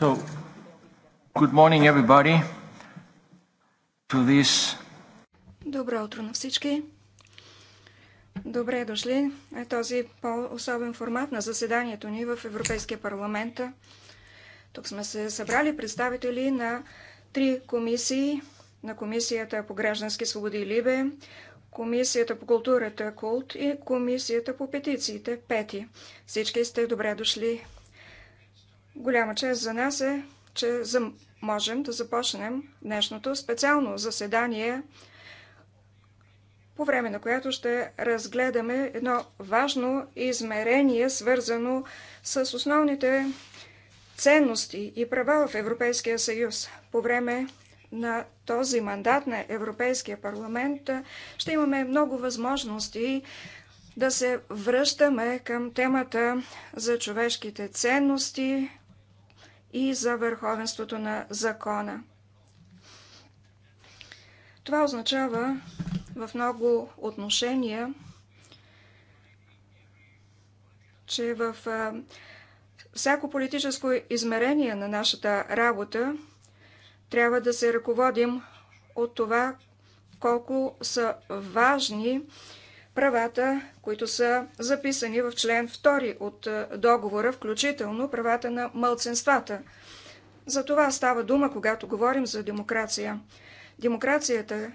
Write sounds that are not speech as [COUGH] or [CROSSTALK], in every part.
So, good morning everybody to this... Добро утро на всички. Добре дошли на е този по-особен формат на заседанието ни в Европейския парламент. Тук сме се събрали представители на три комисии. На Комисията по граждански свободи и Либе, Комисията по културата Култ и Комисията по петициите Пети. Всички сте добре дошли Голяма чест за нас е, че можем да започнем днешното специално заседание, по време на която ще разгледаме едно важно измерение, свързано с основните ценности и права в Европейския съюз. По време на този мандат на Европейския парламент ще имаме много възможности да се връщаме към темата за човешките ценности, и за върховенството на закона. Това означава в много отношения, че в всяко политическо измерение на нашата работа трябва да се ръководим от това колко са важни правата, които са записани в член 2 от е, договора, включително правата на мълценствата. За това става дума, когато говорим за демокрация. Демокрацията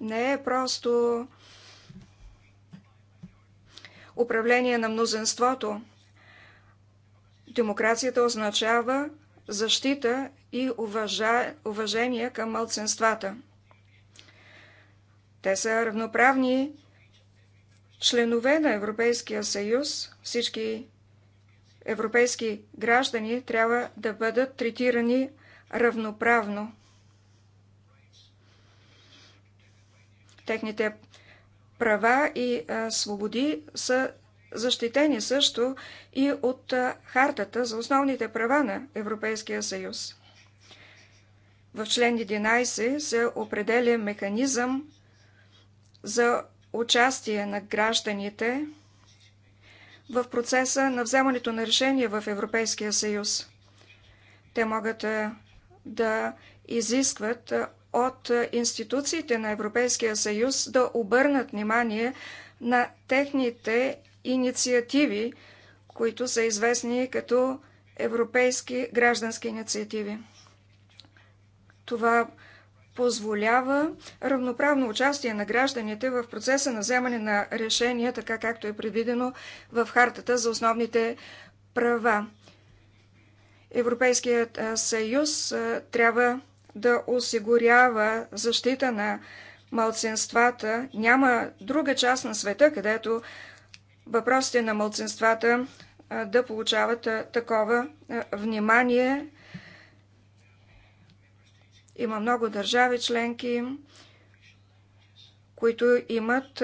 не е просто управление на мнозенството. Демокрацията означава защита и уважа... уважение към мълценствата. Те са равноправни членове на Европейския съюз, всички европейски граждани трябва да бъдат третирани равноправно. Техните права и а, свободи са защитени също и от а, Хартата за основните права на Европейския съюз. В член 11 се определя механизъм за участие на гражданите в процеса на вземането на решения в Европейския съюз. Те могат е, да изискват е, от институциите на Европейския съюз да обърнат внимание на техните инициативи, които са известни като европейски граждански инициативи. Това позволява равноправно участие на гражданите в процеса на вземане на решения, така както е предвидено в Хартата за основните права. Европейският съюз трябва да осигурява защита на малцинствата. Няма друга част на света, където въпросите на малцинствата да получават такова внимание има много държави членки, които имат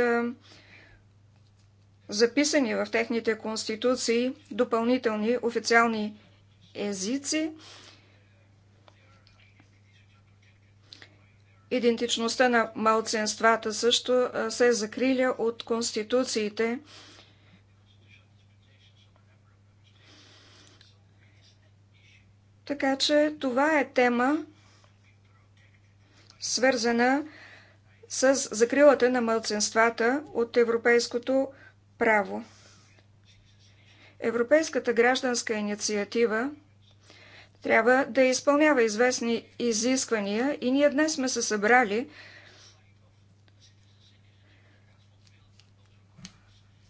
записани в техните конституции допълнителни официални езици. Идентичността на малцинствата също се закриля от конституциите. Така че това е тема, свързана с закрилата на мълценствата от европейското право. Европейската гражданска инициатива трябва да изпълнява известни изисквания и ние днес сме се събрали,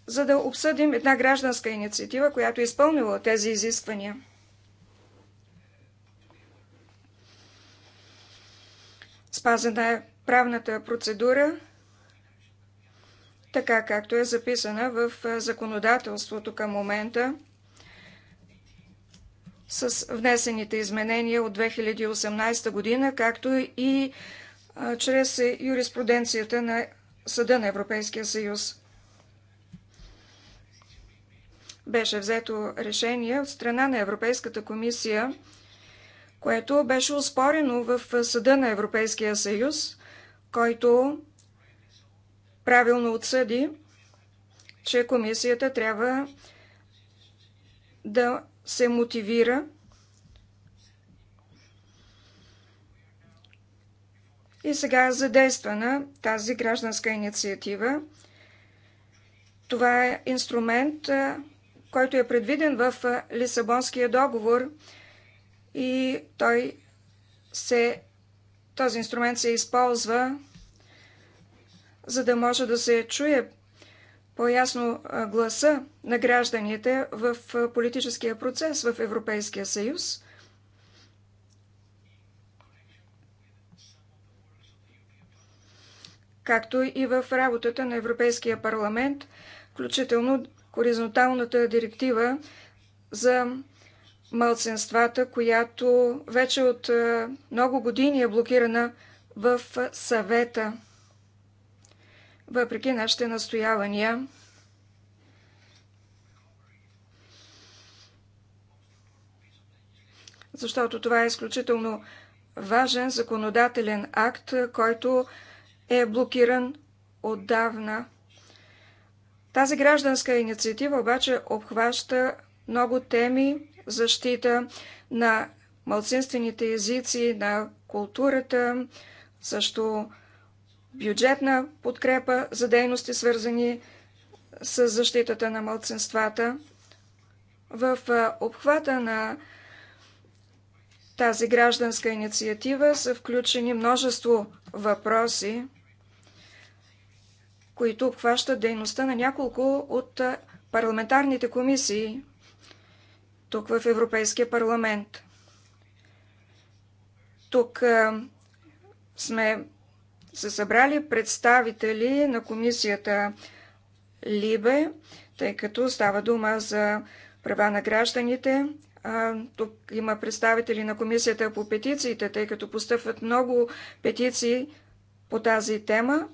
за да обсъдим една гражданска инициатива, която е изпълнила тези изисквания. Спазена е правната процедура, така както е записана в законодателството към момента с внесените изменения от 2018 година, както и чрез юриспруденцията на Съда на Европейския съюз. Беше взето решение от страна на Европейската комисия което беше успорено в Съда на Европейския съюз, който правилно отсъди, че комисията трябва да се мотивира и сега е задействана тази гражданска инициатива. Това е инструмент, който е предвиден в Лисабонския договор – и той се, този инструмент се използва, за да може да се чуе по-ясно гласа на гражданите в политическия процес в Европейския съюз. както и в работата на Европейския парламент, включително хоризонталната директива за мълценствата, която вече от много години е блокирана в съвета. Въпреки нашите настоявания, защото това е изключително важен законодателен акт, който е блокиран отдавна. Тази гражданска инициатива обаче обхваща много теми, защита на малцинствените езици, на културата, също бюджетна подкрепа за дейности, свързани с защитата на малцинствата. В обхвата на тази гражданска инициатива са включени множество въпроси, които обхващат дейността на няколко от парламентарните комисии тук в Европейския парламент. Тук а, сме се събрали представители на комисията Либе, тъй като става дума за права на гражданите. А, тук има представители на комисията по петициите, тъй като постъпват много петиции по тази тема.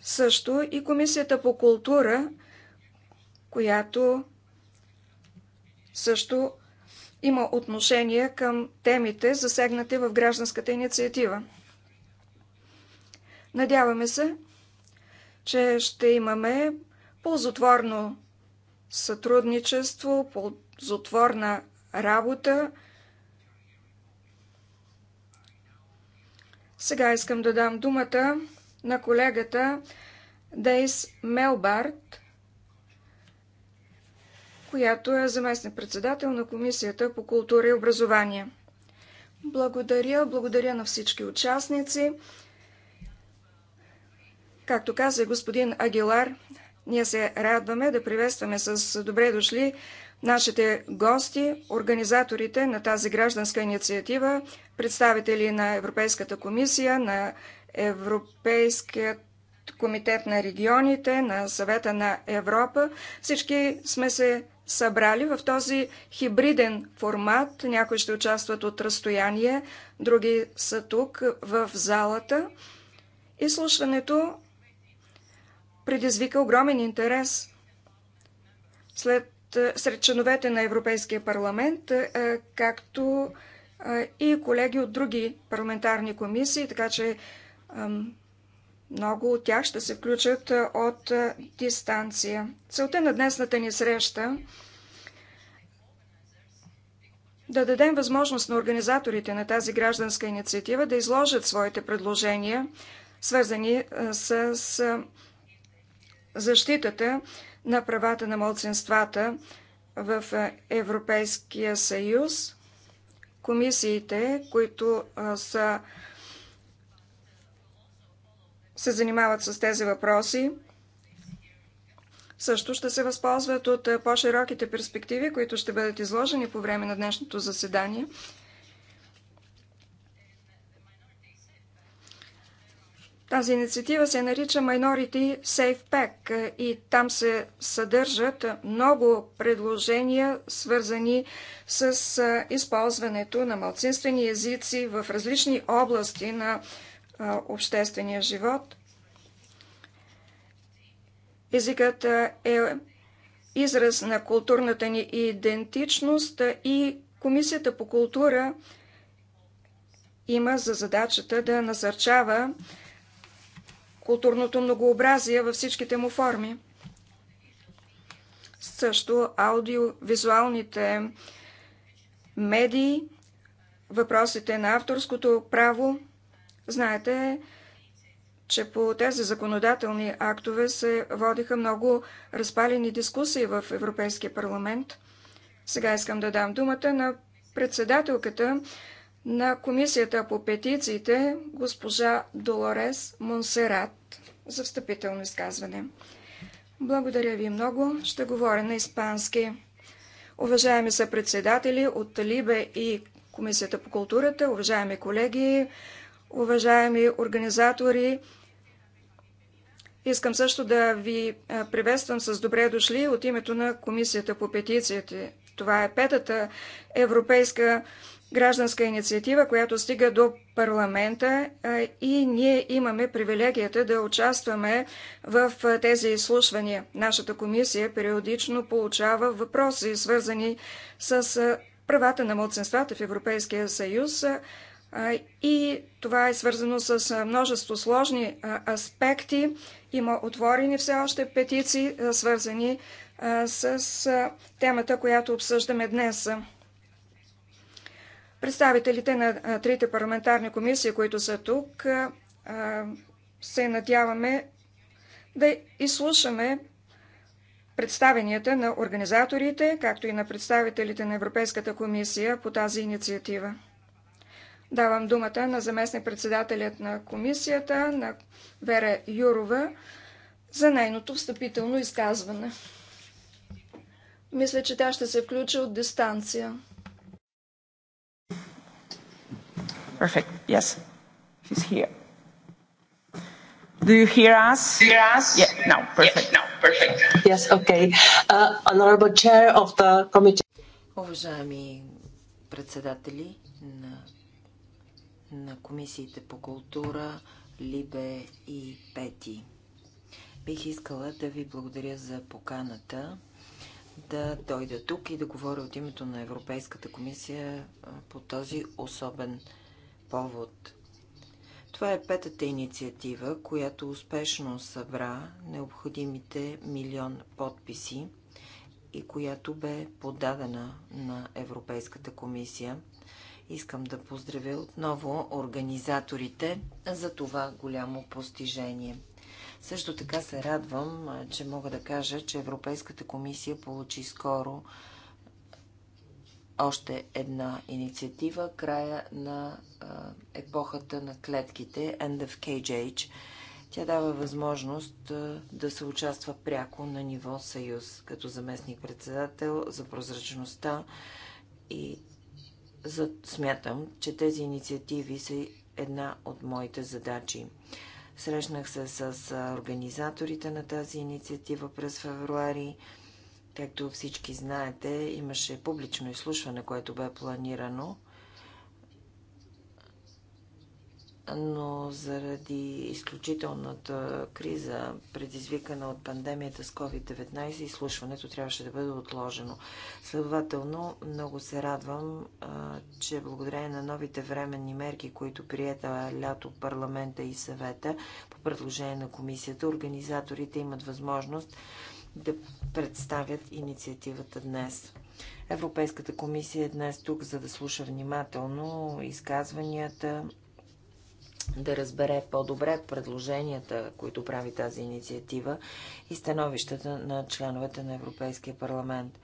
Също и комисията по култура, която също има отношение към темите, засегнати в гражданската инициатива. Надяваме се, че ще имаме ползотворно сътрудничество, ползотворна работа. Сега искам да дам думата на колегата Дейс Мелбарт, която е заместник председател на Комисията по култура и образование. Благодаря, благодаря на всички участници. Както каза господин Агилар, ние се радваме да приветстваме с добре дошли нашите гости, организаторите на тази гражданска инициатива, представители на Европейската комисия, на Европейският комитет на регионите, на съвета на Европа. Всички сме се събрали в този хибриден формат. Някои ще участват от разстояние, други са тук в залата. Изслушването предизвика огромен интерес. След, сред членовете на Европейския парламент, е, както е, и колеги от други парламентарни комисии, така че много от тях ще се включат е, от дистанция. Целта на днесната ни среща да дадем възможност на организаторите на тази гражданска инициатива да изложат своите предложения, свързани с защитата на правата на младсинствата в Европейския съюз. Комисиите, които са, се занимават с тези въпроси, също ще се възползват от е, по-широките перспективи, които ще бъдат изложени по време на днешното заседание. Тази инициатива се нарича Minority Safe Pack е, и там се съдържат много предложения, свързани с е, използването на малцинствени езици в различни области на обществения живот – Езикът е израз на културната ни идентичност и Комисията по култура има за задачата да насърчава културното многообразие във всичките му форми. Също аудиовизуалните медии, въпросите на авторското право. Знаете, че по тези законодателни актове се водиха много разпалени дискусии в Европейския парламент. Сега искам да дам думата на председателката на Комисията по петициите, госпожа Долорес Монсерат, за встъпително изказване. Благодаря ви много. Ще говоря на испански. Уважаеми са председатели от Либе и Комисията по културата, уважаеми колеги, уважаеми организатори Искам също да ви приветствам с добре дошли от името на Комисията по петициите. Това е петата европейска гражданска инициатива, която стига до парламента и ние имаме привилегията да участваме в тези изслушвания. Нашата комисия периодично получава въпроси, свързани с правата на младсенствата в Европейския съюз и това е свързано с множество сложни аспекти, има отворени все още петиции, е, свързани е, с е, темата, която обсъждаме днес. Представителите на трите парламентарни комисии, които са тук, се надяваме да изслушаме представенията на организаторите, както и на представителите на Европейската комисия по тази инициатива. Давам думата на заместник-председателят на комисията, на Вера Юрова, за нейното встъпително изказване. Мисля, че тя ще се включи от дистанция. Perfect. Yes. She's here. Do you hear us? hear us? Yeah. No. Perfect. Yeah, no. Perfect. Yes. Okay. Uh, honorable chair of the committee. Уважаеми председатели на на комисиите по култура, Либе и Пети. Бих искала да ви благодаря за поканата да дойда тук и да говоря от името на Европейската комисия по този особен повод. Това е петата инициатива, която успешно събра необходимите милион подписи и която бе подадена на Европейската комисия Искам да поздравя отново организаторите за това голямо постижение. Също така се радвам, че мога да кажа, че Европейската комисия получи скоро още една инициатива, края на епохата на клетките, End of Cage Age. Тя дава възможност да се участва пряко на ниво Съюз, като заместник-председател за прозрачността и за, смятам, че тези инициативи са една от моите задачи. Срещнах се с организаторите на тази инициатива през февруари. Както всички знаете, имаше публично изслушване, което бе планирано – но заради изключителната криза, предизвикана от пандемията с COVID-19, изслушването трябваше да бъде отложено. Следователно, много се радвам, че благодарение на новите временни мерки, които приета лято парламента и съвета по предложение на комисията, организаторите имат възможност да представят инициативата днес. Европейската комисия е днес тук, за да слуша внимателно изказванията да разбере по-добре предложенията, които прави тази инициатива и становищата на членовете на Европейския парламент.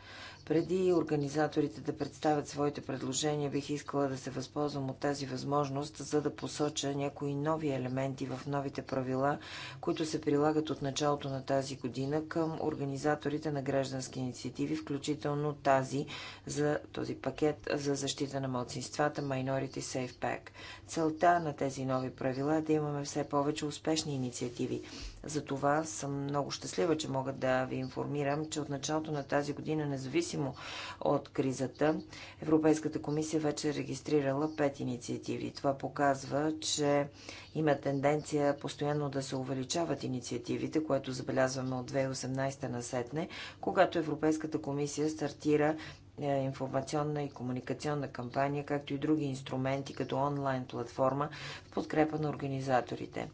Преди организаторите да представят своите предложения, бих искала да се възползвам от тази възможност, за да посоча някои нови елементи в новите правила, които се прилагат от началото на тази година към организаторите на граждански инициативи, включително тази за този пакет за защита на младсинствата Minority Safe Pack. Целта на тези нови правила е да имаме все повече успешни инициативи затова съм много щастлива, че мога да ви информирам, че от началото на тази година, независимо от кризата, Европейската комисия вече е регистрирала пет инициативи. Това показва, че има тенденция постоянно да се увеличават инициативите, което забелязваме от 2018 на сетне, когато Европейската комисия стартира е, информационна и комуникационна кампания, както и други инструменти, като онлайн платформа в подкрепа на организаторите.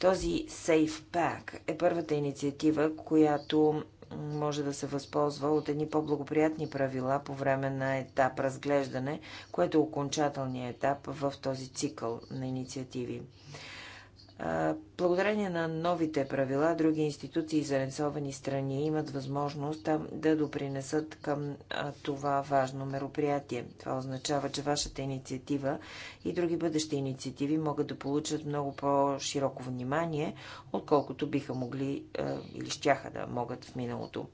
Този Safe Pack е първата инициатива, която може да се възползва от едни по-благоприятни правила по време на етап разглеждане, което е окончателният етап в този цикъл на инициативи. Благодарение на новите правила, други институции и заинтересовани страни имат възможност да допринесат към това важно мероприятие. Това означава, че вашата инициатива и други бъдещи инициативи могат да получат много по-широко внимание, отколкото биха могли или щяха да могат в миналото.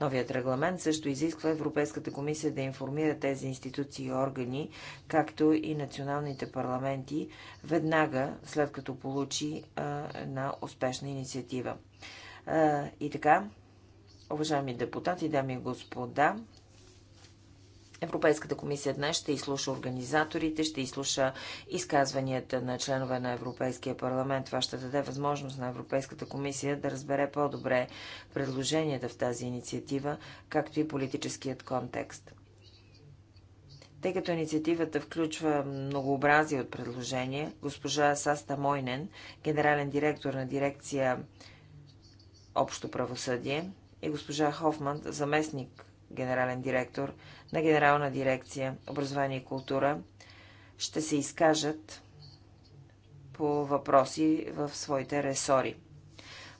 Новият регламент също изисква Европейската комисия да информира тези институции и органи, както и националните парламенти, веднага след като получи една успешна инициатива. И така, уважаеми депутати, дами и господа, Европейската комисия днес ще изслуша организаторите, ще изслуша изказванията на членове на Европейския парламент. Това ще даде възможност на Европейската комисия да разбере по-добре предложенията в тази инициатива, както и политическият контекст. Тъй като инициативата включва многообразие от предложения, госпожа Саста Мойнен, генерален директор на дирекция Общо правосъдие, и госпожа Хофман, заместник генерален директор на Генерална дирекция Образование и култура, ще се изкажат по въпроси в своите ресори.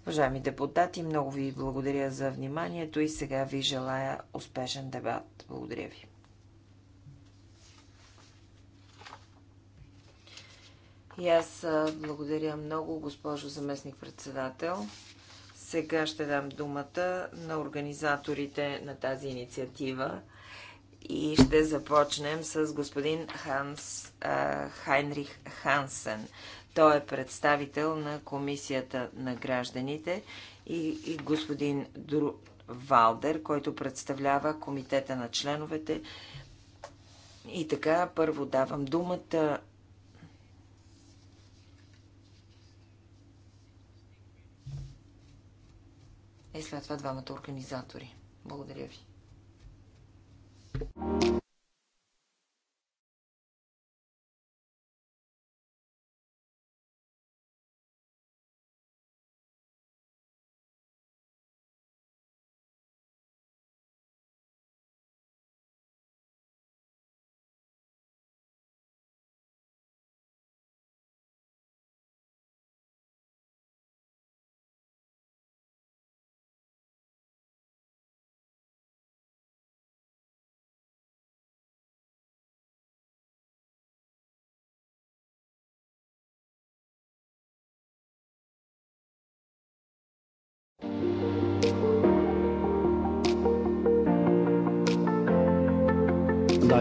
Уважаеми депутати, много ви благодаря за вниманието и сега ви желая успешен дебат. Благодаря ви. И аз благодаря много, госпожо заместник-председател. Сега ще дам думата на организаторите на тази инициатива и ще започнем с господин Ханс а, Хайнрих Хансен. Той е представител на Комисията на гражданите и, и господин Дру Валдер, който представлява Комитета на членовете. И така, първо давам думата и е, след това двамата организатори. Благодаря ви.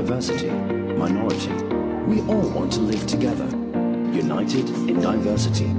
diversity, minority. We all want to live together, united in diversity.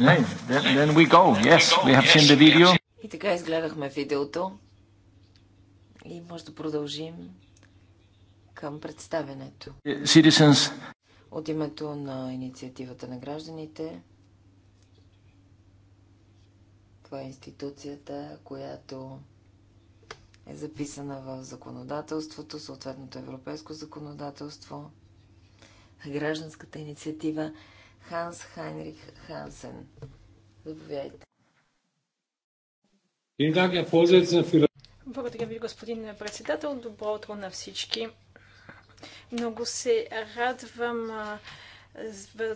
И така изгледахме видеото и може да продължим към представенето. Е, citizens. От името на инициативата на гражданите, това е институцията, която е записана в законодателството, съответното европейско законодателство, гражданската инициатива Ханс Хайнрих Хансен. Заповядайте. Благодаря ви, господин председател. Добро утро на всички. Много се радвам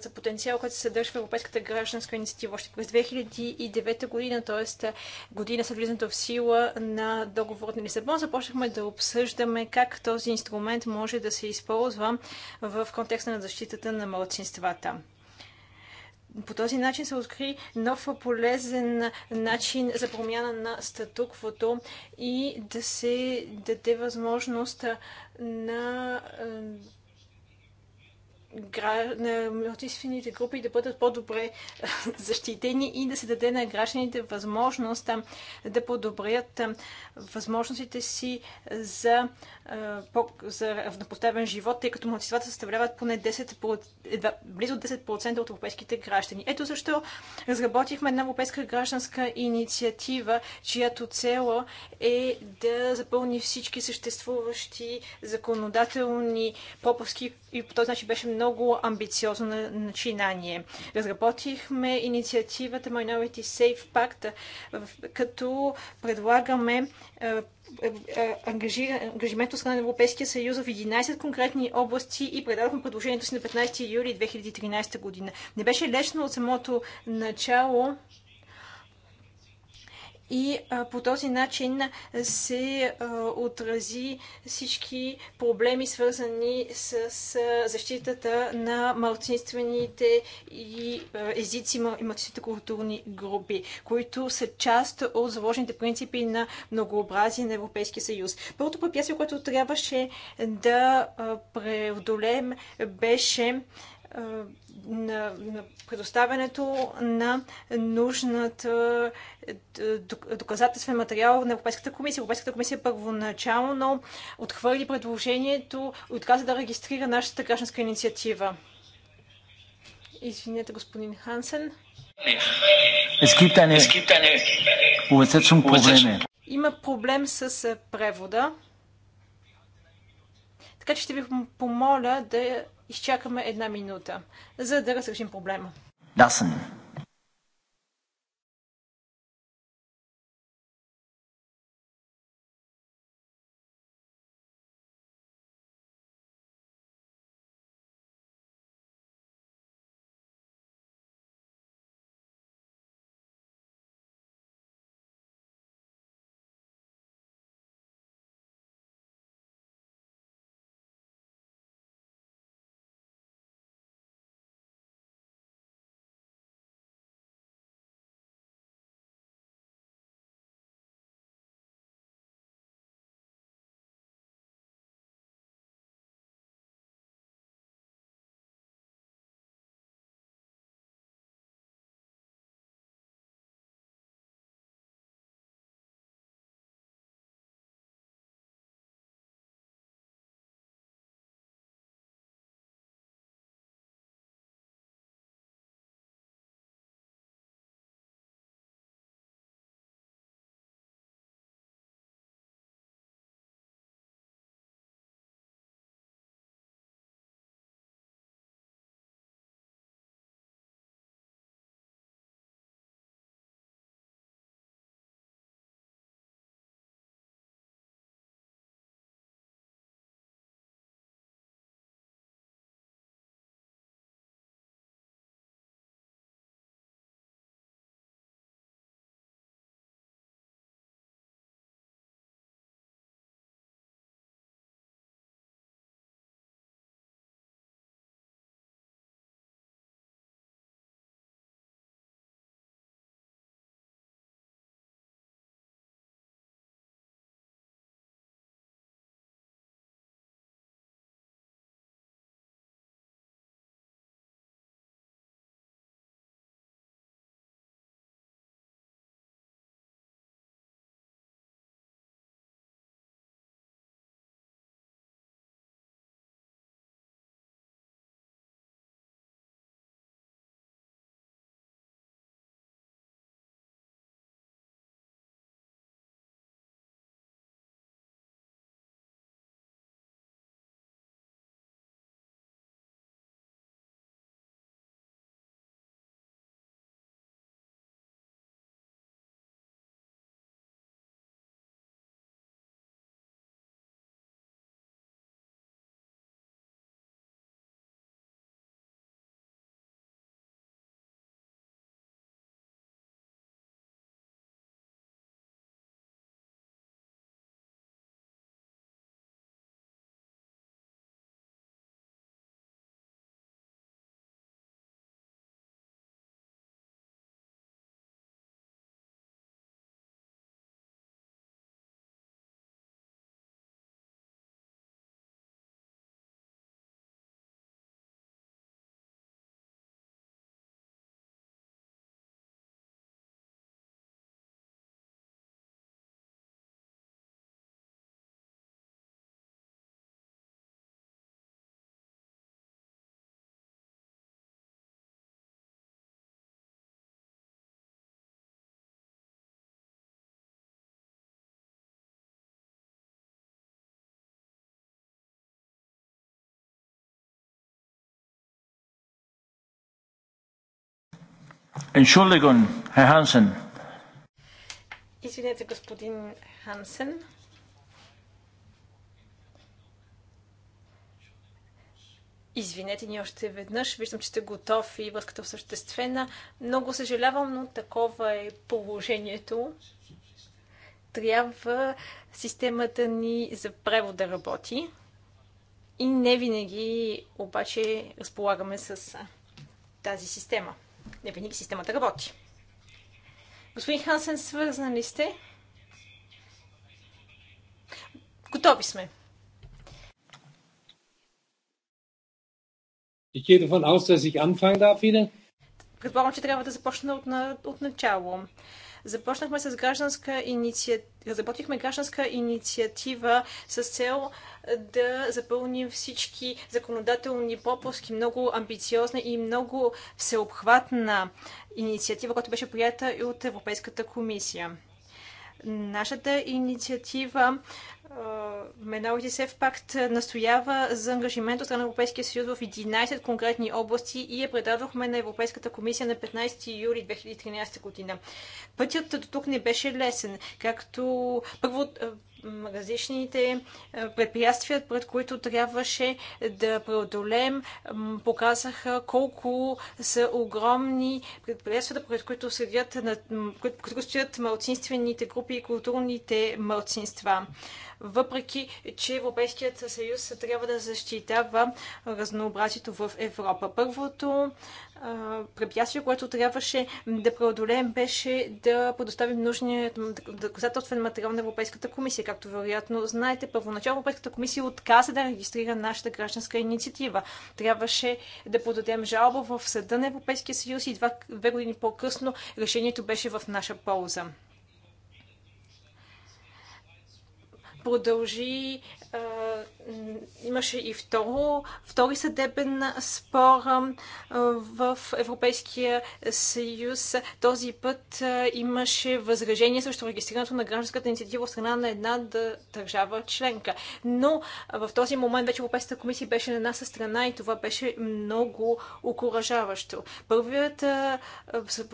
за потенциал, който се съдържа в Европейската гражданска инициатива още през 2009 година, т.е. година след влизането в сила на договорът на Лисабон, започнахме да обсъждаме как този инструмент може да се използва в контекста на защитата на младсинствата по този начин се откри нов полезен начин за промяна на статуквото и да се даде възможност на е, на малцинствените групи да бъдат по-добре [LAUGHS] защитени и да се даде на гражданите възможност да подобрят възможностите си за, за равнопоставен живот, тъй като младсинствата съставляват поне 10%, близо 10% от европейските граждани. Ето защо разработихме една европейска гражданска инициатива, чиято цел е да запълни всички съществуващи законодателни пропуски и по този начин беше много много амбициозно начинание. Разработихме инициативата Minority Safe Pact, като предлагаме е, е, е, ангажимент от страна на Европейския съюз в 11 конкретни области и предадохме предложението си на 15 юли 2013 година. Не беше лесно от самото начало, и по този начин се отрази всички проблеми, свързани с защитата на малцинствените и езици и малцинствените културни групи, които са част от заложените принципи на многообразие на Европейския съюз. Първото препятствие, което трябваше да преодолеем, беше на, на предоставянето на нужната е, доказателствен материал на Европейската комисия. Европейската комисия първоначално отхвърли предложението и отказа да регистрира нашата гражданска инициатива. Извинете, господин Хансен. Има проблем с е, превода. Така че ще ви помоля да изчакаме една минута, за да разрешим проблема. Да, съм. Entschuldigung, Herr Hansen. Извинете, господин Хансен. Извинете ни още веднъж. Виждам, че сте готов и връзката е осъществена. Много съжалявам, но такова е положението. Трябва системата ни за превод да работи. И не винаги обаче разполагаме с тази система. Не винаги системата работи. Господин Хансен, свързани сте? Готови сме. Ich gehe davon aus, dass ich anfangen darf wieder. Предполагам, че трябва да започна от, на, от начало. Започнахме с гражданска инициатива, разработихме гражданска инициатива с цел да запълним всички законодателни пропуски. Много амбициозна и много всеобхватна инициатива, която беше прията и от Европейската комисия. Нашата инициатива Меналите се в пакт настоява за ангажимент от страна Европейския съюз в 11 конкретни области и я предадохме на Европейската комисия на 15 юли 2013 година. Пътят до тук не беше лесен. Както първо различните предприятия, пред които трябваше да преодолем, показаха колко са огромни предприятията, пред които, пред които стоят малцинствените групи и културните малцинства въпреки че Европейският съюз трябва да защитава разнообразието в Европа. Първото препятствие, което трябваше да преодолеем, беше да предоставим нужния доказателствен материал на Европейската комисия. Както вероятно знаете, първоначално Европейската комисия отказа да регистрира нашата гражданска инициатива. Трябваше да подадем жалба в Съда на Европейския съюз и два, две години по-късно решението беше в наша полза. продължи. А, имаше и второ, втори съдебен спор а, в Европейския съюз. Този път а, имаше възражение срещу регистрирането на гражданската инициатива от страна на една държава членка. Но в този момент вече Европейската комисия беше на една страна и това беше много окоръжаващо. Първият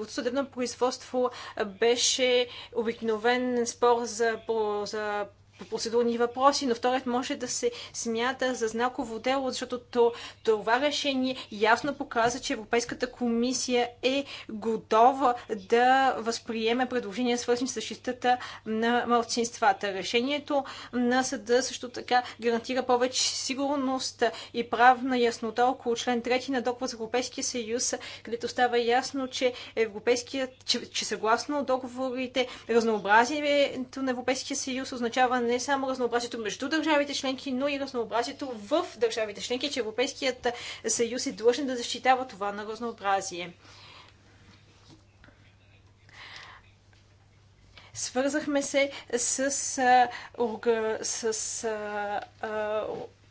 съдебно производство беше обикновен спор за, за по процедурни въпроси, но вторият може да се смята за знаково дело, защото това решение ясно показва, че Европейската комисия е готова да възприеме предложения, свързани с защитата на малцинствата. Решението на съда също така гарантира повече сигурност и правна яснота около член 3 на договор за Европейския съюз, където става ясно, че, европейският, че, че съгласно договорите разнообразието на Европейския съюз означава не само разнообразието между държавите членки, но и разнообразието в държавите членки, че Европейският съюз е длъжен да защитава това на разнообразие. Свързахме се с, с, с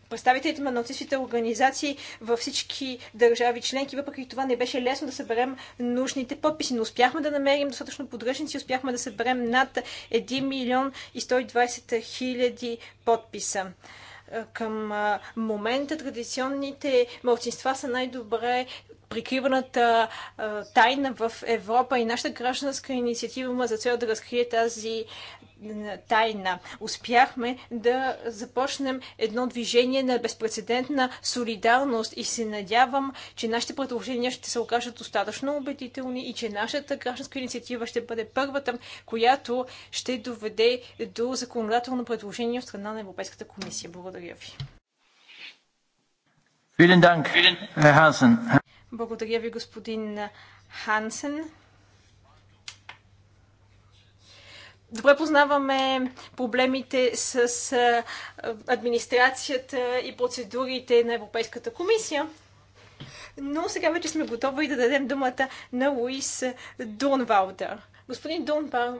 представителите на нацистските организации във всички държави членки. Въпреки това не беше лесно да съберем нужните подписи, но успяхме да намерим достатъчно подръжници, успяхме да съберем над 1 милион и 120 хиляди подписа е, към е, момента традиционните мълчинства са най-добре прикриваната е, тайна в Европа и нашата гражданска инициатива има за цел да разкрие тази тайна. Успяхме да започнем едно движение на безпредседентна солидарност и се надявам, че нашите предложения ще се окажат достатъчно убедителни и че нашата гражданска инициатива ще бъде първата, която ще доведе до законодателно предложение от страна на Европейската комисия. Благодаря ви. Благодаря ви, господин Хансен. добре познаваме проблемите с администрацията и процедурите на Европейската комисия. Но сега вече сме готови да дадем думата на Луис Дурнвалдър. Господин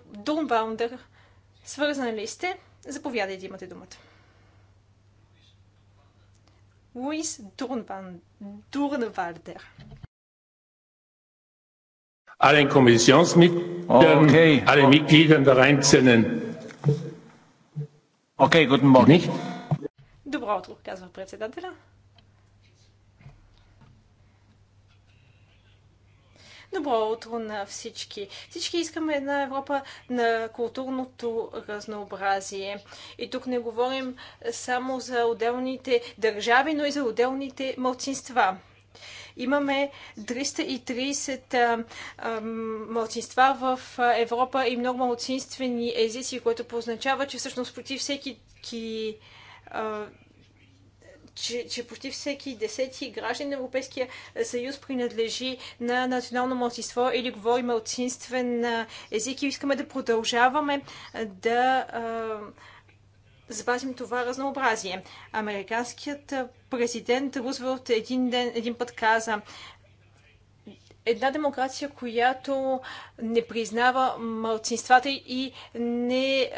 Дурнбаум, свързан ли сте? Заповядайте, да имате думата. Луис Дурнвалдър allen Kommissionsmitgliedern, okay. allen Mitgliedern der einzelnen. guten Morgen. Nicht? Добро утро, казва председателя. Добро утро на всички. Всички искаме една Европа на културното разнообразие. И тук не говорим само за отделните държави, но и за отделните младсинства. Имаме 330 младсинства в Европа и много малцинствени езици, което позначава, че всъщност против всеки ки, че, че почти всеки десети граждан на Европейския съюз принадлежи на национално младсинство или говори малцинствен език и искаме да продължаваме да а, запазим това разнообразие. Американският президент Рузвелт един, ден, един път каза, една демокрация, която не признава малцинствата и не е,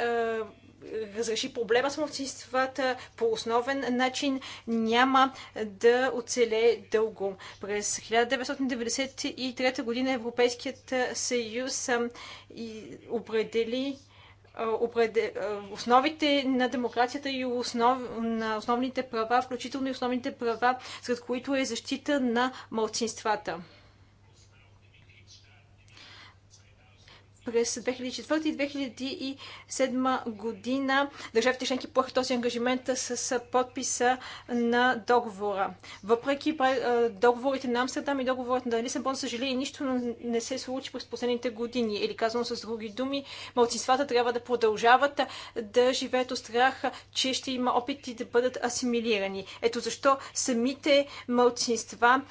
разреши проблема с мълцинствата по основен начин, няма да оцеле дълго. През 1993 г. Европейският съюз е, определи основите на демокрацията и основ, на основните права, включително и основните права, сред които е защита на малцинствата. през 2004 и 2007 година държавите членки поеха този ангажимент с подписа на договора. Въпреки договорите на Амстердам и договорът на Лисабон, съжаление, нищо не се случи през последните години. Или казвам с други думи, малцинствата трябва да продължават да живеят от страх, че ще има опити да бъдат асимилирани. Ето защо самите малцинства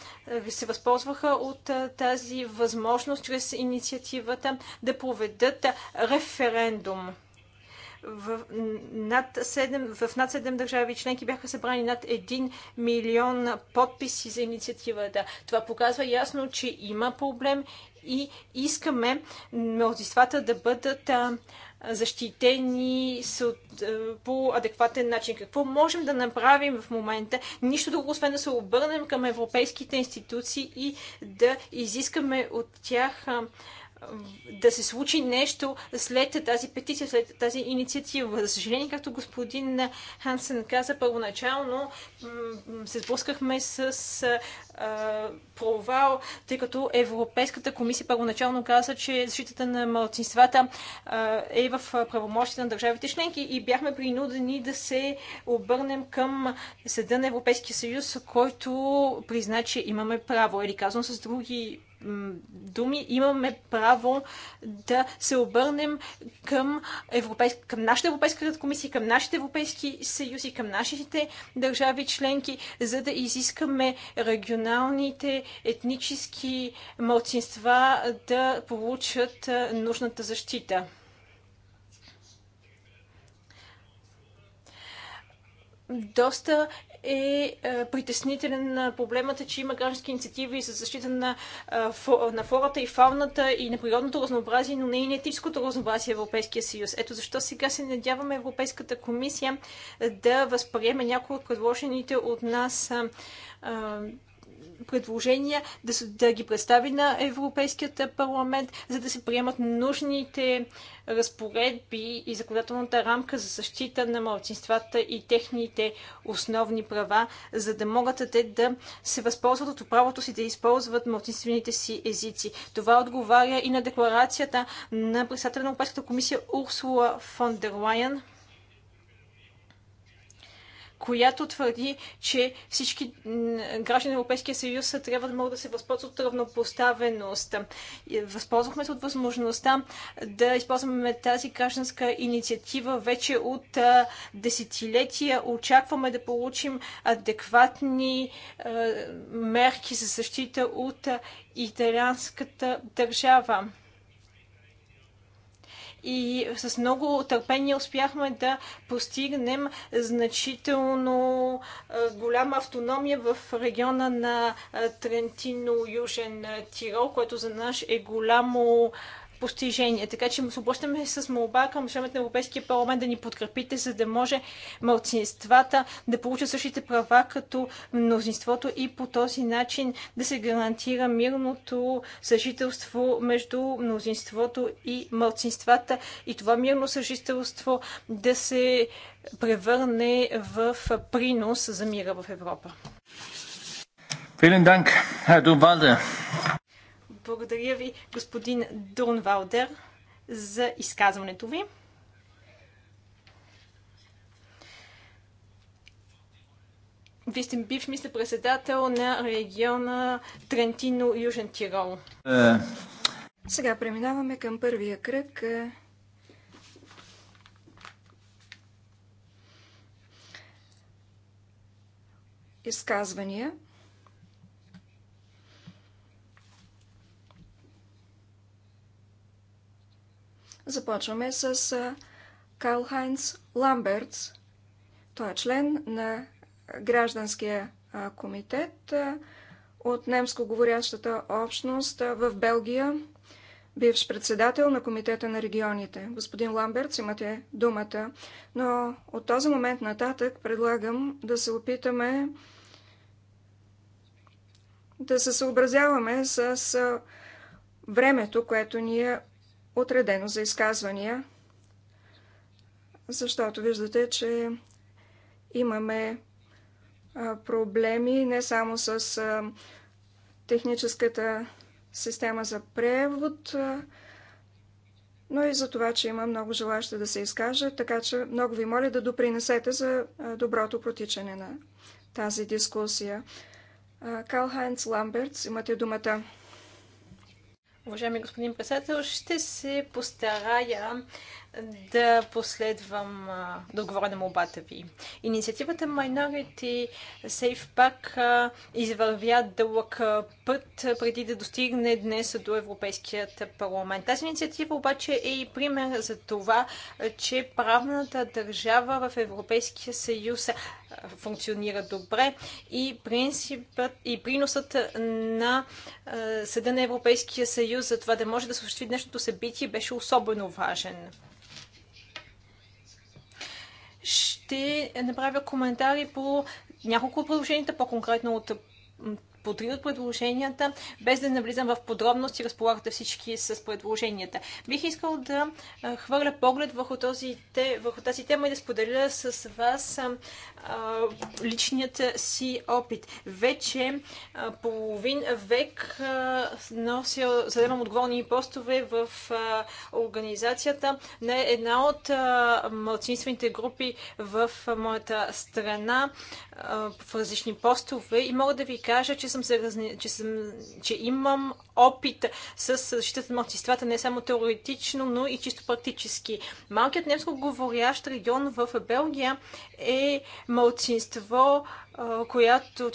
се възползваха от тази възможност чрез инициативата да проведат референдум. В над, 7, в над 7 държави членки бяха събрани над 1 милион подписи за инициативата. Това показва ясно, че има проблем и искаме мнозинствата да бъдат защитени по адекватен начин. Какво можем да направим в момента? Нищо друго, освен да се обърнем към европейските институции и да изискаме от тях да се случи нещо след тази петиция, след тази инициатива. За съжаление, както господин Хансен каза, първоначално се сблъскахме с провал, тъй като Европейската комисия първоначално каза, че защитата на младсинствата е в правомощите на държавите членки и бяхме принудени да се обърнем към Съда на Европейския съюз, който призна, че имаме право. Или казвам с други думи, имаме право да се обърнем към, европейс... към нашата Европейска комисия, към нашите Европейски съюзи, към нашите държави членки, за да изискаме регионалните етнически младсинства да получат нужната защита. доста е, е притеснителен. на проблемата, че има граждански инициативи за защита на, е, на флората и фауната и на природното разнообразие, но не и на етическото разнообразие в Европейския съюз. Ето защо сега се надяваме Европейската комисия да възприеме някои от предложените от нас е, предложения, да, да ги представи на Европейският парламент, за да се приемат нужните разпоредби и законодателната рамка за защита на младсинствата и техните основни права, за да могат те да се възползват от правото си да използват младсинствените си езици. Това отговаря и на декларацията на председателя на Европейската комисия Урсула фон дер Лайен – която твърди, че всички граждани на Европейския съюз трябва да могат да се възползват от равнопоставеност. Възползвахме се от възможността да използваме тази гражданска инициатива вече от десетилетия. Очакваме да получим адекватни мерки за защита от италианската държава и с много търпение успяхме да постигнем значително голяма автономия в региона на Трентино-Южен Тирол, което за нас е голямо постижения. Така че се обръщаме с молба към членовете на Европейския парламент да ни подкрепите, за да може мълцинствата да получат същите права като мнозинството и по този начин да се гарантира мирното съжителство между мнозинството и мълцинствата и това мирно съжителство да се превърне в принос за мира в Европа. Vielen Dank, Herr благодаря ви, господин Дунвалдер, за изказването ви. Вие сте бивш мисля председател на региона Трентино-Южен Тирол. Е. Сега преминаваме към първия кръг. Е. Изказвания. Започваме с Карл Хайнц Ламбертс. Той е член на гражданския комитет от немско-говорящата общност в Белгия, бивш председател на Комитета на регионите. Господин Ламбертс, имате думата, но от този момент нататък предлагам да се опитаме да се съобразяваме с времето, което ни е отредено за изказвания, защото виждате, че имаме проблеми не само с техническата система за превод, но и за това, че има много желащи да се изкажат, така че много ви моля да допринесете за доброто протичане на тази дискусия. Карл Хайнц Ламбертс, имате думата. Уважаеми господин председател, ще се постарая да последвам, да отговоря на молбата ви. Инициативата Minority Safe Pack извървя дълъг път преди да достигне днес до Европейският парламент. Тази инициатива обаче е и пример за това, че правната държава в Европейския съюз функционира добре и принципът и приносът на Съда на Европейския съюз за това да може да съществи днешното събитие беше особено важен ще направя коментари по няколко от предложенията, по-конкретно от по три от предложенията, без да навлизам в подробности, разполагате всички с предложенията. Бих искал да хвърля поглед върху, този, върху тази тема и да споделя с вас личният си опит. Вече половин век нося, задевам отговорни постове в организацията на една от малцинствените групи в моята страна в различни постове и мога да ви кажа, че съм се разни... че, съм... че имам опит с защитата на младсинствата не само теоретично, но и чисто практически. Малкият немско говорящ регион в Белгия е малцинство, което,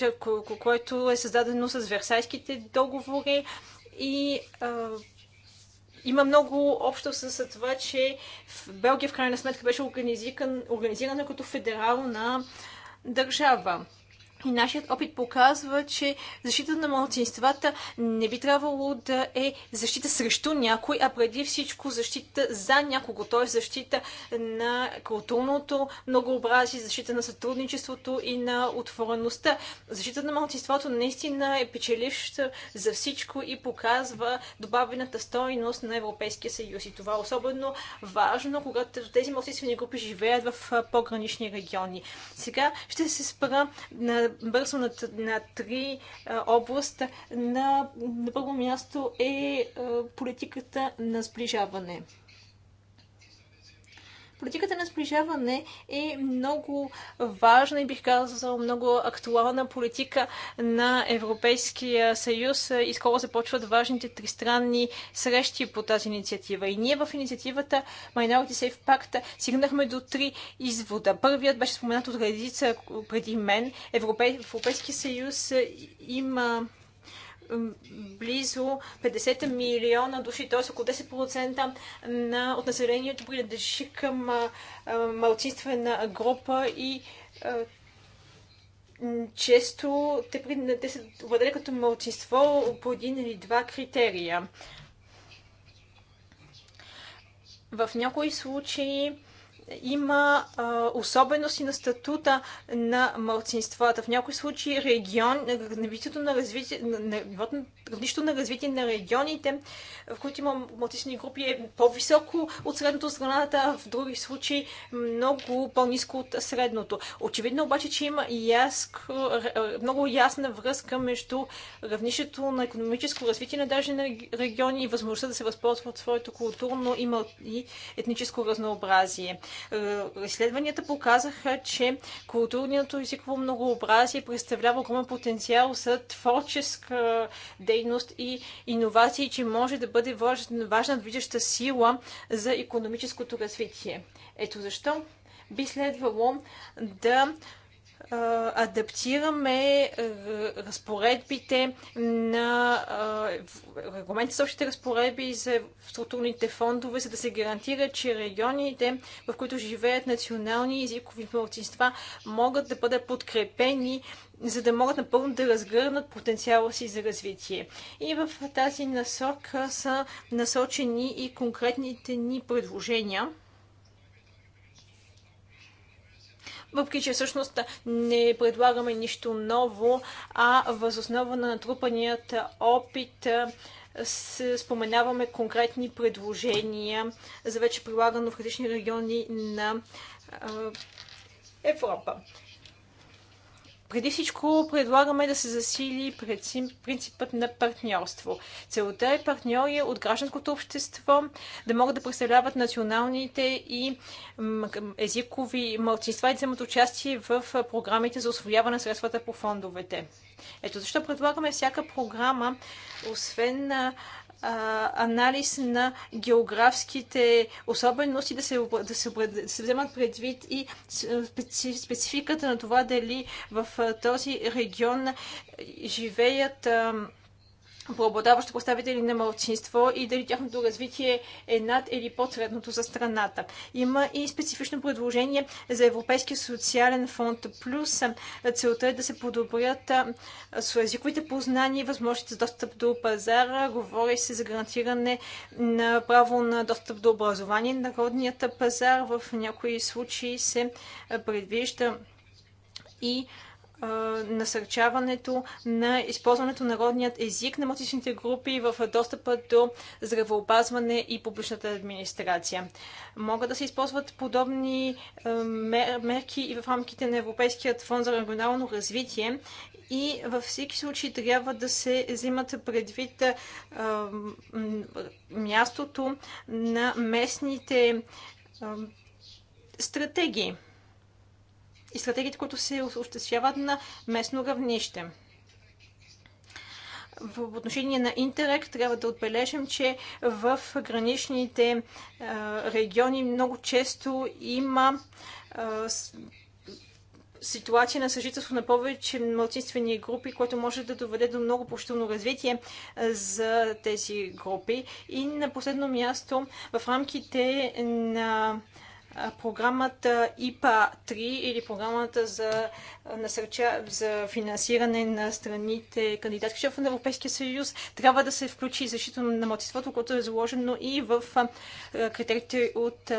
което е създадено с Версайските договори и има много общо с това, че в Белгия в крайна сметка беше организирана, организирана като федерална държава. И нашият опит показва, че защита на младсинствата не би трябвало да е защита срещу някой, а преди всичко защита за някого, т.е. защита на културното многообразие, защита на сътрудничеството и на отвореността. Защита на младсинството наистина е печеливща за всичко и показва добавената стойност на Европейския съюз. И това е особено важно, когато тези младсинствени групи живеят в погранични региони. Сега ще се спра на бързо на, на три област. На, на първо място е политиката на сближаване. Политиката на сближаване е много важна и бих казала много актуална политика на Европейския съюз и скоро започват важните тристранни срещи по тази инициатива. И ние в инициативата Minority Safe Pact стигнахме до три извода. Първият беше споменат от редица преди мен. Европей... Европейския съюз има близо 50 милиона души, т.е. около 10% на, от населението принадлежи към малцинствена група и а, често те, те се владели като малцинство по един или два критерия. В някои случаи има а, особености на статута на младсинствата. В някои случаи регион, нивото на, развитие, на, на, на развитие на регионите, в които има младсинствени групи, е по-високо от средното страната, а в други случаи много по-низко от средното. Очевидно обаче, че има яск, много ясна връзка между равнището на економическо развитие на даже на региони и възможността да се възползват своето културно и етническо разнообразие. Е, изследванията показаха, че културното езиково многообразие представлява огромен потенциал за творческа дейност и иновации, че може да бъде важна движеща сила за економическото развитие. Ето защо би следвало да адаптираме разпоредбите на регламенти с общите разпоредби за структурните фондове, за да се гарантира, че регионите, в които живеят национални езикови младсинства, могат да бъдат подкрепени за да могат напълно да разгърнат потенциала си за развитие. И в тази насока са насочени и конкретните ни предложения – въпреки че всъщност не предлагаме нищо ново, а възоснова на натрупаният опит споменаваме конкретни предложения за вече прилагано в различни региони на Европа. Преди всичко предлагаме да се засили принципът на партньорство. Целта е партньори от гражданското общество да могат да представляват националните и езикови мълчинства и да вземат участие в програмите за освояване на средствата по фондовете. Ето защо предлагаме всяка програма, освен а, анализ на географските особености, да се, да се, да се вземат предвид и специ, спецификата на това дали в този регион живеят. А, преобладаващо представители на малцинство и дали тяхното развитие е над или под средното за страната. Има и специфично предложение за Европейския социален фонд плюс. Целта е да се подобрят езиковите познания и възможности за достъп до пазара. Говори се за гарантиране на право на достъп до образование. Народният пазар в някои случаи се предвижда и насърчаването на използването на родният език на матичните групи в достъпа до здравеопазване и публичната администрация. Могат да се използват подобни мер мерки и в рамките на Европейският фонд за регионално развитие и във всеки случай трябва да се взимат предвид а, мястото на местните а, стратегии и стратегиите, които се осъществяват на местно равнище. В отношение на интелект трябва да отбележим, че в граничните региони много често има ситуация на съжителство на повече мълцинствени групи, което може да доведе до много пощелно развитие за тези групи. И на последно място, в рамките на програмата ИПА-3 или програмата за, насърча, за финансиране на страните кандидатки шеф на Европейския съюз трябва да се включи защита на младсинството, което е заложено и в критериите от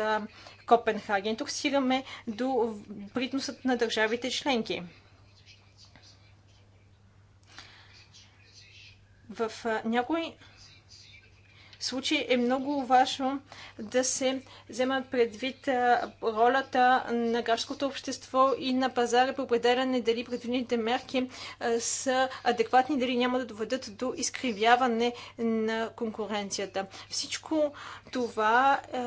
Копенхаген. Тук стигаме до приносът на държавите членки. В някои случай е много важно да се взема предвид ролята на гражданското общество и на пазара по определяне дали предвидените мерки са адекватни, дали няма да доведат до изкривяване на конкуренцията. Всичко това е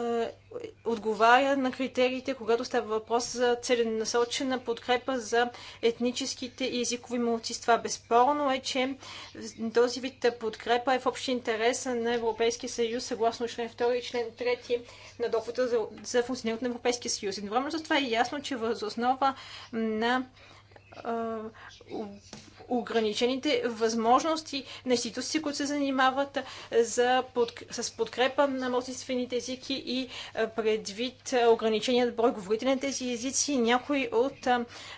отговаря на критериите, когато става въпрос за целенасочена подкрепа за етническите и езикови младсинства. Безспорно е, че този вид подкрепа е в общи интерес на Европейския съюз, съгласно член 2 и член 3 на дохода за, за функционирането на Европейския съюз. Едновременно за това е ясно, че възоснова на ограничените възможности на институции, които се занимават за под... с подкрепа на младсинствените езики и предвид ограниченият брой говорители на тези езици, някои от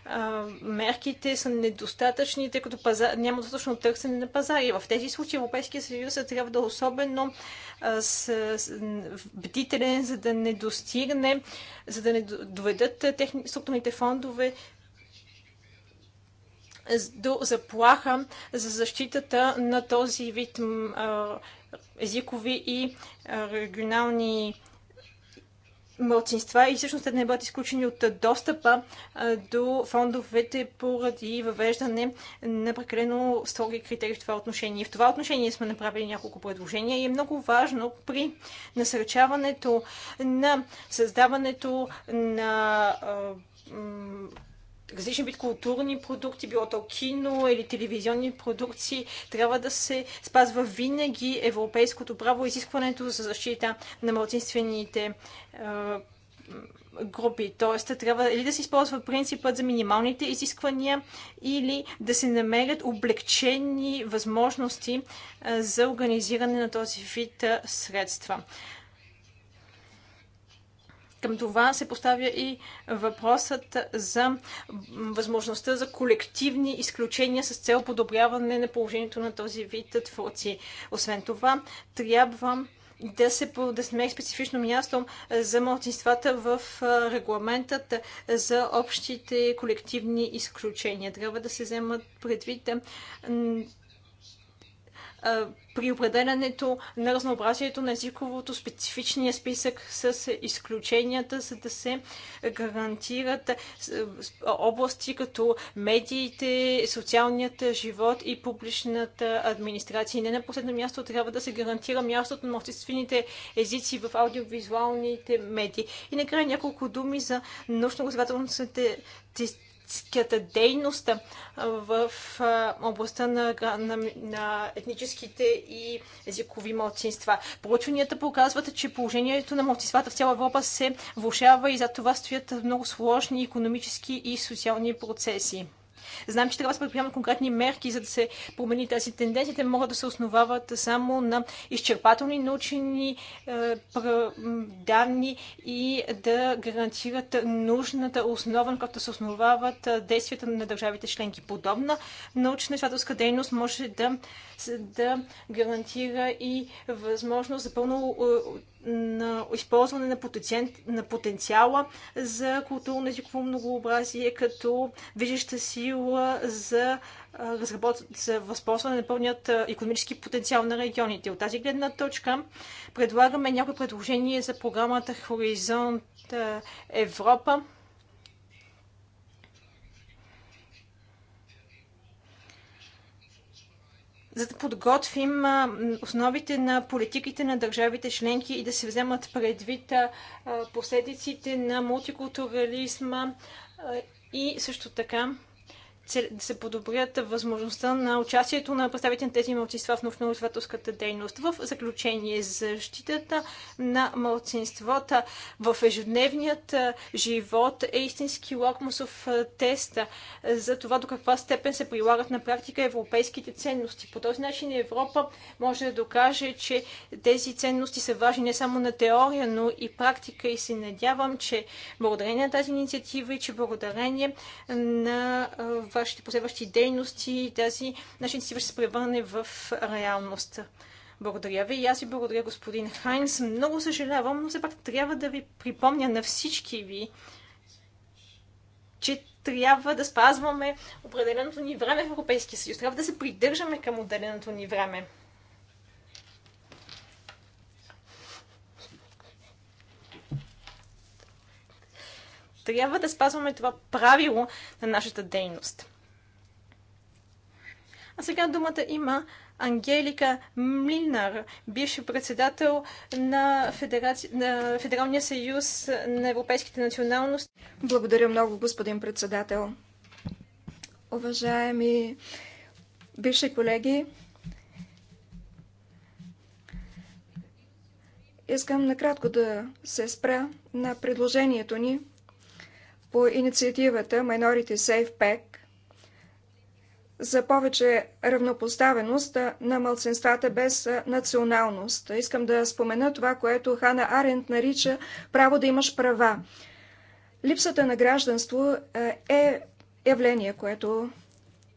а, мерките са недостатъчни, тъй като паза няма достатъчно търсене на пазари. В тези случаи Европейския съюз е трябва да особено а, с, бдителен, за да не достигне, за да не доведат техни, структурните фондове до заплаха за защитата на този вид езикови и регионални мълцинства и всъщност те да не бъдат изключени от достъпа до фондовете поради въвеждане на прекалено строги критерии в това отношение. В това отношение сме направили няколко предложения и е много важно при насърчаването на създаването на различни вид културни продукти, било то кино или телевизионни продукции, трябва да се спазва винаги европейското право, изискването за защита на малцинствените групи. Т.е. трябва или да се използва принципът за минималните изисквания, или да се намерят облегчени възможности за организиране на този вид средства. Към това се поставя и въпросът за възможността за колективни изключения с цел подобряване на положението на този вид творци. Освен това, трябва да се да специфично място за младсинствата в регламентът за общите колективни изключения. Трябва да се вземат предвид при определянето на разнообразието на езиковото специфичния списък с изключенията, за да се гарантират области като медиите, социалният живот и публичната администрация. И не на последно място трябва да се гарантира мястото на малцинствените езици в аудиовизуалните медии. И накрая няколко думи за научно развателностите етническата дейност в областта на, на, на етническите и езикови младсинства. Проучванията показват, че положението на младсинствата в цяла Европа се влушава и за това стоят много сложни економически и социални процеси. Знам, че трябва да се предприемат конкретни мерки, за да се промени тази тенденция. Те могат да се основават само на изчерпателни научени е, данни и да гарантират нужната основа, на която се основават е, действията на държавите членки. Подобна научна изследователска дейност може да, да гарантира и възможност за пълно е, на използване на, потенци... на потенциала за културно езиково многообразие като виждаща сила за, разработ... за възползване на пълният економически потенциал на регионите. От тази гледна точка предлагаме някои предложения за програмата Хоризонт Европа за да подготвим основите на политиките на държавите членки и да се вземат предвид последиците на мултикултурализма и също така да се подобрят възможността на участието на представите на тези малцинства в научно-изследователската дейност. В заключение, защитата на малцинствата в ежедневният живот е истински лакмусов тест за това до каква степен се прилагат на практика европейските ценности. По този начин Европа може да докаже, че тези ценности са важни не само на теория, но и практика и се надявам, че благодарение на тази инициатива и че благодарение на вашите последващи дейности и тази наша си ще превърне в реалност. Благодаря ви и аз ви благодаря, господин Хайнс. Много съжалявам, но все пак трябва да ви припомня на всички ви, че трябва да спазваме определеното ни време в Европейския съюз. Трябва да се придържаме към отделеното ни време. трябва да спазваме това правило на нашата дейност. А сега думата има Ангелика Млинар, бивш председател на, Федераци... на Федералния съюз на европейските националности. Благодаря много, господин председател. Уважаеми бивши колеги, искам накратко да се спра на предложението ни по инициативата Minority Safe Pack за повече равнопоставеност на мълцинствата без националност. Искам да спомена това, което Хана Арент нарича право да имаш права. Липсата на гражданство е явление, което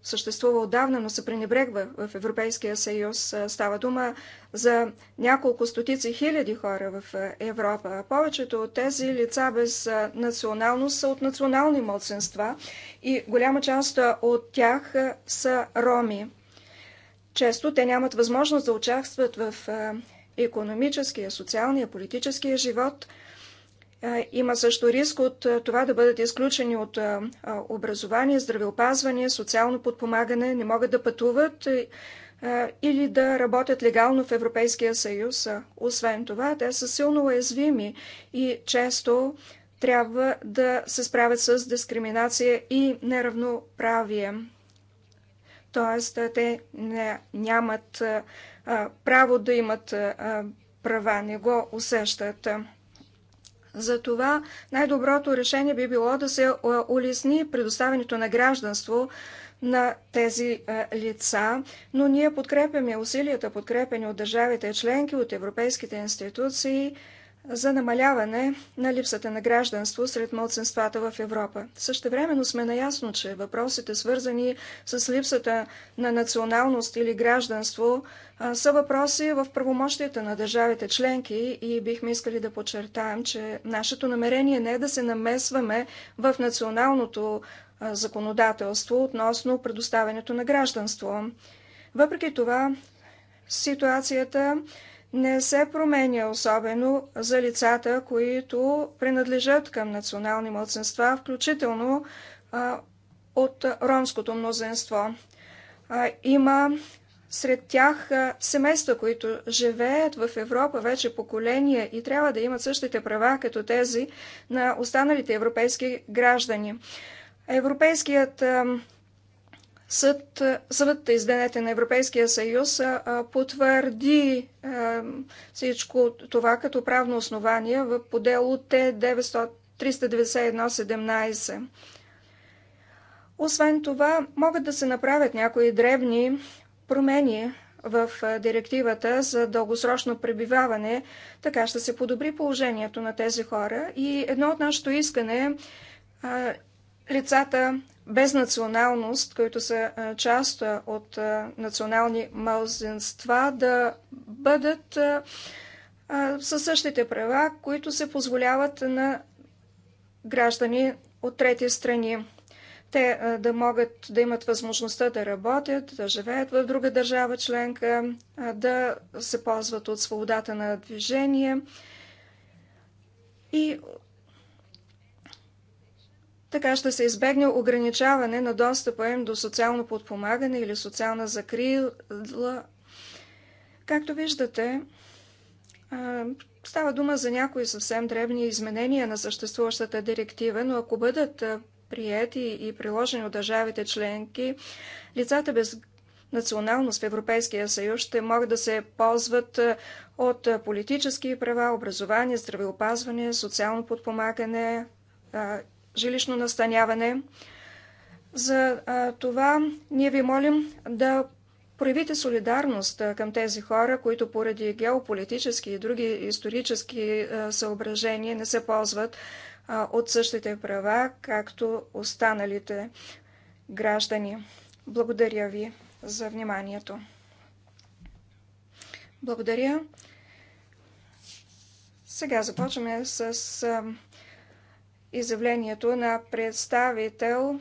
съществува отдавна, но се пренебрегва в Европейския съюз. Става дума за няколко стотици хиляди хора в Европа. Повечето от тези лица без националност са от национални младсенства и голяма част от тях са роми. Често те нямат възможност да участват в економическия, социалния, политическия живот – има също риск от това да бъдат изключени от образование, здравеопазване, социално подпомагане, не могат да пътуват или да работят легално в Европейския съюз. Освен това, те са силно уязвими и често трябва да се справят с дискриминация и неравноправие. Тоест, те не, нямат а, право да имат а, права, не го усещат. Затова най-доброто решение би било да се улесни предоставянето на гражданство на тези лица, но ние подкрепяме усилията, подкрепени от държавите членки, от европейските институции, за намаляване на липсата на гражданство сред младсенствата в Европа. Същевременно сме наясно, че въпросите, свързани с липсата на националност или гражданство, са въпроси в правомощията на държавите членки и бихме искали да подчертаем, че нашето намерение не е да се намесваме в националното законодателство относно предоставянето на гражданство. Въпреки това, ситуацията не се променя особено за лицата, които принадлежат към национални младсенства, включително а, от ромското мнозинство. А, има сред тях а, семейства, които живеят в Европа вече поколения и трябва да имат същите права като тези на останалите европейски граждани. Европейският а, Съд, съдът, издадете на Европейския съюз, потвърди всичко това като правно основание в подело Т-391-17. Освен това, могат да се направят някои древни промени в директивата за дългосрочно пребиваване, така ще се подобри положението на тези хора. И едно от нашето искане е лицата, без националност, които са част от национални малзинства, да бъдат със същите права, които се позволяват на граждани от трети страни. Те да могат да имат възможността да работят, да живеят в друга държава членка, да се ползват от свободата на движение и така ще се избегне ограничаване на достъпа им до социално подпомагане или социална закрила. Както виждате, става дума за някои съвсем древни изменения на съществуващата директива, но ако бъдат приети и приложени от държавите членки, лицата без националност в Европейския съюз ще могат да се ползват от политически права, образование, здравеопазване, социално подпомагане жилищно настаняване. За това ние ви молим да проявите солидарност към тези хора, които поради геополитически и други исторически съображения не се ползват от същите права, както останалите граждани. Благодаря ви за вниманието. Благодаря. Сега започваме с изявлението на представител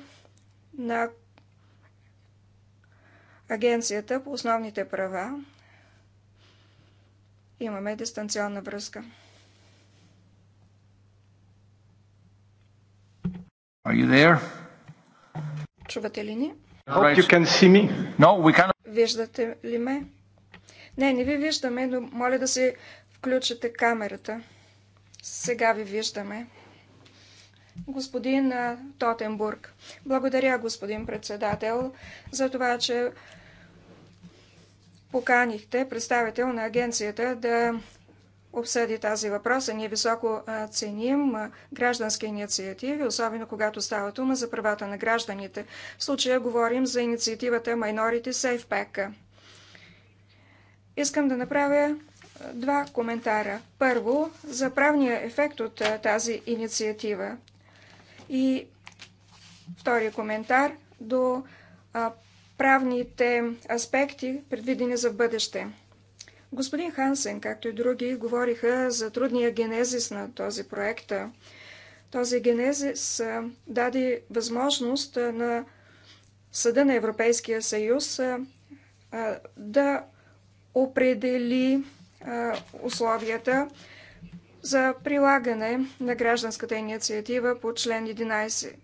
на Агенцията по основните права. Имаме дистанционна връзка. Are you there? Чувате ли ни? Hope you can see me. No, we cannot. Виждате ли ме? Не, не ви виждаме, но моля да си включите камерата. Сега ви виждаме. Господин Тотенбург, благодаря, господин председател, за това, че поканихте представител на агенцията да обсъди тази въпрос. Ние високо ценим граждански инициативи, особено когато става дума за правата на гражданите. В случая говорим за инициативата Minority Safe Pack. Искам да направя два коментара. Първо, за правния ефект от тази инициатива. И втори коментар до а, правните аспекти, предвидени за бъдеще. Господин Хансен, както и други, говориха за трудния генезис на този проект. Този генезис даде възможност на Съда на Европейския съюз да определи условията за прилагане на гражданската инициатива по член 11.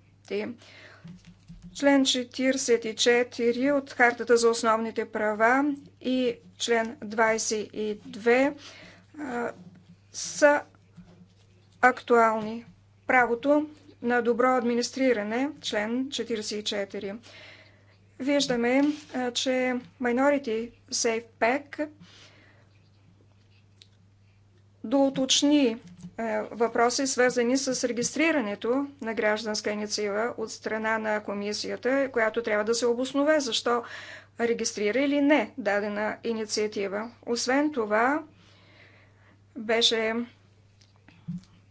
Член 44 от Хартата за основните права и член 22 са актуални. Правото на добро администриране, член 44. Виждаме, че Minority Safe Pack – уточни е, въпроси, свързани с регистрирането на гражданска инициатива от страна на комисията, която трябва да се обоснове защо регистрира или не дадена инициатива. Освен това, беше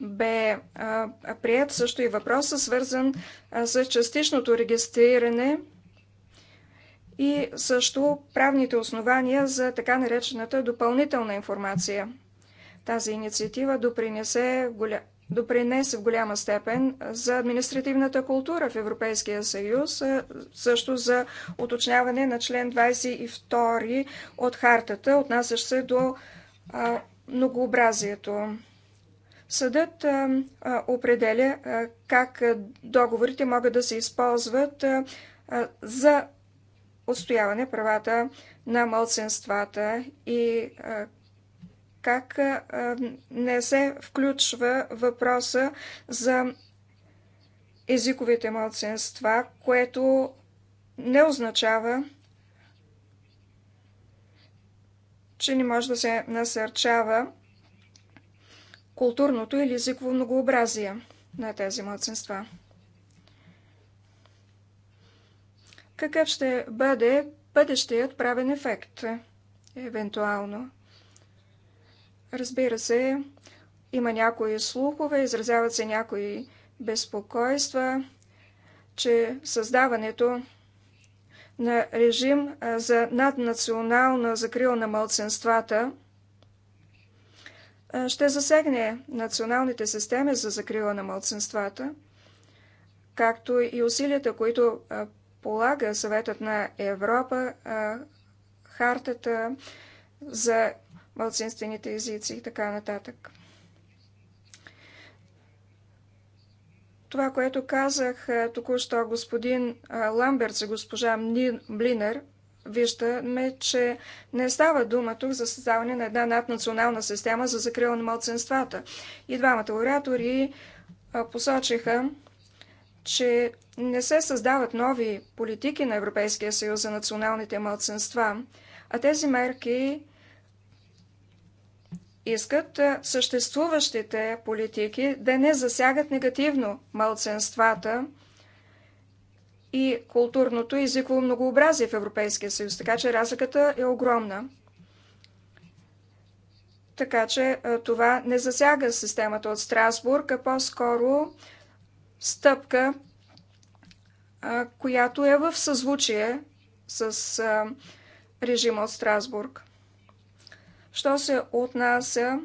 бе а, прият също и въпроса, свързан а, с частичното регистриране и също правните основания за така наречената допълнителна информация. Тази инициатива допринесе в, голя... допринесе в голяма степен за административната култура в Европейския съюз, също за уточняване на член 22 от хартата, отнасящ се до а, многообразието. Съдът а, а, определя а, как договорите могат да се използват а, а, за отстояване правата на мълценствата и а, как не се включва въпроса за езиковите младсенства, което не означава, че не може да се насърчава културното или езиково многообразие на тези младсенства. Какъв ще бъде бъдещият правен ефект, евентуално? Разбира се, има някои слухове, изразяват се някои безпокойства, че създаването на режим за наднационална закрила на мълценствата ще засегне националните системи за закрила на мълценствата, както и усилията, които полага Съветът на Европа, Хартата за мълцинствените езици и така нататък. Това, което казах току-що господин Ламберт за госпожа Млинер, виждаме, че не става дума тук за създаване на една наднационална система за закрила на младсенствата. И двамата оратори посочиха, че не се създават нови политики на Европейския съюз за националните младсенства, а тези мерки искат съществуващите политики да не засягат негативно малценствата и културното и езиково многообразие в Европейския съюз, така че разликата е огромна. Така че това не засяга системата от Страсбург, а по-скоро стъпка, която е в съзвучие с режима от Страсбург що се отнася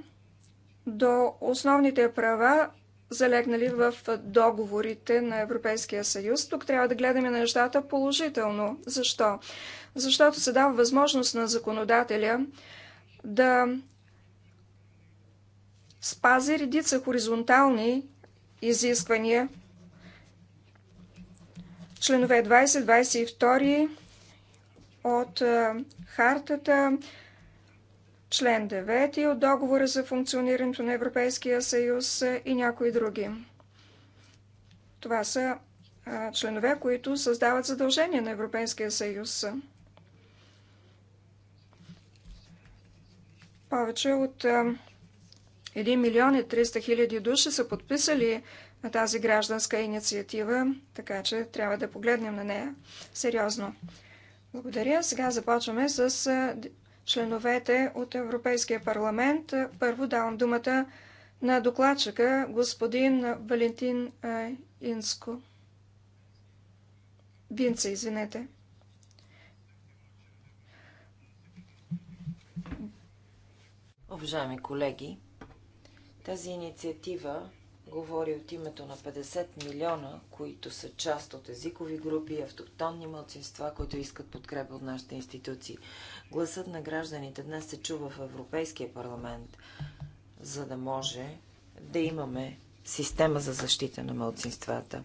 до основните права, залегнали в договорите на Европейския съюз. Тук трябва да гледаме на нещата положително. Защо? Защото се дава възможност на законодателя да спази редица хоризонтални изисквания. Членове 20, 22 от хартата, член 9 от договора за функционирането на Европейския съюз и някои други. Това са членове, които създават задължения на Европейския съюз. Повече от 1 милион и 300 хиляди души са подписали на тази гражданска инициатива, така че трябва да погледнем на нея сериозно. Благодаря. Сега започваме с членовете от Европейския парламент. Първо давам думата на докладчика господин Валентин Инско. Винце, извинете. Уважаеми колеги, тази инициатива говори от името на 50 милиона, които са част от езикови групи, и автоктонни младсинства, които искат подкрепа от нашите институции. Гласът на гражданите днес се чува в Европейския парламент, за да може да имаме система за защита на младсинствата.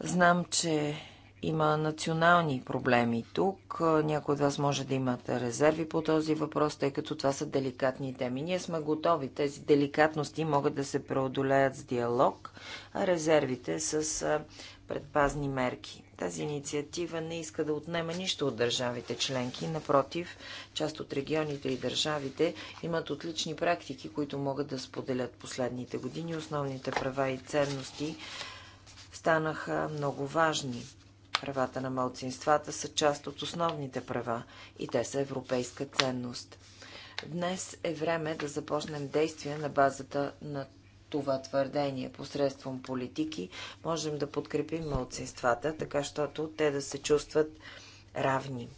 Знам, че има национални проблеми тук. Някои от вас може да имате резерви по този въпрос, тъй като това са деликатни теми. Ние сме готови. Тези деликатности могат да се преодолеят с диалог, а резервите с предпазни мерки. Тази инициатива не иска да отнема нищо от държавите членки. Напротив, част от регионите и държавите имат отлични практики, които могат да споделят последните години. Основните права и ценности станаха много важни. Правата на малцинствата са част от основните права и те са европейска ценност. Днес е време да започнем действия на базата на това твърдение. Посредством политики можем да подкрепим малцинствата, така щото те да се чувстват равни.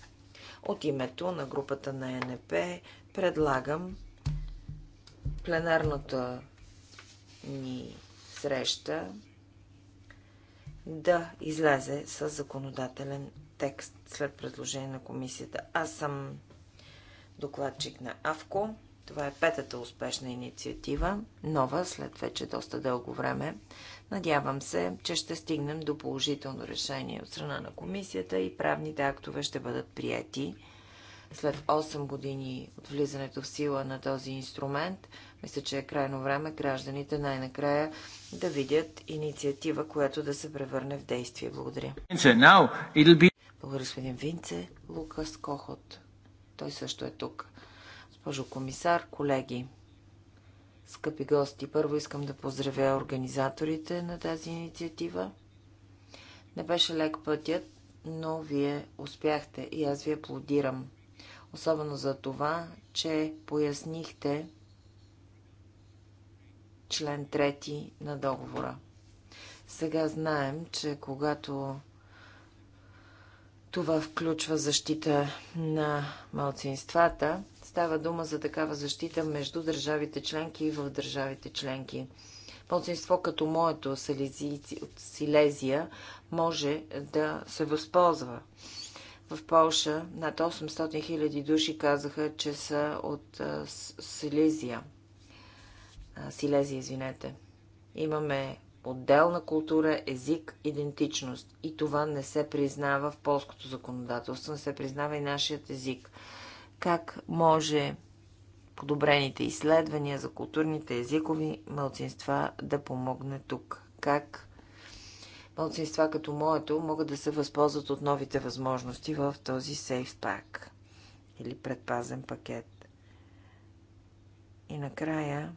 От името на групата на ЕНП предлагам пленарната ни среща да излезе с законодателен текст след предложение на комисията. Аз съм докладчик на АВКО. Това е петата успешна инициатива, нова след вече доста дълго време. Надявам се, че ще стигнем до положително решение от страна на комисията и правните актове ще бъдат прияти. След 8 години от влизането в сила на този инструмент – мисля, че е крайно време гражданите най-накрая да видят инициатива, която да се превърне в действие. Благодаря. Благодаря, господин Винце. Лукас Кохот. Той също е тук. Госпожо комисар, колеги, скъпи гости, първо искам да поздравя организаторите на тази инициатива. Не беше лек пътят, но вие успяхте и аз ви аплодирам. Особено за това, че пояснихте член 3 на договора. Сега знаем, че когато това включва защита на малцинствата, става дума за такава защита между държавите членки и в държавите членки. Мълцинство като моето от Силезия може да се възползва. В Полша над 800 000 души казаха, че са от Силезия. Силезия, извинете. Имаме отделна култура, език, идентичност. И това не се признава в полското законодателство, не се признава и нашият език. Как може подобрените изследвания за културните езикови мълцинства да помогне тук? Как мълцинства като моето могат да се възползват от новите възможности в този сейф пак или предпазен пакет? И накрая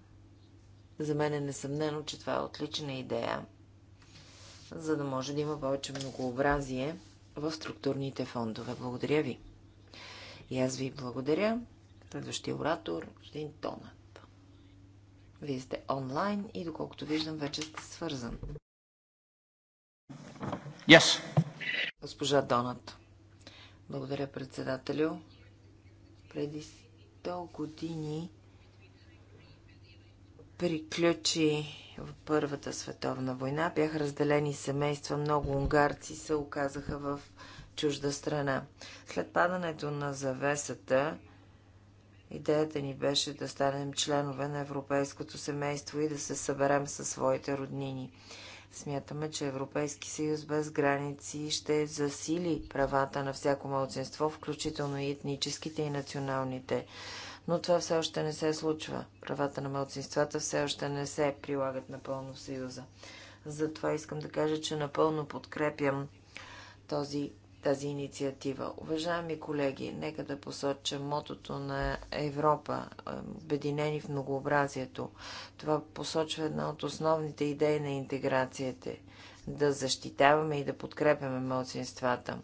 за мен е несъмнено, че това е отлична идея, за да може да има повече многообразие в структурните фондове. Благодаря ви. И аз ви благодаря. Следващия оратор, господин Тонът. Вие сте онлайн и доколкото виждам, вече сте свързан. Yes. Госпожа Донат. Благодаря, председателю. Преди 100 години приключи в Първата световна война, бяха разделени семейства, много унгарци се оказаха в чужда страна. След падането на завесата, идеята ни беше да станем членове на европейското семейство и да се съберем със своите роднини. Смятаме, че Европейски съюз без граници ще засили правата на всяко малцинство, включително и етническите и националните но това все още не се случва. Правата на мълцинствата все още не се прилагат напълно в Съюза. Затова искам да кажа, че напълно подкрепям този, тази инициатива. Уважаеми колеги, нека да посоча мотото на Европа, обединени в многообразието. Това посочва една от основните идеи на интеграцията – да защитаваме и да подкрепяме мълцинствата.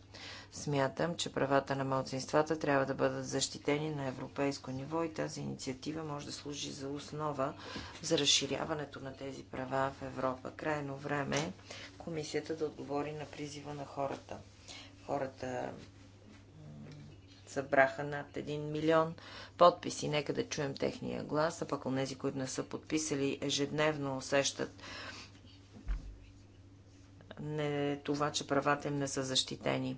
Смятам, че правата на младсинствата трябва да бъдат защитени на европейско ниво и тази инициатива може да служи за основа за разширяването на тези права в Европа. Крайно време е комисията да отговори на призива на хората. Хората събраха над 1 милион подписи. Нека да чуем техния глас, а пък онези, които не са подписали, ежедневно усещат не това, че правата им не са защитени.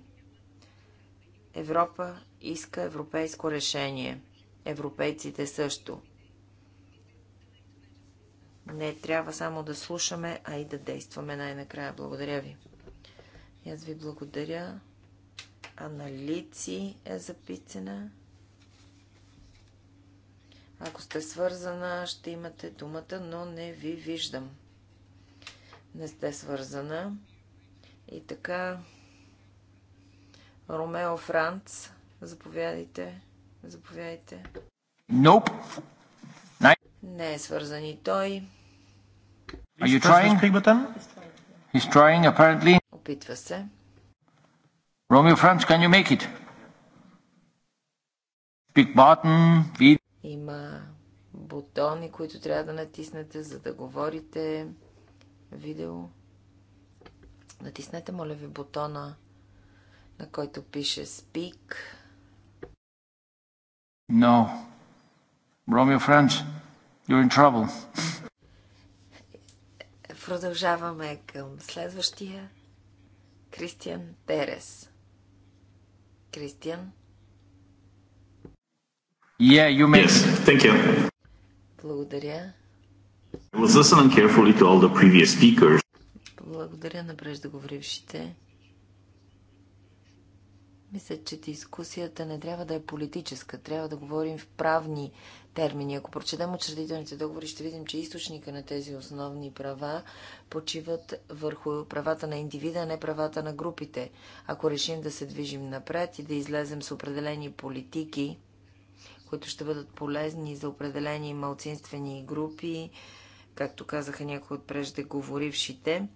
Европа иска европейско решение. Европейците също. Не трябва само да слушаме, а и да действаме най-накрая. Благодаря ви. И аз ви благодаря. Аналици е записана. Ако сте свързана, ще имате думата, но не ви виждам. Не сте свързана. И така, Ромео Франц. Заповядайте. Заповядайте. Nope. Не е свързан и той. Are you trying? He's trying, apparently. Опитва се. Ромео Франц, can you make it? Big button. We... Има бутони, които трябва да натиснете, за да говорите. Видео. Натиснете, моля ви, бутона на който пише Speak. No. Romeo French, you're in trouble. Продължаваме към следващия. Кристиан Терес. Кристиан. Yeah, you may. Yes, thank you. Благодаря. I was listening carefully to all the previous speakers. Благодаря на преждоговорившите. Мисля, че дискусията не трябва да е политическа. Трябва да говорим в правни термини. Ако прочетем учредителните договори, ще видим, че източника на тези основни права почиват върху правата на индивида, а не правата на групите. Ако решим да се движим напред и да излезем с определени политики, които ще бъдат полезни за определени малцинствени групи, както казаха някои от преждеговорившите, говорившите,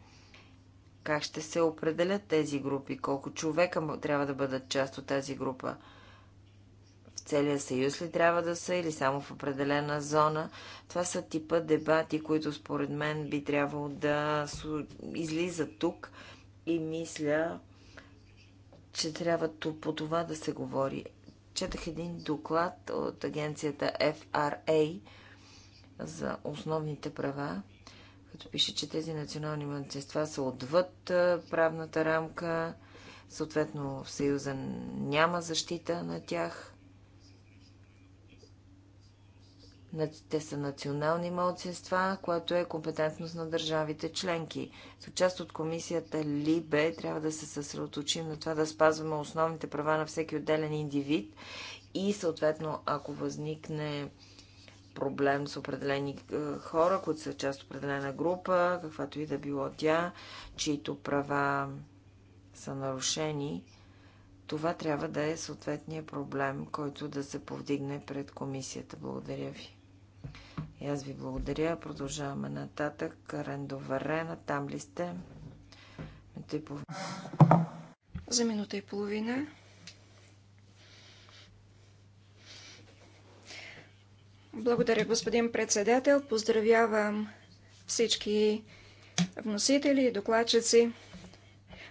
как ще се определят тези групи? Колко човека трябва да бъдат част от тази група? В целия съюз ли трябва да са или само в определена зона? Това са типа дебати, които според мен би трябвало да излизат тук и мисля, че трябва по това да се говори. Четах един доклад от агенцията FRA за основните права като пише, че тези национални младсинства са отвъд правната рамка, съответно в Съюза няма защита на тях. Те са национални малцинства, което е компетентност на държавите членки. С част от комисията Либе трябва да се съсредоточим на това да спазваме основните права на всеки отделен индивид и съответно, ако възникне проблем с определени е, хора, които са част от определена група, каквато и да било тя, чието права са нарушени, това трябва да е съответния проблем, който да се повдигне пред комисията. Благодаря ви. И аз ви благодаря. Продължаваме нататък. Карен Доварена, там ли сте? За минута и половина. Благодаря, господин председател. Поздравявам всички вносители и докладчици.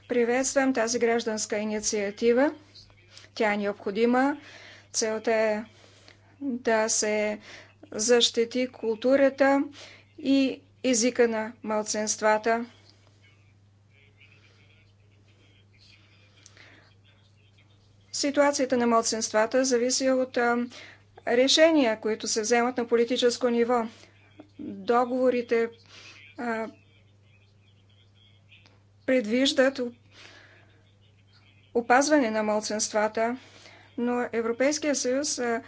Приветствам тази гражданска инициатива. Тя е необходима. Целта е да се защити културата и езика на малцинствата. Ситуацията на малцинствата зависи от решения, които се вземат на политическо ниво. Договорите а, предвиждат опазване на мълценствата, но Европейския съюз а,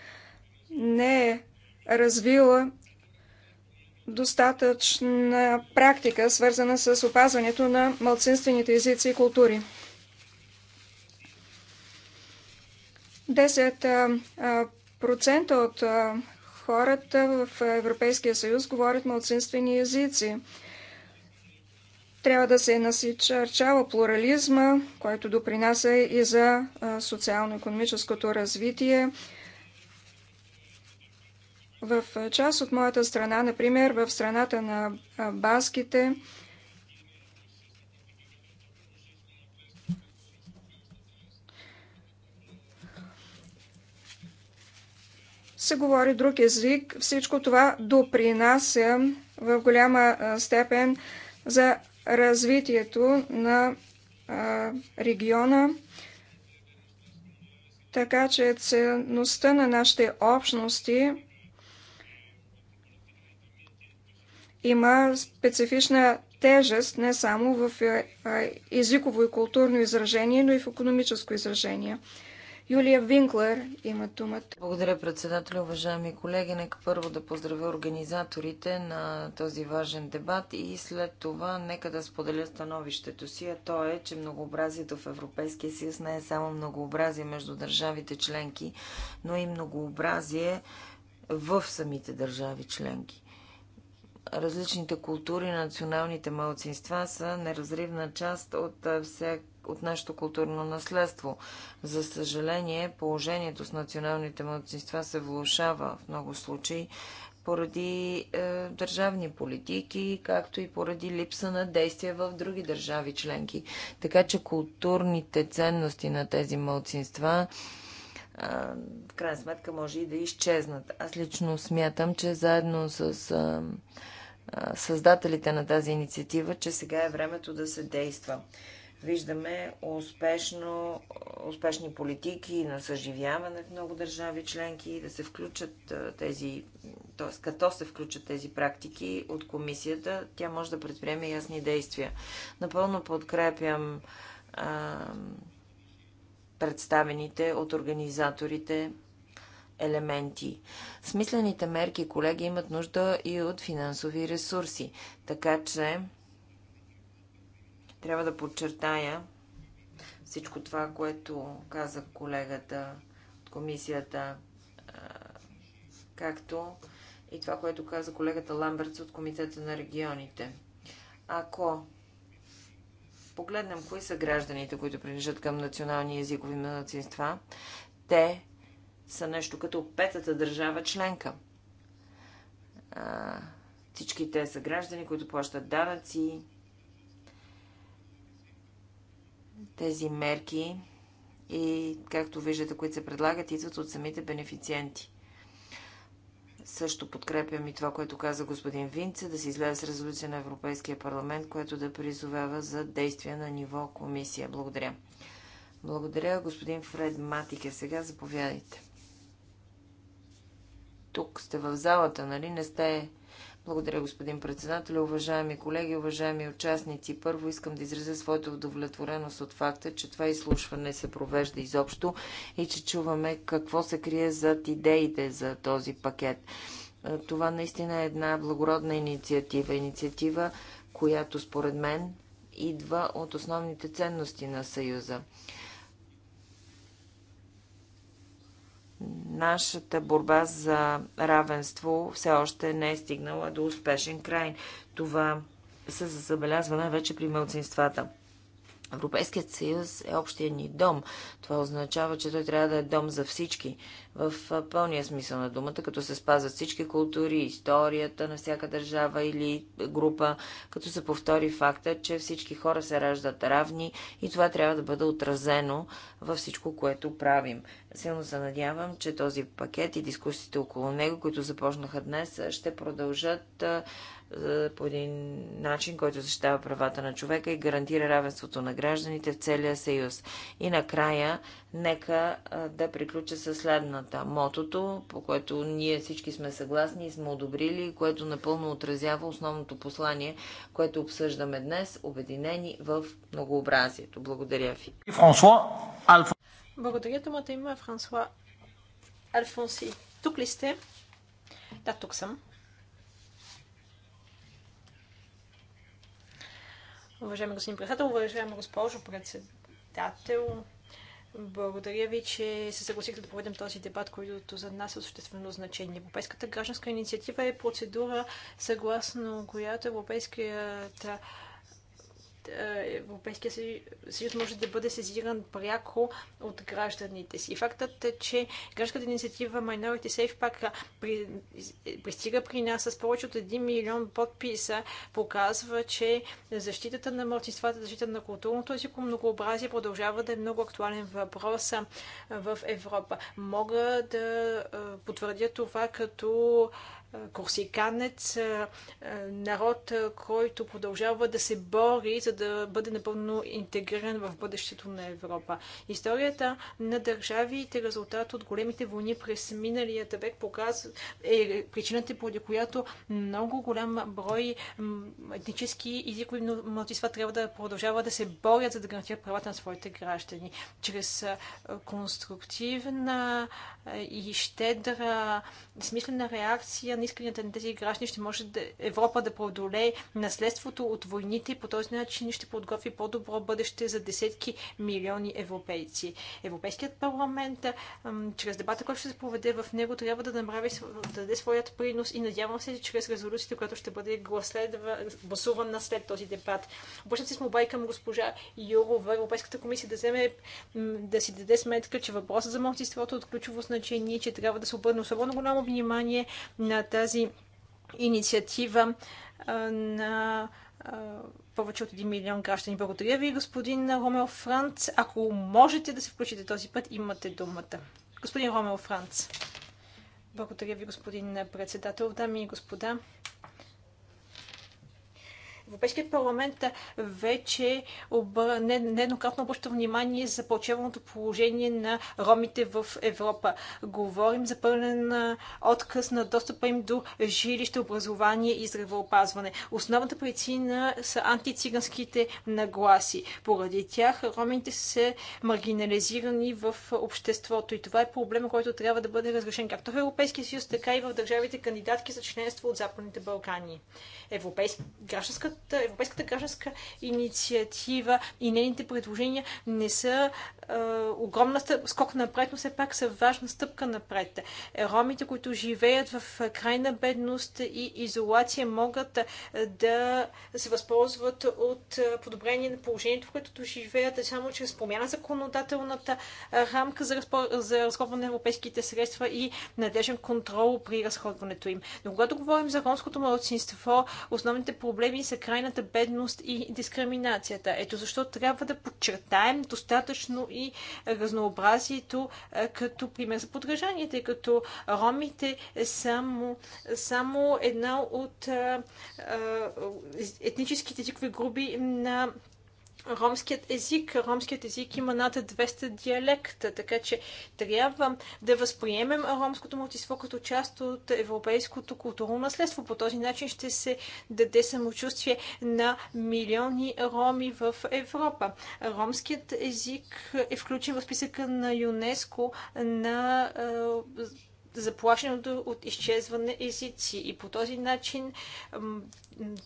не е развила достатъчна практика, свързана с опазването на мълцинствените езици и култури. 10 процента от хората в Европейския съюз говорят младсинствени езици. Трябва да се насичарчава плурализма, който допринася и за социално-економическото развитие. В част от моята страна, например в страната на баските, се говори друг език, всичко това допринася в голяма степен за развитието на региона, така че ценността на нашите общности има специфична тежест не само в езиково и културно изражение, но и в економическо изражение. Юлия Винклер има думата. Благодаря, председателя. Уважаеми колеги, нека първо да поздравя организаторите на този важен дебат и след това нека да споделя становището си, а то е, че многообразието в Европейския съюз не е само многообразие между държавите членки, но и многообразие в самите държави членки различните култури, националните малцинства са неразривна част от всяк от нашето културно наследство. За съжаление, положението с националните младсинства се влушава в много случаи поради е, държавни политики, както и поради липса на действия в други държави членки. Така че културните ценности на тези младсинства е, в крайна сметка може и да изчезнат. Аз лично смятам, че заедно с е, е създателите на тази инициатива, че сега е времето да се действа. Виждаме успешно, успешни политики на съживяване в много държави членки да се включат тези, т.е. като се включат тези практики от комисията, тя може да предприеме ясни действия. Напълно подкрепям а, представените от организаторите елементи. Смислените мерки, колеги, имат нужда и от финансови ресурси, така че трябва да подчертая всичко това, което каза колегата от комисията, както и това, което каза колегата Ламберц от Комитета на регионите. Ако погледнем кои са гражданите, които принадлежат към национални езикови младсинства, те са нещо като петата държава членка. А, всички те са граждани, които плащат данъци, Тези мерки и, както виждате, които се предлагат, идват от самите бенефициенти. Също подкрепям и това, което каза господин Винце, да се излезе с резолюция на Европейския парламент, което да призовава за действия на ниво комисия. Благодаря. Благодаря, господин Фред Матике. Сега заповядайте. Тук сте в залата, нали? Не сте благодаря, господин председател. Уважаеми колеги, уважаеми участници, първо искам да изразя своята удовлетвореност от факта, че това изслушване се провежда изобщо и че чуваме какво се крие зад идеите за този пакет. Това наистина е една благородна инициатива. Инициатива, която според мен идва от основните ценности на Съюза. нашата борба за равенство все още не е стигнала до успешен край. Това се забелязва най-вече при мълцинствата. Европейският съюз е общия ни дом. Това означава, че той трябва да е дом за всички. В пълния смисъл на думата, като се спазват всички култури, историята на всяка държава или група, като се повтори факта, че всички хора се раждат равни и това трябва да бъде отразено във всичко, което правим. Силно се надявам, че този пакет и дискусиите около него, които започнаха днес, ще продължат е, по един начин, който защитава правата на човека и гарантира равенството на гражданите в целия съюз. И накрая, нека е, да приключа с следната. Мотото, по което ние всички сме съгласни и сме одобрили, което напълно отразява основното послание, което обсъждаме днес, обединени в многообразието. Благодаря ви. Франсуа Алф... Благодаря, думата има Франсуа Алфонси. Тук ли сте? Да, тук съм. Уважаеми господин председател, уважаема госпожо председател, благодаря ви, че се съгласихте да проведем този дебат, който за нас е съществено значение. Европейската гражданска инициатива е процедура, съгласно която Европейската Европейския съюз може да бъде сезиран пряко от гражданите си. Фактът е, че гражданската инициатива Minority Safe Pack при, пристига при нас с повече от 1 милион подписа, показва, че защитата на младсинствата, защитата на културното езико многообразие продължава да е много актуален въпрос в Европа. Мога да потвърдя това като корсиканец, народ, който продължава да се бори, за да бъде напълно интегриран в бъдещето на Европа. Историята на държавите, резултат от големите войни през миналият век, показва е причината, поради която много голям брой етнически езикови младсинства трябва да продължава да се борят, за да гарантират правата на своите граждани. Чрез конструктивна и щедра, смислена реакция на исканията на тези граждани, ще може да, Европа да преодолее наследството от войните и по този начин ще подготви по-добро бъдеще за десетки милиони европейци. Европейският парламент, чрез дебата, който ще се проведе в него, трябва да направи, да даде своят принос и надявам се, че чрез резолюцията, която ще бъде гласувана след този дебат. Обръщам се с мобай към госпожа Юрова, Европейската комисия да вземе, да си даде сметка, че въпросът за малцинството е от ключово значение, че трябва да се обърне особено голямо внимание на тази инициатива на повече от 1 милион граждани. Благодаря ви, господин Ромео Франц. Ако можете да се включите този път, имате думата. Господин Ромео Франц. Благодаря ви, господин председател. Дами и господа, Европейският парламент вече нееднократно обръща внимание за плачевното положение на ромите в Европа. Говорим за пълен отказ на достъпа им до жилище, образование и здравеопазване. Основната причина са антициганските нагласи. Поради тях ромите са маргинализирани в обществото и това е проблема, който трябва да бъде разрешен както в Европейския съюз, така и в държавите кандидатки за членство от Западните Балкани. Европейска гражданска Европейската, Европейската гражданска инициатива и нейните предложения не са е, огромна стъп, скок напред, но все пак са важна стъпка напред. Ромите, които живеят в крайна бедност и изолация, могат да се възползват от подобрение на положението, в което живеят, само чрез промяна законодателната рамка за, за разходване на европейските средства и надежен контрол при разходването им. Но когато говорим за ромското младсинство, основните проблеми са крайна крайната бедност и дискриминацията. Ето защо трябва да подчертаем достатъчно и разнообразието като пример за подражание, тъй като ромите е само, само една от етническите езикови групи на ромският език. Ромският език има над 200 диалекта, така че трябва да възприемем ромското мълчество като част от европейското културно наследство. По този начин ще се даде самочувствие на милиони роми в Европа. Ромският език е включен в списъка на ЮНЕСКО на е, заплашеното от изчезване езици. И по този начин,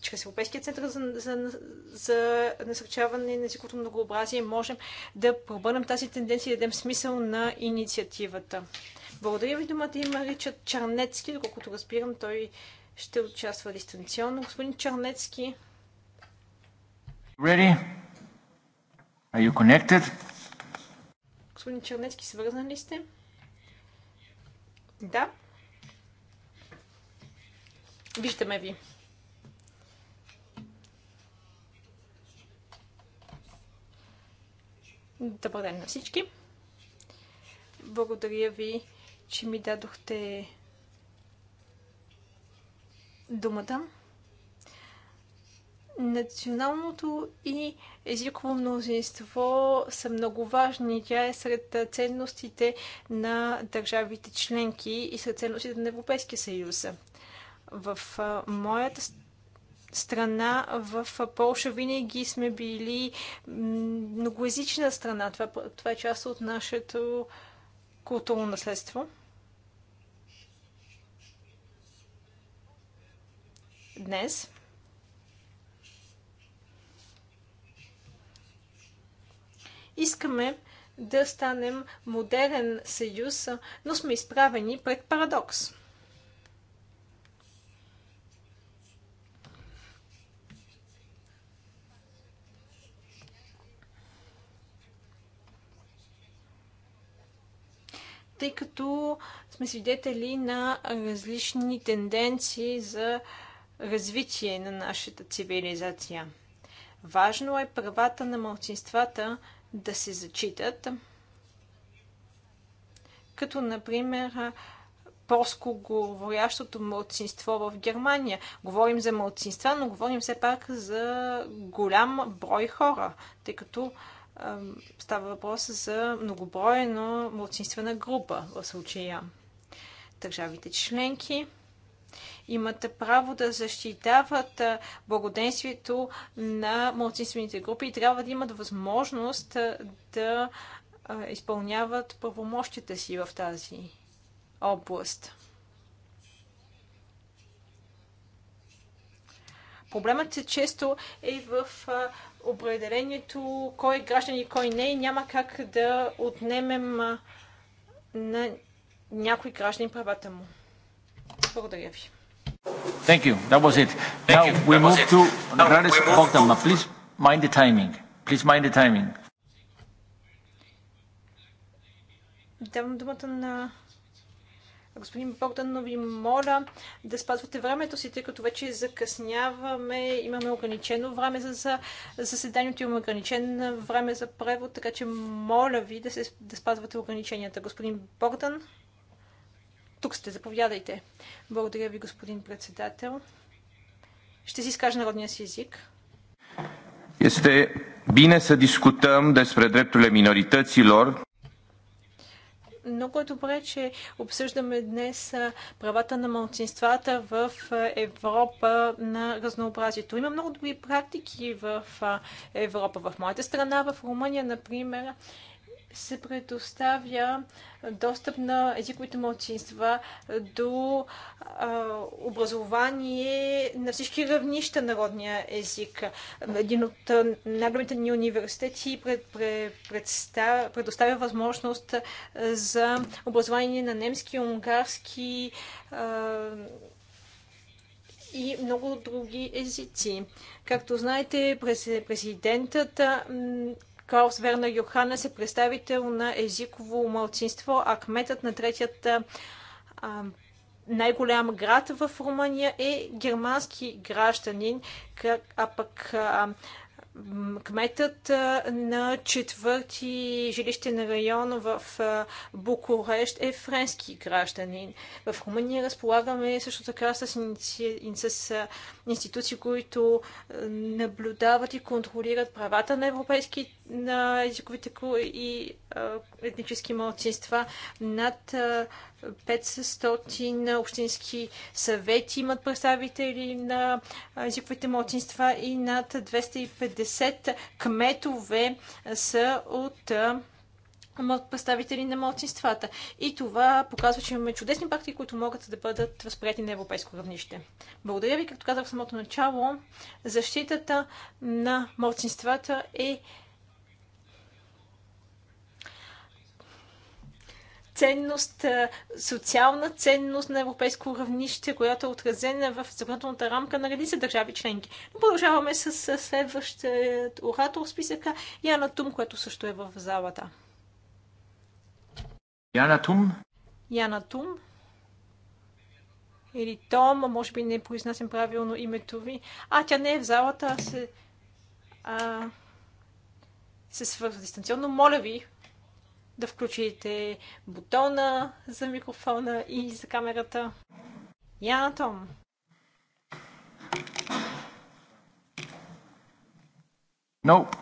чрез Европейския център за, за, за насърчаване на езиковото многообразие, можем да пробърнем тази тенденция и дадем смисъл на инициативата. Благодаря ви, думата има Ричард Чарнецки, доколкото разбирам, той ще участва дистанционно. Господин Чарнецки. Ready? Are you connected? Господин Чернецки, свързан ли сте? Да. Виждаме ви. Добър ден на всички. Благодаря ви, че ми дадохте думата. Националното и езиково мнозинство са много важни. Тя е сред ценностите на държавите членки и сред ценностите на Европейския съюз. В моята страна в Польша винаги сме били многоязична страна. Това, това е част от нашето културно наследство. Днес Искаме да станем модерен съюз, но сме изправени пред парадокс. тъй като сме свидетели на различни тенденции за развитие на нашата цивилизация. Важно е правата на малцинствата да се зачитат, като например полско говорящото младсинство в Германия. Говорим за младсинства, но говорим все пак за голям брой хора, тъй като е, става въпрос за многобройно младсинствена група в случая. Държавите членки имат право да защитават благоденствието на младсинствените групи и трябва да имат възможност да изпълняват правомощите си в тази област. Проблемът се често е в определението кой е граждан и кой не. е, няма как да отнемем на някой граждан правата му. Благодаря ви. Thank you. That was it. Thank now you. we move to Andrade Bogdan. Please mind the timing. Please mind the timing. Давам думата на господин Богдан, но ви моля да спазвате времето си, тъй като вече закъсняваме. Имаме ограничено време за заседанието, имаме ограничено време за превод, така че моля ви да, се, да спазвате ограниченията. Господин Богдан. Тук сте, заповядайте. Благодаря ви, господин председател. Ще си изкажа народния си език. Este bine să discutăm despre drepturile minorităților. Много е добре, че обсъждаме днес правата на малцинствата в Европа на разнообразието. Има много добри практики в Европа. В моята страна, в Румъния, например, се предоставя достъп на езиковите младсинства до образование на всички равнища народния език. Един от най-големите ни университети пред, пред, предста, предоставя възможност за образование на немски, унгарски и много други езици. Както знаете, президентът Клаус Верна Йоханес е представител на езиково малцинство, а кметът на третият най-голям град в Румъния е германски гражданин, а пък а, кметът на четвърти жилищен район в Букурещ е френски гражданин. В Румъния разполагаме също така с, с институции, които наблюдават и контролират правата на европейските на езиковите и етнически малцинства. Над 500 общински съвети имат представители на езиковите малцинства и над 250 кметове са от представители на малцинствата. И това показва, че имаме чудесни практики, които могат да бъдат възприяти на европейско равнище. Благодаря ви, както казах в самото начало, защитата на малцинствата е ценност, социална ценност на европейско равнище, която е отразена в законодателната рамка на редица държави членки. Но продължаваме с следващия оратор в списъка Яна Тум, която също е в залата. Яна Тум? Яна Тум. Или Том, може би не произнасям правилно името ви. А, тя не е в залата, а се... А, се свързва дистанционно. Моля ви, да включите бутона за микрофона и за камерата. Яна Том! No.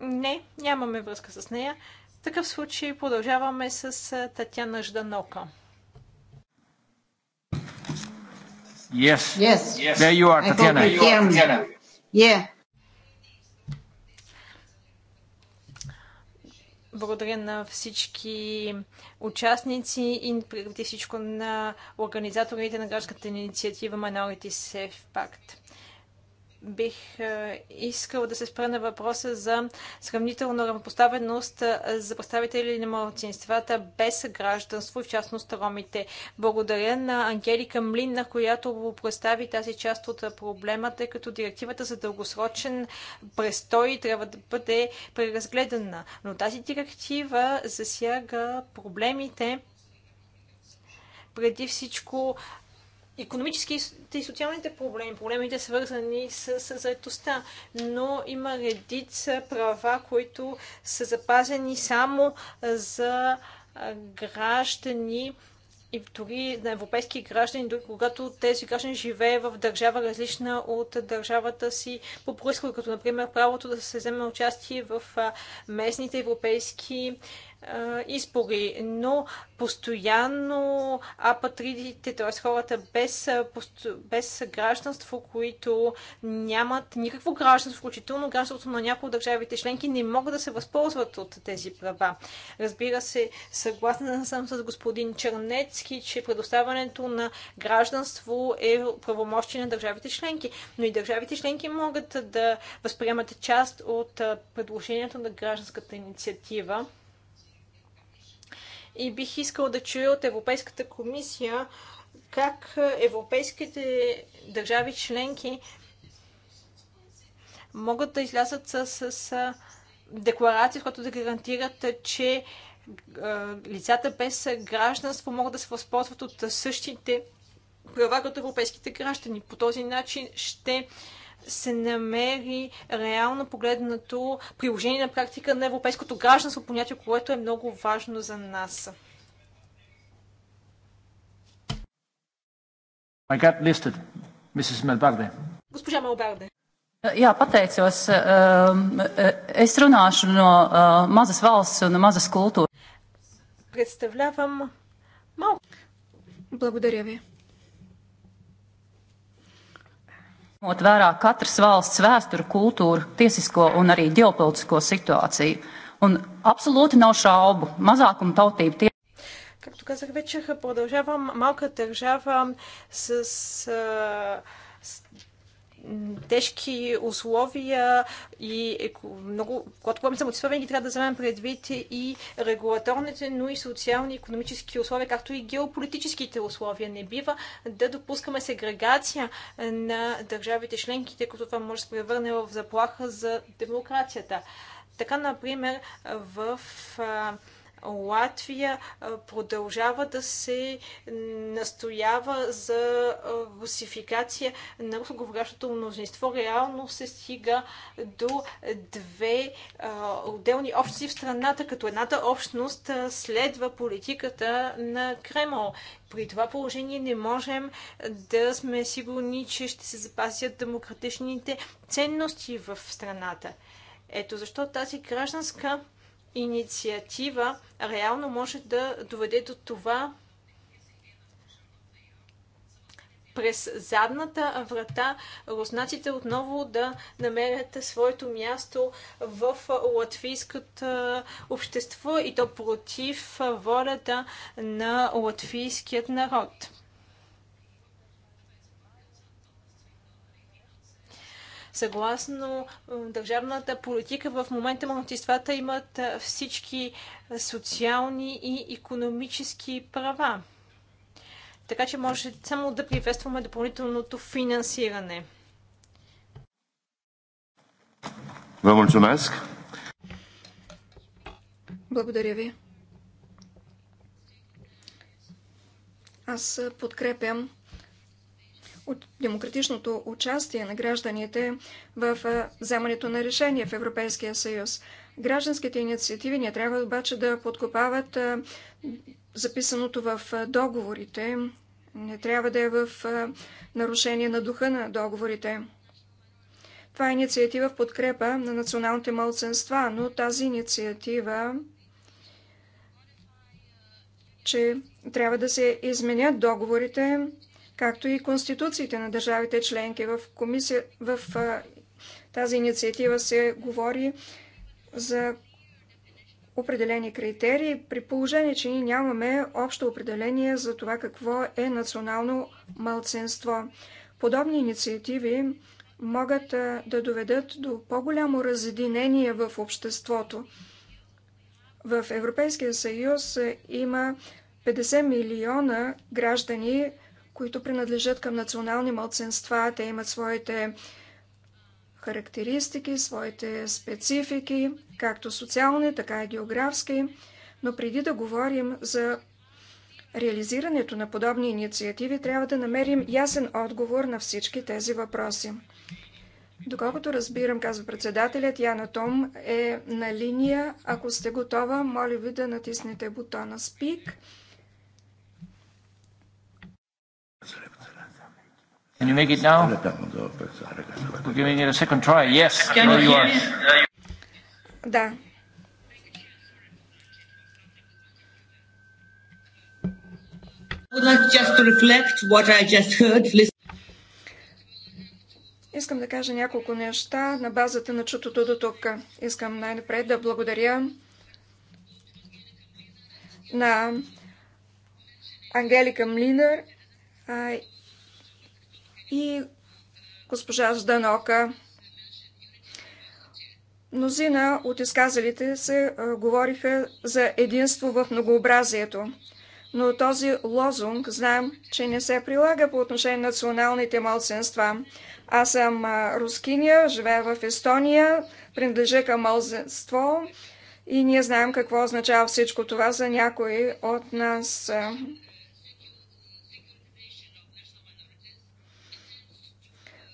Не, нямаме връзка с нея. В такъв случай продължаваме с Татьяна Жданока. Yes. Yes. yes. There you are, Tatjana. Yeah. Благодаря на всички участници и преди всичко на организаторите на градската инициатива Minority Safe Pact бих е, искала да се спра на въпроса за сравнителна равнопоставеност е, за представители на младсинствата без гражданство, в частност ромите. Благодаря на Ангелика Млинна, която представи тази част от проблема, тъй като директивата за дългосрочен престой трябва да бъде преразгледана. Но тази директива засяга проблемите преди всичко економическите и социалните проблеми, проблемите свързани с, с заедостта, но има редица права, които са запазени само за граждани и дори на европейски граждани, дори когато тези граждани живее в държава различна от държавата си по происход, като например правото да се вземе участие в местните европейски е, избори, но постоянно апатридите, т.е. хората без, е, без гражданство, които нямат никакво гражданство, включително гражданството на някои от държавите членки, не могат да се възползват от тези права. Разбира се, съгласна съм с господин Чернецки, че предоставянето на гражданство е правомощие на държавите членки, но и държавите членки могат да възприемат част от е, предложението на гражданската инициатива и бих искал да чуя от Европейската комисия как европейските държави членки могат да излязат с, с, с декларация, която да гарантират, че е, лицата без гражданство могат да се възползват от същите права като европейските граждани. По този начин ще се намери реално погледнато приложение на практика на европейското гражданство, понятие, което е много важно за нас. I got listed. Mrs. Melbarde. Госпожа Мелбарде. Jā, pateicos. Э, es runāšu no э, mazas valsts un mazas kultūras. Представлявам Благодаря ви. Ņemot vērā katras valsts vēsturi, kultūru, tiesisko un arī ģeopolitisko situāciju. Un absolūti nav šaubu, mazākuma tautība tie. Както казах вече, продължавам малка държава с, с, с тежки условия и много, когато говорим за винаги трябва да вземем предвид и регулаторните, но и социални, економически условия, както и геополитическите условия. Не бива да допускаме сегрегация на държавите членки, тъй като това може да се превърне в заплаха за демокрацията. Така, например, в Латвия продължава да се настоява за русификация на русоговорящото мнозинство. Реално се стига до две отделни общности в страната, като едната общност следва политиката на Кремл. При това положение не можем да сме сигурни, че ще се запасят демократичните ценности в страната. Ето защо тази гражданска инициатива реално може да доведе до това през задната врата руснаците отново да намерят своето място в латвийското общество и то против волята на латвийският народ. Съгласно държавната политика, в момента малцинствата имат всички социални и економически права. Така че може само да приветстваме допълнителното финансиране. Vă mulțumesc! Благодаря ви. Аз подкрепям от демократичното участие на гражданите в вземането на решения в Европейския съюз. Гражданските инициативи не трябва обаче да подкопават записаното в договорите. Не трябва да е в нарушение на духа на договорите. Това е инициатива в подкрепа на националните мълценства, но тази инициатива, че трябва да се изменят договорите, както и конституциите на държавите членки. В, комисия, в а, тази инициатива се говори за определени критерии, при положение, че ние нямаме общо определение за това какво е национално малцинство. Подобни инициативи могат а, да доведат до по-голямо разединение в обществото. В Европейския съюз има 50 милиона граждани, които принадлежат към национални младсенства. Те имат своите характеристики, своите специфики, както социални, така и географски. Но преди да говорим за реализирането на подобни инициативи, трябва да намерим ясен отговор на всички тези въпроси. Доколкото разбирам, казва председателят, Яна Том е на линия. Ако сте готова, моля ви да натиснете бутона Speak. Can you make it now? We're giving it a second try. Yes, Can here you are. Da. Искам да кажа няколко неща на базата на чутото до тук. Искам най-напред да благодаря на Ангелика Млинър и госпожа Зданока. Мнозина от изказалите се говориха за единство в многообразието. Но този лозунг знам, че не се прилага по отношение на националните малцинства. Аз съм рускиня, живея в Естония, принадлежа към малцинство и ние знаем какво означава всичко това за някои от нас.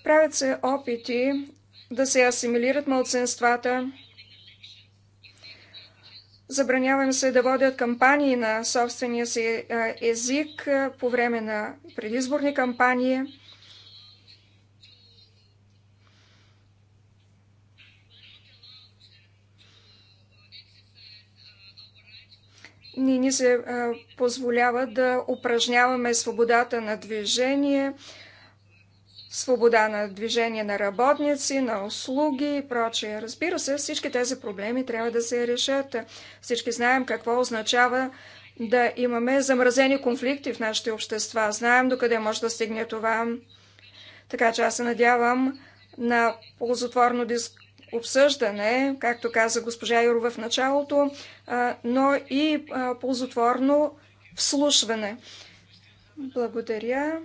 Правят се опити да се асимилират младсенствата. Забранявам се да водят кампании на собствения си език по време на предизборни кампании. ни, ни се позволява да упражняваме свободата на движение, свобода на движение на работници, на услуги и прочее. Разбира се, всички тези проблеми трябва да се решат. Всички знаем какво означава да имаме замразени конфликти в нашите общества. Знаем докъде може да стигне това. Така че аз се надявам на ползотворно обсъждане, както каза госпожа Юрова в началото, но и ползотворно вслушване. Благодаря.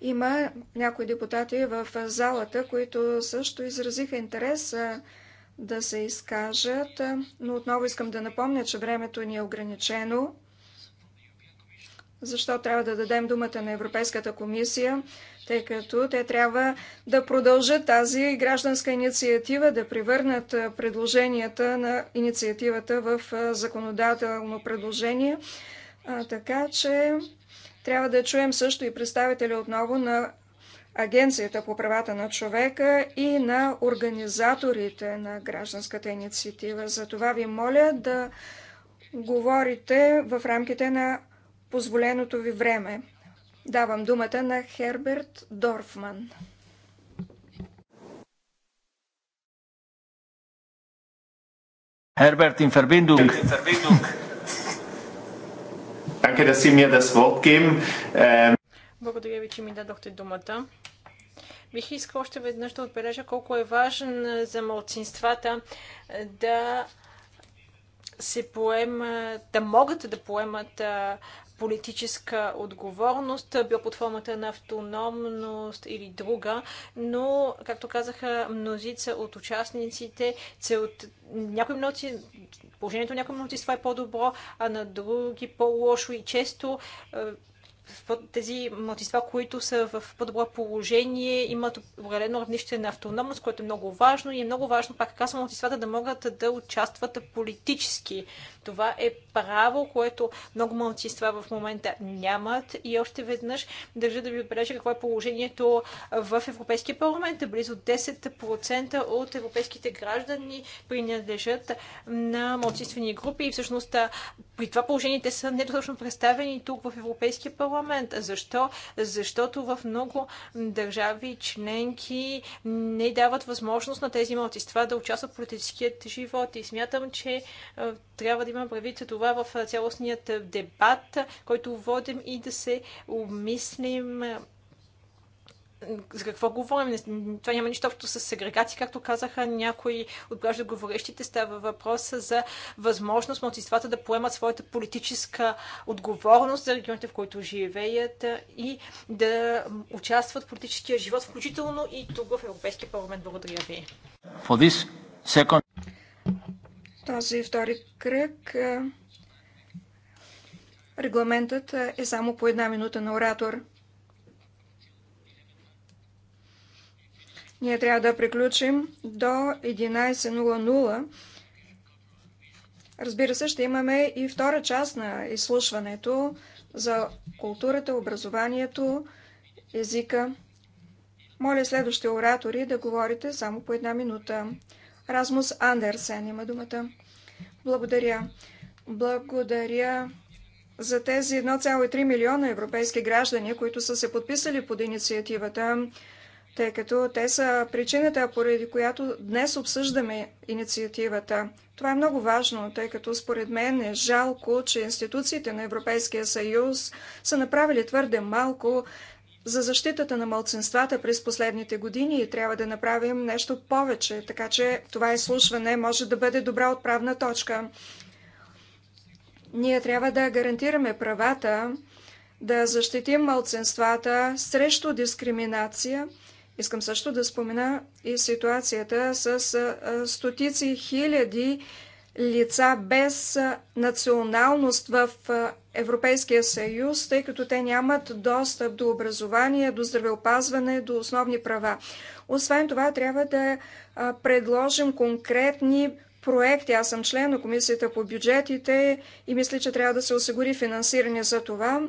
Има някои депутати в залата, които също изразиха интерес да се изкажат, но отново искам да напомня, че времето ни е ограничено. Защо трябва да дадем думата на Европейската комисия? Тъй като те трябва да продължат тази гражданска инициатива, да превърнат предложенията на инициативата в законодателно предложение. Така че трябва да чуем също и представители отново на Агенцията по правата на човека и на организаторите на гражданската инициатива. За това ви моля да говорите в рамките на позволеното ви време. Давам думата на Херберт Дорфман. Herbert in Verbindung. In Verbindung. Danke, dass Sie mir das Wort geben. Ähm, Благодаря ви, че ми дадохте думата. Бих искал още веднъж да отбележа колко е важен за младсинствата е, да се поема, да могат да поемат е, политическа отговорност, бил под формата на автономност или друга, но, както казаха мнозица от участниците, целт... някои мноци... положението на някои мнозинства е по-добро, а на други по-лошо и често е, тези младсинства, които са в по-добро положение, имат определено равнище на автономност, което е много важно и е много важно, пак казвам, младсинствата да могат да участват политически. Това е право, което много младсинства в момента нямат и още веднъж държа да ви отбележа какво е положението в Европейския парламент. Близо 10% от европейските граждани принадлежат на младсинствени групи и всъщност при това положение те са недостатъчно представени тук в Европейския парламент парламент. Защо? Защото в много държави членки не дават възможност на тези малцинства да участват в политическият живот. И смятам, че е, трябва да има правица това в е, цялостният дебат, който водим и да се обмислим е, за какво говорим? Това няма нищо общо с сегрегация, както казаха някои от говорещите. Става въпрос за възможност младсинствата да поемат своята политическа отговорност за регионите, в които живеят и да участват в политическия живот, включително и тук в Европейския парламент. Благодаря ви. Second... Този втори кръг е, регламентът е само по една минута на оратор. Ние трябва да приключим до 11.00. Разбира се, ще имаме и втора част на изслушването за културата, образованието, езика. Моля следващите оратори да говорите само по една минута. Размус Андерсен има думата. Благодаря. Благодаря за тези 1,3 милиона европейски граждани, които са се подписали под инициативата тъй като те са причината, поради която днес обсъждаме инициативата. Това е много важно, тъй като според мен е жалко, че институциите на Европейския съюз са направили твърде малко за защитата на мълцинствата през последните години и трябва да направим нещо повече, така че това изслушване може да бъде добра отправна точка. Ние трябва да гарантираме правата, да защитим мълцинствата срещу дискриминация Искам също да спомена и ситуацията с стотици хиляди лица без националност в Европейския съюз, тъй като те нямат достъп до образование, до здравеопазване, до основни права. Освен това, трябва да предложим конкретни проекти. Аз съм член на Комисията по бюджетите и мисля, че трябва да се осигури финансиране за това.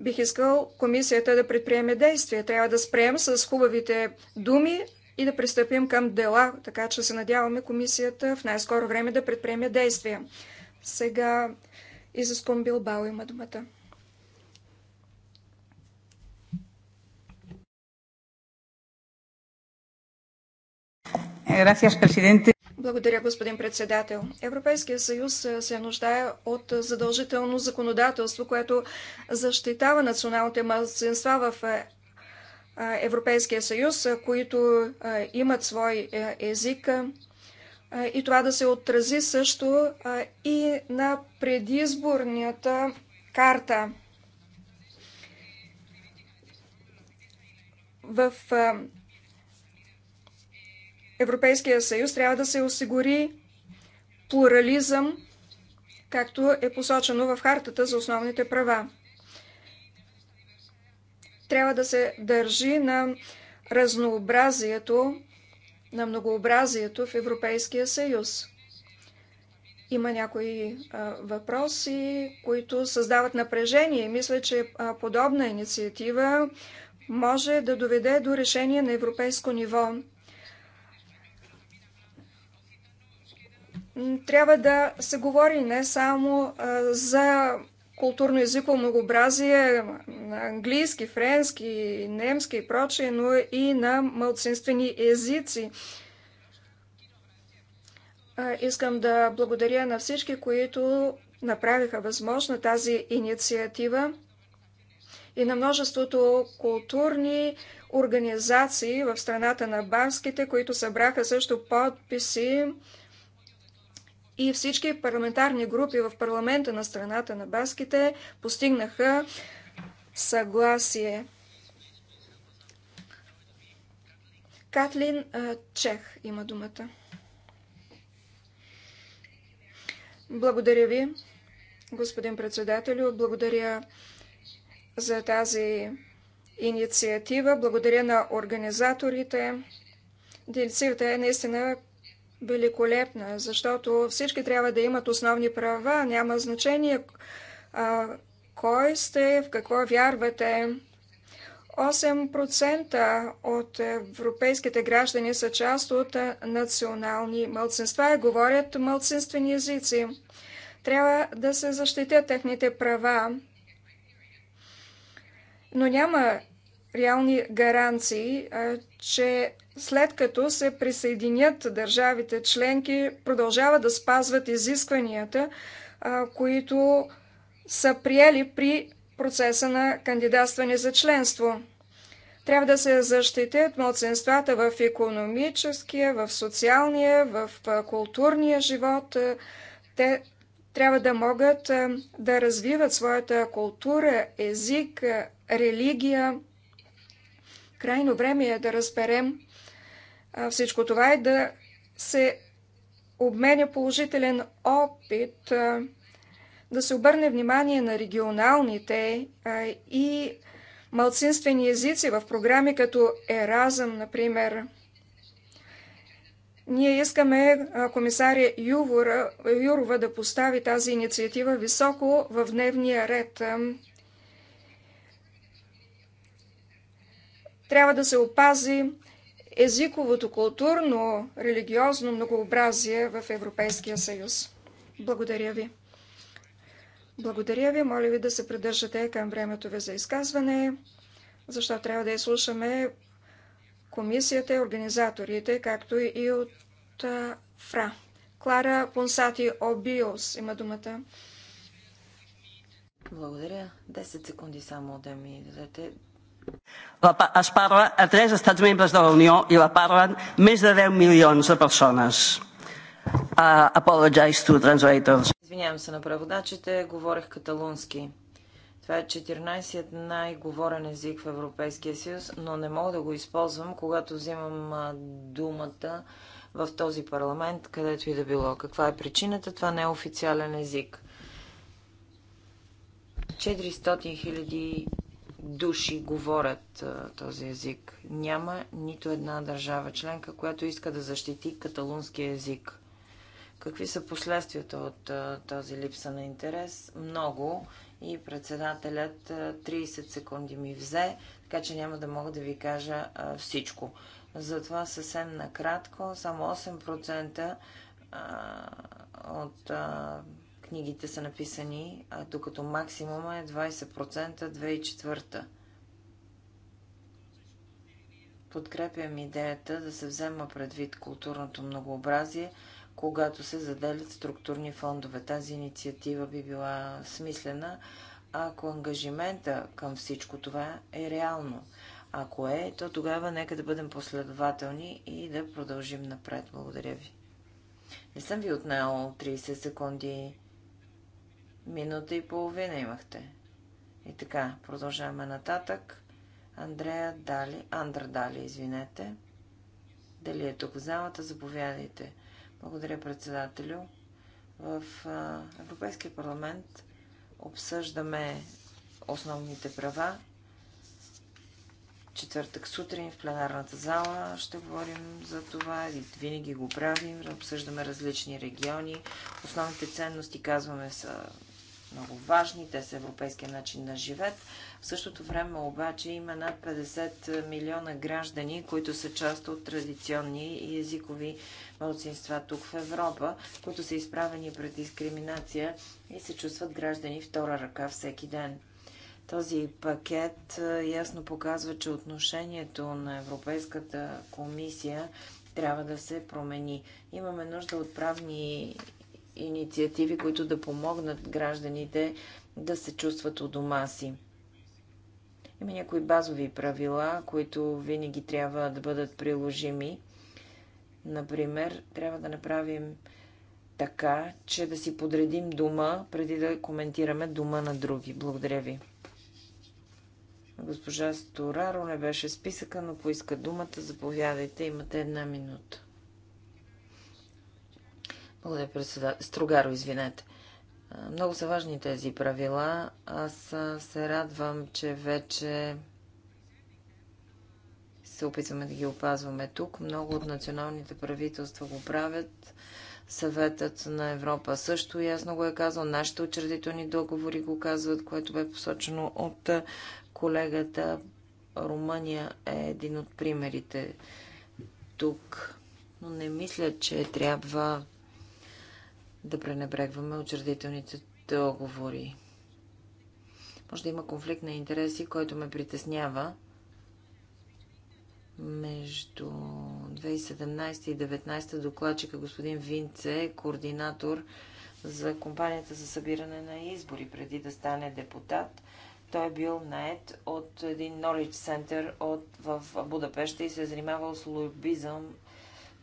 Бих искал комисията да предприеме действия. Трябва да спрем с хубавите думи и да пристъпим към дела, така че се надяваме комисията в най-скоро време да предприеме действия. Сега изиском Билбао има думата. Gracias, е, presidente. Благодаря, господин председател. Европейския съюз се нуждае от задължително законодателство, което защитава националните мазинства в Европейския съюз, които имат свой език. И това да се отрази също и на предизборната карта. В Европейския съюз трябва да се осигури плурализъм, както е посочено в Хартата за основните права. Трябва да се държи на разнообразието, на многообразието в Европейския съюз. Има някои а, въпроси, които създават напрежение. Мисля, че а, подобна инициатива може да доведе до решение на европейско ниво. трябва да се говори не само за културно-езиково многообразие на английски, френски, немски и прочие, но и на малцинствени езици. Искам да благодаря на всички, които направиха възможна тази инициатива и на множеството културни организации в страната на банските, които събраха също подписи и всички парламентарни групи в парламента на страната на баските постигнаха съгласие. Катлин Чех има думата. Благодаря ви, господин председателю. Благодаря за тази инициатива. Благодаря на организаторите. Инициативата е наистина великолепна, защото всички трябва да имат основни права. Няма значение а, кой сте, в какво вярвате. 8% от европейските граждани са част от национални мълцинства и говорят мълцинствени езици. Трябва да се защитят техните права, но няма реални гаранции, че след като се присъединят държавите членки, продължават да спазват изискванията, които са приели при процеса на кандидатстване за членство. Трябва да се защитят младсенствата в економическия, в социалния, в културния живот. Те трябва да могат да развиват своята култура, език, религия. Крайно време е да разберем, всичко това е да се обменя положителен опит, да се обърне внимание на регионалните и малцинствени езици в програми като Еразъм, например. Ние искаме комисаря Ювора, Юрова да постави тази инициатива високо в дневния ред. Трябва да се опази езиковото, културно, религиозно многообразие в Европейския съюз. Благодаря ви. Благодаря ви. Моля ви да се придържате към времето ви за изказване, защото трябва да изслушаме комисията и организаторите, както и от ФРА. Клара Понсати Обиос има думата. Благодаря. 10 секунди само да ми дадете. La, es parla a tres estats membres de la Unió i la parlen més de 10 milions de persones. Uh, apologize to translators. Извинявам се на преводачите, говорех каталунски. Това е 14-ят най-говорен език в Европейския съюз, но не мога да го използвам, когато взимам думата в този парламент, където и да било. Каква е причината? Това не е официален език. 400 хиляди души говорят а, този език. Няма нито една държава членка, която иска да защити каталунския език. Какви са последствията от а, този липса на интерес? Много. И председателят а, 30 секунди ми взе, така че няма да мога да ви кажа а, всичко. Затова съвсем накратко, само 8% а, от а, книгите са написани, а докато максимума е 20% 2004. Подкрепям идеята да се взема предвид културното многообразие, когато се заделят структурни фондове. Тази инициатива би била смислена, ако ангажимента към всичко това е реално. Ако е, то тогава нека да бъдем последователни и да продължим напред. Благодаря ви. Не съм ви отнел 30 секунди Минута и половина имахте. И така, продължаваме нататък. Андрея Дали, Андра Дали, извинете. Дали е тук в залата? Заповядайте. Благодаря, председателю. В а, Европейския парламент обсъждаме основните права. Четвъртък сутрин в пленарната зала ще говорим за това и винаги го правим. Обсъждаме различни региони. Основните ценности, казваме, са много важни, те са европейския начин на живет. В същото време обаче има над 50 милиона граждани, които са част от традиционни и езикови младсинства тук в Европа, които са изправени пред дискриминация и се чувстват граждани втора ръка всеки ден. Този пакет ясно показва, че отношението на Европейската комисия трябва да се промени. Имаме нужда от правни инициативи, които да помогнат гражданите да се чувстват у дома си. Има някои базови правила, които винаги трябва да бъдат приложими. Например, трябва да направим така, че да си подредим дума, преди да коментираме дума на други. Благодаря ви. Госпожа Стораро не беше списъка, но поиска думата. Заповядайте, имате една минута. Благодаря, председател. Стругаро, извинете. Много са важни тези правила. Аз се радвам, че вече се опитваме да ги опазваме тук. Много от националните правителства го правят. Съветът на Европа също ясно го е казал. Нашите учредителни договори го казват, което бе посочено от колегата. Румъния е един от примерите тук. Но не мисля, че трябва да пренебрегваме учредителните договори. Може да има конфликт на интереси, който ме притеснява между 2017 и 2019 докладчика господин Винце, е координатор за компанията за събиране на избори, преди да стане депутат. Той е бил наед от един Knowledge Center от, в Будапеща и се е занимавал с лобизъм.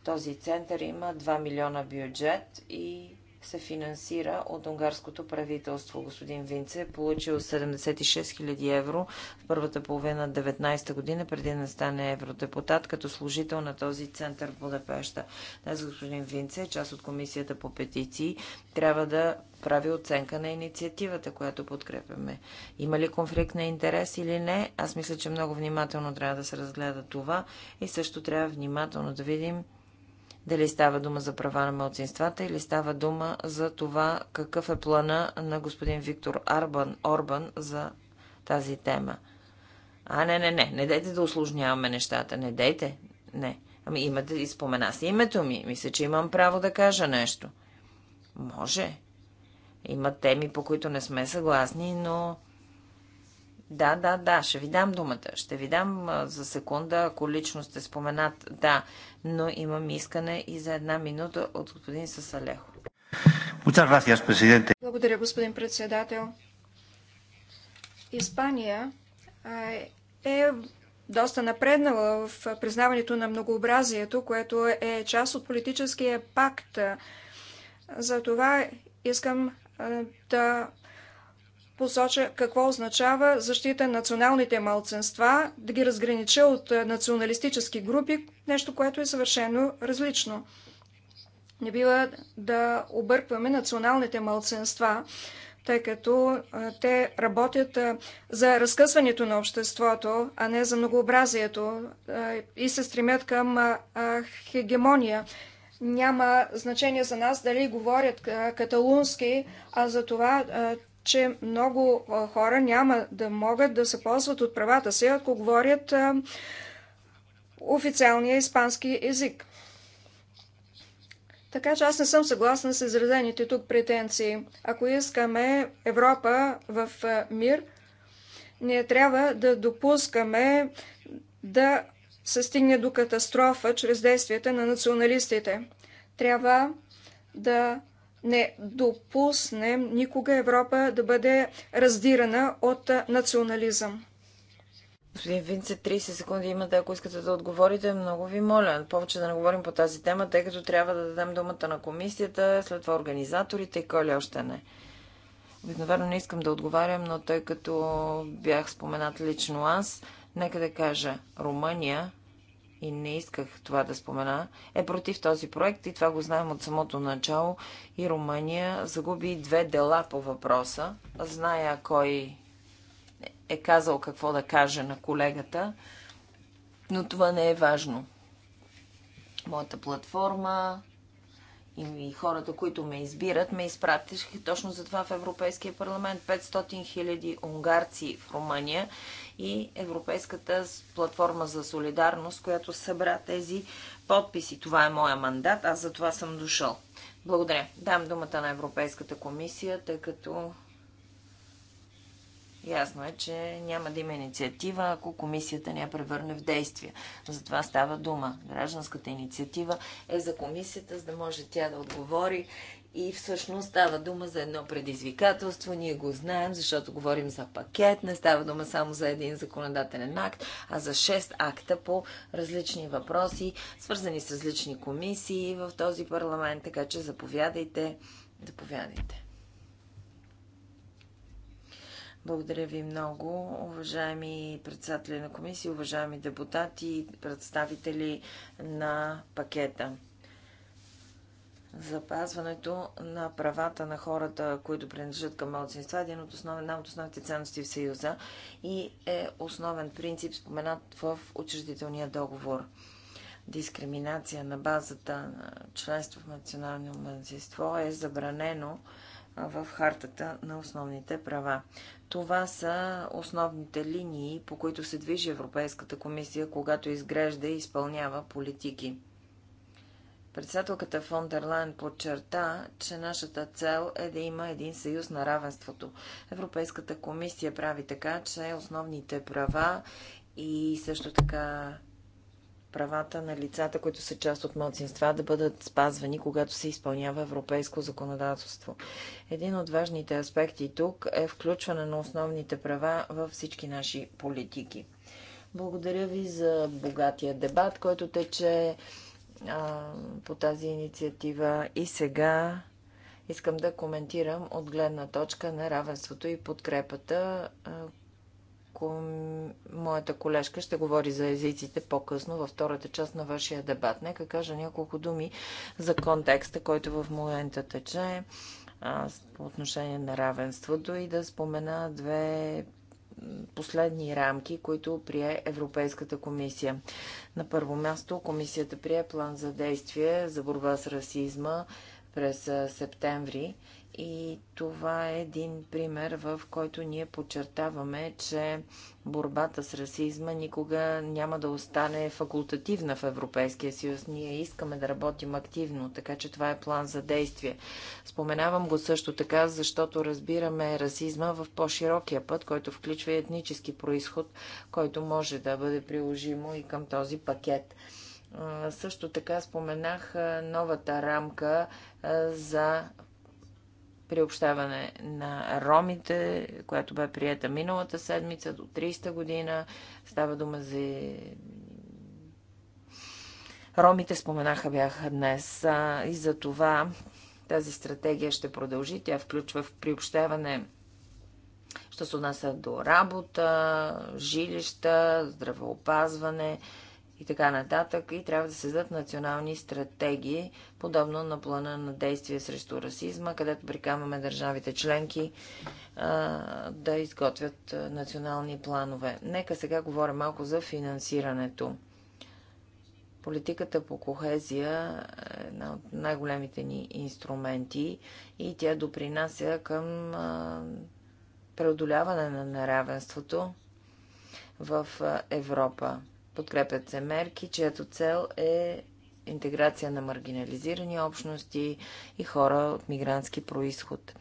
Този център има 2 милиона бюджет и се финансира от унгарското правителство. Господин Винце е получил 76 000 евро в първата половина 19 година, преди да стане евродепутат, като служител на този център в Будапешта. Днес господин Винце, е част от комисията по петиции, трябва да прави оценка на инициативата, която подкрепяме. Има ли конфликт на интерес или не? Аз мисля, че много внимателно трябва да се разгледа това и също трябва внимателно да видим дали става дума за права на младсинствата или става дума за това какъв е плана на господин Виктор Арбан, Орбан за тази тема. А, не, не, не, не дайте да осложняваме нещата, не дейте, не. Ами имате, спомена си името ми, мисля, че имам право да кажа нещо. Може. Има теми, по които не сме съгласни, но да, да, да, ще ви дам думата. Ще ви дам за секунда, ако лично сте споменат, да, но имам искане и за една минута от господин Сасалехо. Благодаря, господин председател. Испания е доста напреднала в признаването на многообразието, което е част от политическия пакт. За това искам да посоча какво означава защита на националните малцинства, да ги разгранича от е, националистически групи, нещо, което е съвършено различно. Не бива да объркваме националните малцинства, тъй като е, те работят е, за разкъсването на обществото, а не за многообразието и се стремят към хегемония. Няма значение за нас дали говорят каталунски, а за това че много хора няма да могат да се ползват от правата си, ако говорят официалния испански език. Така че аз не съм съгласна с изразените тук претенции. Ако искаме Европа в мир, ние трябва да допускаме да се стигне до катастрофа чрез действията на националистите. Трябва да не допуснем никога Европа да бъде раздирана от национализъм. Господин Винце, 30 секунди имате, ако искате да отговорите, много ви моля. Повече да не говорим по тази тема, тъй като трябва да дадем думата на комисията, след това организаторите и кой ли още не. Обикновено не искам да отговарям, но тъй като бях споменат лично аз, нека да кажа, Румъния и не исках това да спомена, е против този проект и това го знаем от самото начало. И Румъния загуби две дела по въпроса. Зная кой е казал какво да каже на колегата, но това не е важно. Моята платформа и хората, които ме избират, ме изпратиха точно за това в Европейския парламент. 500 000 унгарци в Румъния и Европейската платформа за солидарност, която събра тези подписи. Това е моя мандат, аз за това съм дошъл. Благодаря. Дам думата на Европейската комисия, тъй като ясно е, че няма да има инициатива, ако комисията не я превърне в действие. За това става дума. Гражданската инициатива е за комисията, за да може тя да отговори и всъщност става дума за едно предизвикателство, ние го знаем, защото говорим за пакет, не става дума само за един законодателен акт, а за 6 акта по различни въпроси, свързани с различни комисии в този парламент, така че заповядайте, заповядайте. Благодаря ви много, уважаеми председатели на комисии, уважаеми депутати, представители на пакета запазването на правата на хората, които принадлежат към младсинства, един от основен, една от основните ценности в Съюза и е основен принцип, споменат в учредителния договор. Дискриминация на базата на членство в национално младсинство е забранено в хартата на основните права. Това са основните линии, по които се движи Европейската комисия, когато изгрежда и изпълнява политики. Председателката фон дер Лайн подчерта, че нашата цел е да има един съюз на равенството. Европейската комисия прави така, че основните права и също така правата на лицата, които са част от младсинства, да бъдат спазвани, когато се изпълнява европейско законодателство. Един от важните аспекти тук е включване на основните права във всички наши политики. Благодаря ви за богатия дебат, който тече а, по тази инициатива и сега искам да коментирам от гледна точка на равенството и подкрепата. Моята колежка ще говори за езиците по-късно във втората част на вашия дебат. Нека кажа няколко думи за контекста, който в момента тече по отношение на равенството и да спомена две последни рамки, които прие Европейската комисия. На първо място комисията прие план за действие за борба с расизма през септември и това е един пример, в който ние подчертаваме, че борбата с расизма никога няма да остане факултативна в Европейския съюз. Ние искаме да работим активно, така че това е план за действие. Споменавам го също така, защото разбираме расизма в по-широкия път, който включва и етнически происход, който може да бъде приложимо и към този пакет. Също така споменах новата рамка за приобщаване на ромите, която бе приета миналата седмица до 30-та година. Става дума за ромите, споменаха бяха днес. И за това тази стратегия ще продължи. Тя включва в приобщаване що се отнася до работа, жилища, здравеопазване, и така нататък. И трябва да създадат национални стратегии, подобно на плана на действие срещу расизма, където прикамаме държавите членки а, да изготвят национални планове. Нека сега говоря малко за финансирането. Политиката по кохезия е една от най-големите ни инструменти и тя допринася към преодоляване на неравенството в Европа. Подкрепят се мерки, чиято цел е интеграция на маргинализирани общности и хора от мигрантски происход.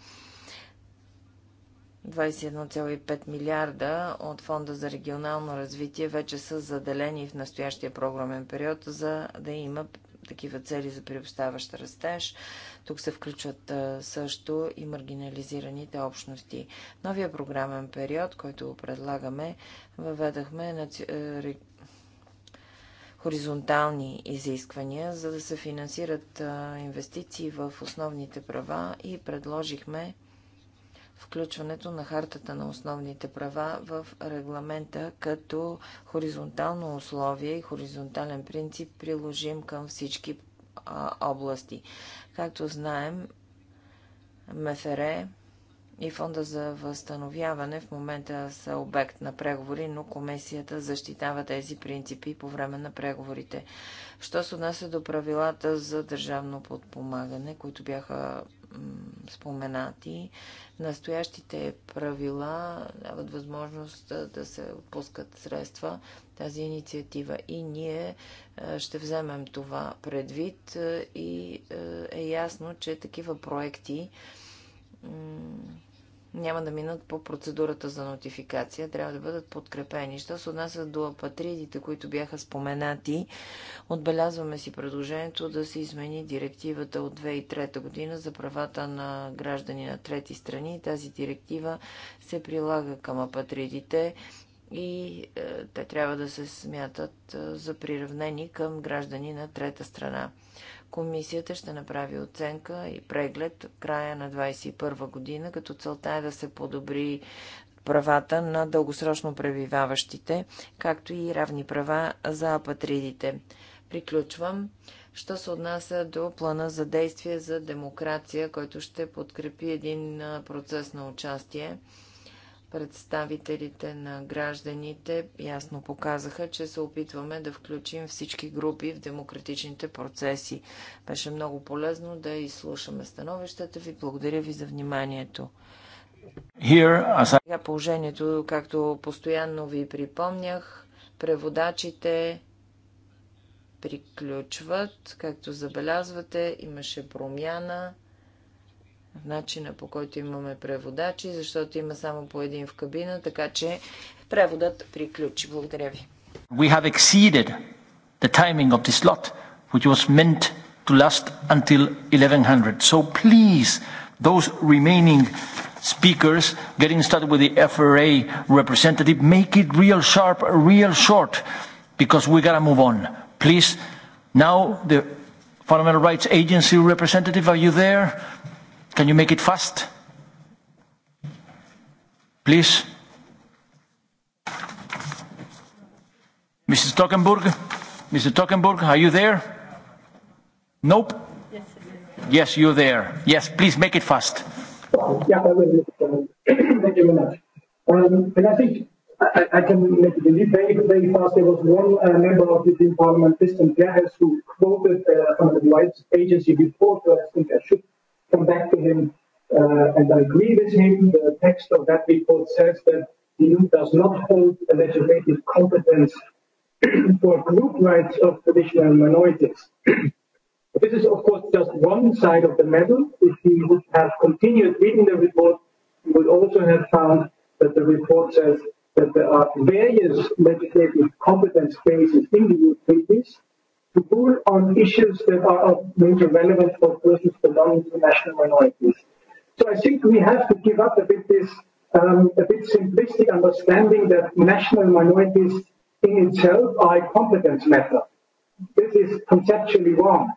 21,5 милиарда от Фонда за регионално развитие вече са заделени в настоящия програмен период, за да има такива цели за приобщаващ растеж. Тук се включват също и маргинализираните общности. Новия програмен период, който предлагаме, въведахме е, хоризонтални изисквания, за да се финансират инвестиции в основните права и предложихме включването на хартата на основните права в регламента като хоризонтално условие и хоризонтален принцип приложим към всички области. Както знаем, МФР и Фонда за възстановяване в момента са обект на преговори, но комисията защитава тези принципи по време на преговорите. Що се отнася до правилата за държавно подпомагане, които бяха споменати, настоящите правила дават възможност да се отпускат средства тази инициатива. И ние ще вземем това предвид и е ясно, че такива проекти няма да минат по процедурата за нотификация, трябва да бъдат подкрепени. Що се отнася до апатридите, които бяха споменати, отбелязваме си предложението да се измени директивата от 2003 година за правата на граждани на трети страни. Тази директива се прилага към апатридите и е, те трябва да се смятат е, за приравнени към граждани на трета страна. Комисията ще направи оценка и преглед края на 2021 година, като целта е да се подобри правата на дългосрочно пребиваващите, както и равни права за апатридите. Приключвам. Що се отнася до плана за действие за демокрация, който ще подкрепи един процес на участие Представителите на гражданите ясно показаха, че се опитваме да включим всички групи в демократичните процеси. Беше много полезно да изслушаме становищата ви. Благодаря ви за вниманието. Сега положението, както постоянно ви припомнях, преводачите приключват. Както забелязвате, имаше промяна начина по който имаме преводачи, защото има само по един в кабина, така че преводът приключи. Благодаря ви. We have exceeded the timing of this lot, which was meant to last until 1100. So please, those remaining speakers getting started with the FRA representative, make it real sharp, real short, because we gotta move on. Please, now the Fundamental Rights Agency representative, are you there? Can you make it fast? Please. Mrs. Tockenburg. Mr. Tockenburg, are you there? Nope. Yes, you're there. Yes, please make it fast. Yeah, I will. Thank you very much. Um, and I think I, I can make it indeed very, very fast. There was one uh, member of the European Parliament, Christian Gerhes, who quoted uh, from the Rights Agency report, so I think I should come back to him, uh, and I agree with him. The text of that report says that the EU does not hold a legislative competence for group rights of traditional minorities. this is, of course, just one side of the medal. If you would have continued reading the report, you would also have found that the report says that there are various legislative competence spaces in the EU treaties to rule on issues that are of major relevance for persons belonging to national minorities. So I think we have to give up a bit this um, a bit simplistic understanding that national minorities in itself are a competence matter. This is conceptually wrong.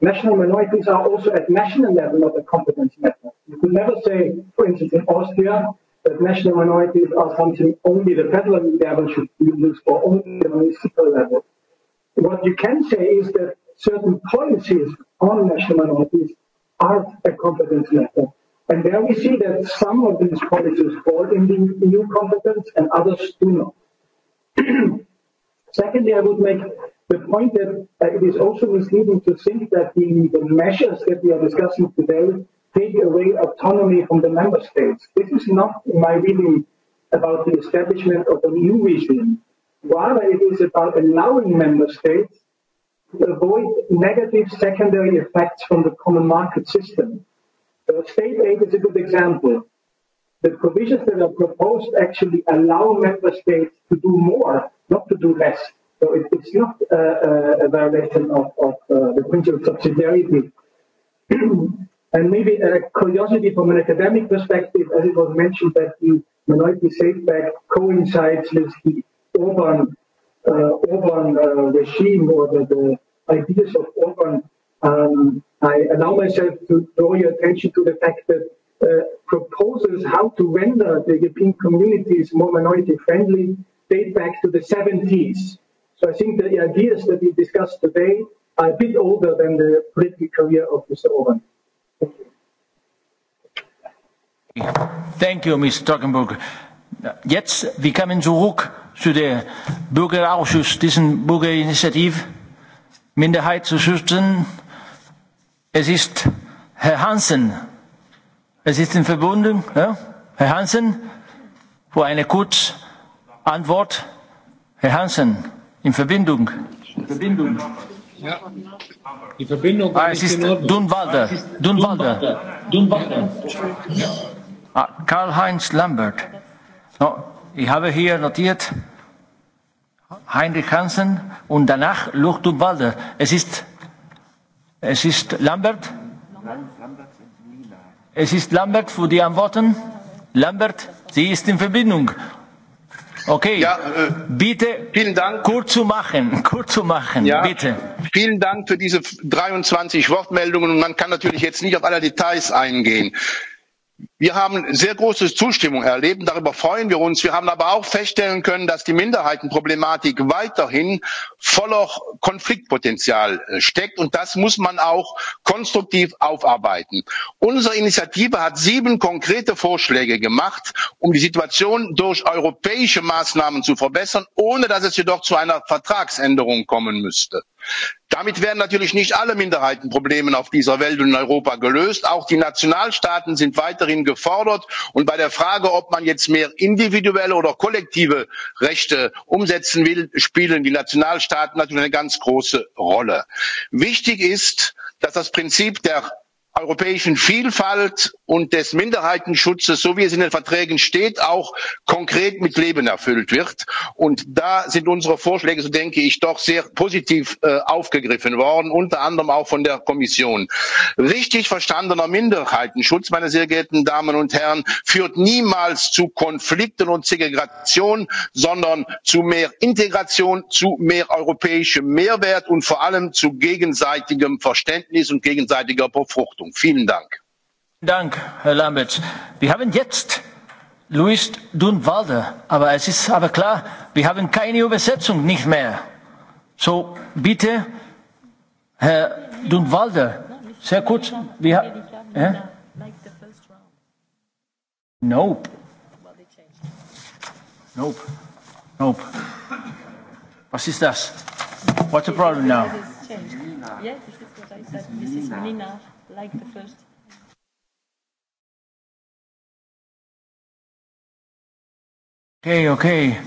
National minorities are also at national level not a competence matter. You could never say, for instance, in Austria, that national minorities are something only the federal level should use or only the municipal level. What you can say is that certain policies on national minorities are a competence matter. And there we see that some of these policies fall in the EU competence and others do not. Secondly, I would make the point that uh, it is also misleading to think that the, the measures that we are discussing today take away autonomy from the member states. This is not, in my reading, about the establishment of a new regime. Rather, it is about allowing member states to avoid negative secondary effects from the common market system. So state aid is a good example. The provisions that are proposed actually allow member states to do more, not to do less. So it, it's not uh, a violation of, of uh, the principle of subsidiarity. and maybe a curiosity from an academic perspective, as it was mentioned that the minority safeback coincides with the urban uh, urban uh, regime or the, the ideas of urban um, I allow myself to draw your attention to the fact that uh, proposals how to render the European communities more minority friendly date back to the 70s. So I think the ideas that we discussed today are a bit older than the political career of Mr. Orban. Thank you. Thank you, Ms. Stockenburg. Jetzt, wir kommen zurück zu dem Bürgerausschuss, diesen Bürgerinitiative, Minderheit zu schützen. Es ist Herr Hansen. Es ist in Verbindung, ja? Herr Hansen, für eine kurze Antwort. Herr Hansen, in Verbindung. Verbindung. Ja. Die Verbindung ah, es ist Dunwalder. Dunwalder. Dunwalder. Karl-Heinz Lambert. No, Ich habe hier notiert Heinrich Hansen und danach Luchtum Walder. Es ist, es ist Lambert. Es ist Lambert für die Antworten. Lambert, sie ist in Verbindung. Okay, ja, äh, bitte vielen Dank. kurz zu machen, kurz zu machen, ja, bitte. Vielen Dank für diese 23 Wortmeldungen. Man kann natürlich jetzt nicht auf alle Details eingehen. Wir haben sehr große Zustimmung erlebt, darüber freuen wir uns. Wir haben aber auch feststellen können, dass die Minderheitenproblematik weiterhin voller Konfliktpotenzial steckt und das muss man auch konstruktiv aufarbeiten. Unsere Initiative hat sieben konkrete Vorschläge gemacht, um die Situation durch europäische Maßnahmen zu verbessern, ohne dass es jedoch zu einer Vertragsänderung kommen müsste damit werden natürlich nicht alle minderheitenprobleme auf dieser welt und in europa gelöst auch die nationalstaaten sind weiterhin gefordert und bei der frage ob man jetzt mehr individuelle oder kollektive rechte umsetzen will spielen die nationalstaaten natürlich eine ganz große rolle. wichtig ist dass das prinzip der europäischen Vielfalt und des Minderheitenschutzes, so wie es in den Verträgen steht, auch konkret mit Leben erfüllt wird. Und da sind unsere Vorschläge, so denke ich, doch sehr positiv aufgegriffen worden, unter anderem auch von der Kommission. Richtig verstandener Minderheitenschutz, meine sehr geehrten Damen und Herren, führt niemals zu Konflikten und Segregation, sondern zu mehr Integration, zu mehr europäischem Mehrwert und vor allem zu gegenseitigem Verständnis und gegenseitiger Befruchtung. Verantwortung. Vielen Dank. Dank, Herr Lambert. Wir haben jetzt Luis Dunwalde, aber es ist aber klar, wir haben keine Übersetzung nicht mehr. So, bitte, Herr Dunwalde, sehr kurz. Wir, äh? Nope. Nope. Nope. Was ist das? What's the problem now? Yes, this is what I said. This is Nina like the first. Okay, okay.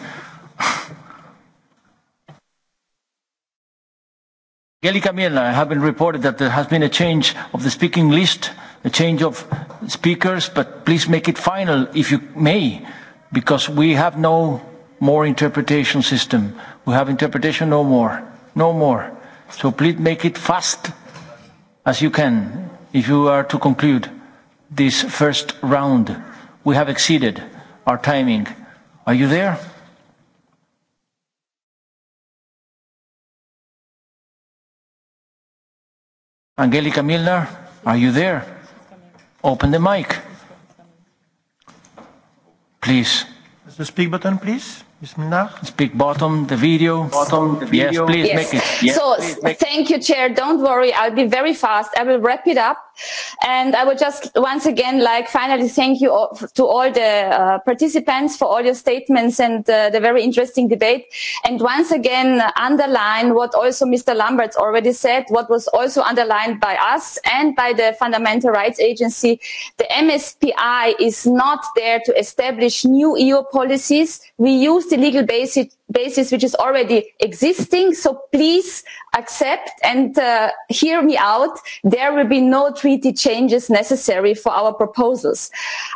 Geli Miela, I have been reported that there has been a change of the speaking list, a change of speakers, but please make it final if you may, because we have no more interpretation system. We have interpretation no more, no more. So please make it fast as you can if you are to conclude this first round. We have exceeded our timing. Are you there? Angelica Milner, are you there? Open the mic. Please. The speak button, please. Speak bottom, the video. Bottom, the video. Yes, please yes. make it. Yes, so, make thank you, Chair. Don't worry, I'll be very fast. I will wrap it up And I would just once again like finally thank you all, to all the uh, participants for all your statements and uh, the very interesting debate. And once again underline what also Mr. Lambert already said, what was also underlined by us and by the Fundamental Rights Agency. The MSPI is not there to establish new EU policies. We use the legal basis basis which is already existing. So please accept and uh, hear me out. There will be no treaty changes necessary for our proposals.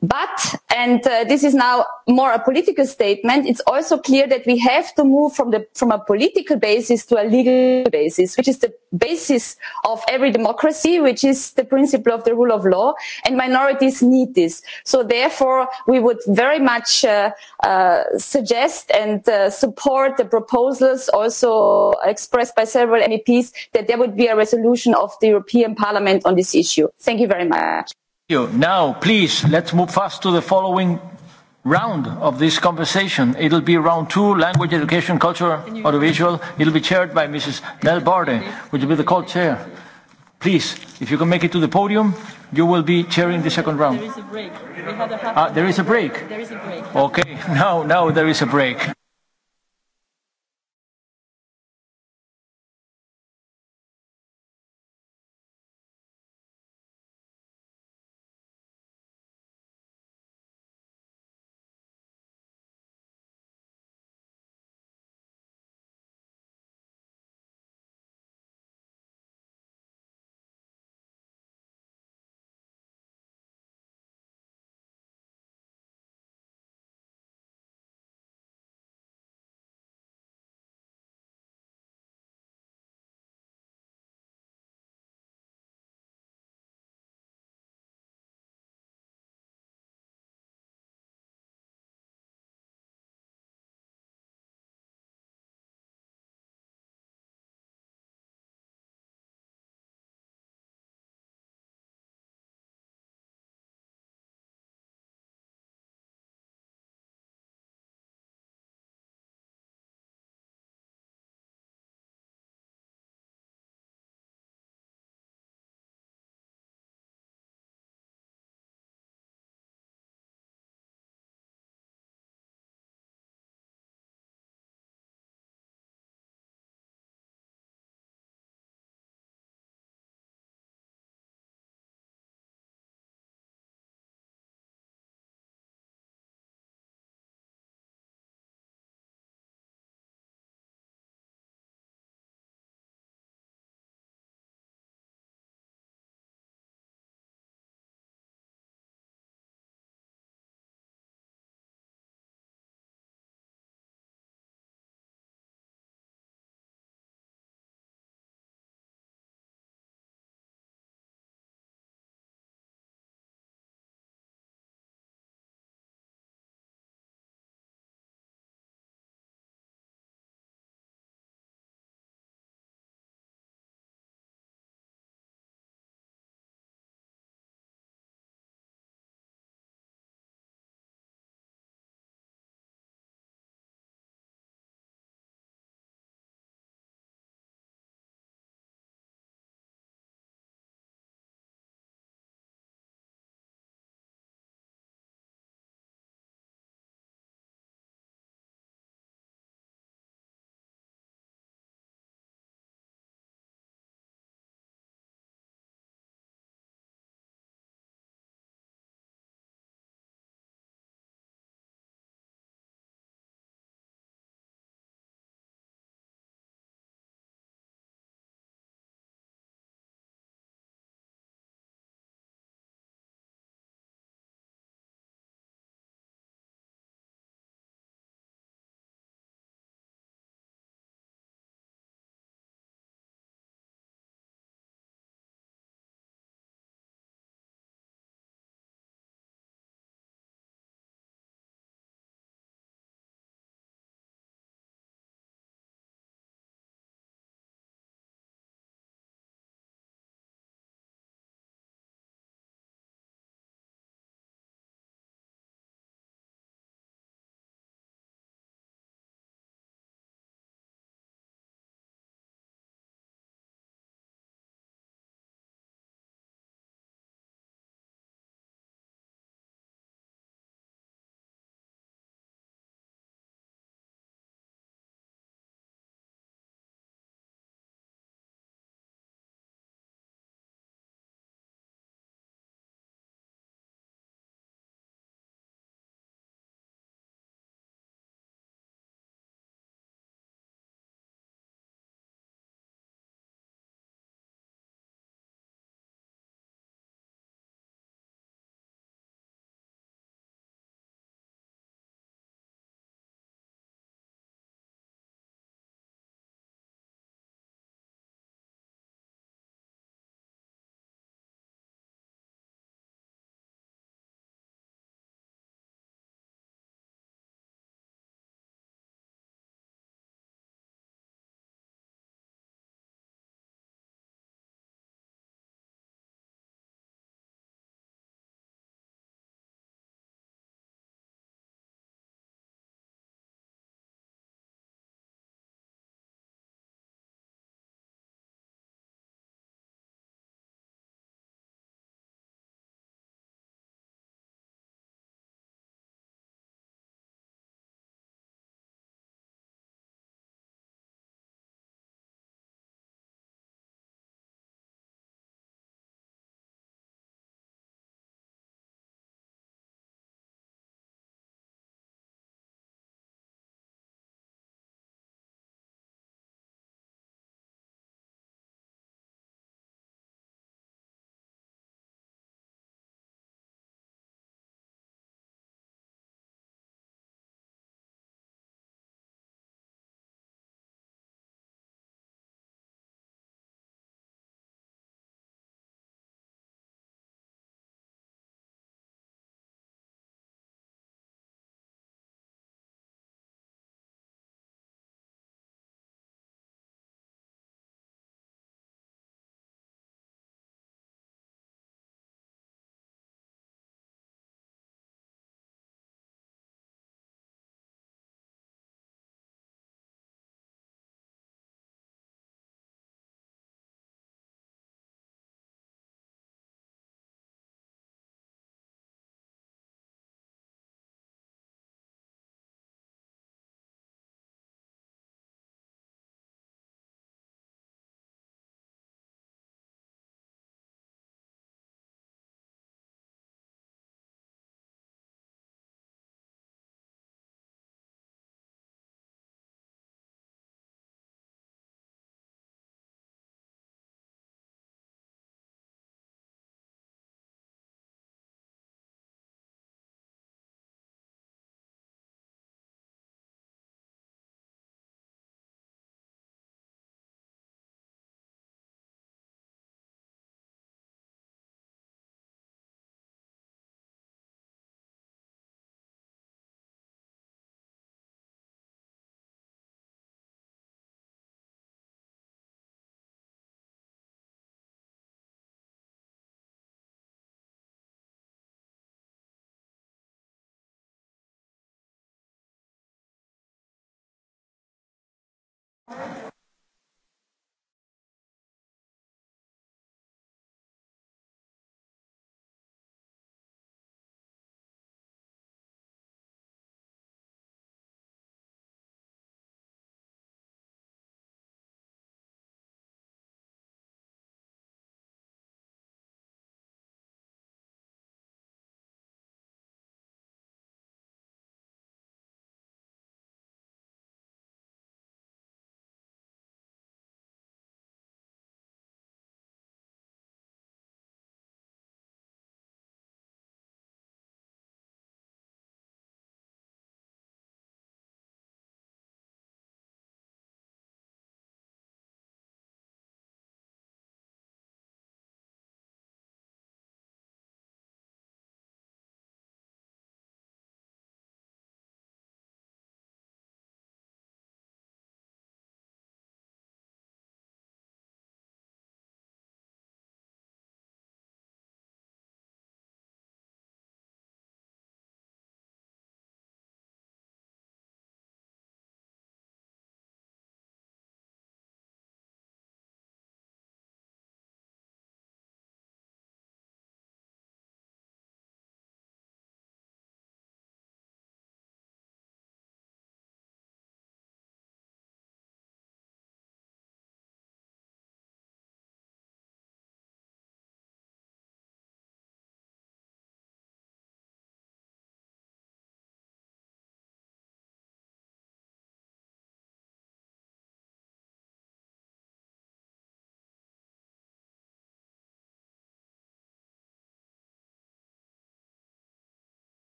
But, and uh, this is now more a political statement, it's also clear that we have to move from the, from a political basis to a legal basis, which is the basis of every democracy, which is the principle of the rule of law, and minorities need this. So therefore, we would very much uh, uh, suggest and uh, support support the proposals also expressed by several MEPs that there would be a resolution of the European Parliament on this issue. Thank you very much. Thank You. Now, please, let's move fast to the following round of this conversation. It'll be round two, language, education, culture, audiovisual. It'll be chaired by Mrs. Nell Barde, which will be the co-chair. Please, if you can make it to the podium, you will be chairing the second round. There is a break. We had a half ah, there is a break. There is a break. Okay, now, now there is a break.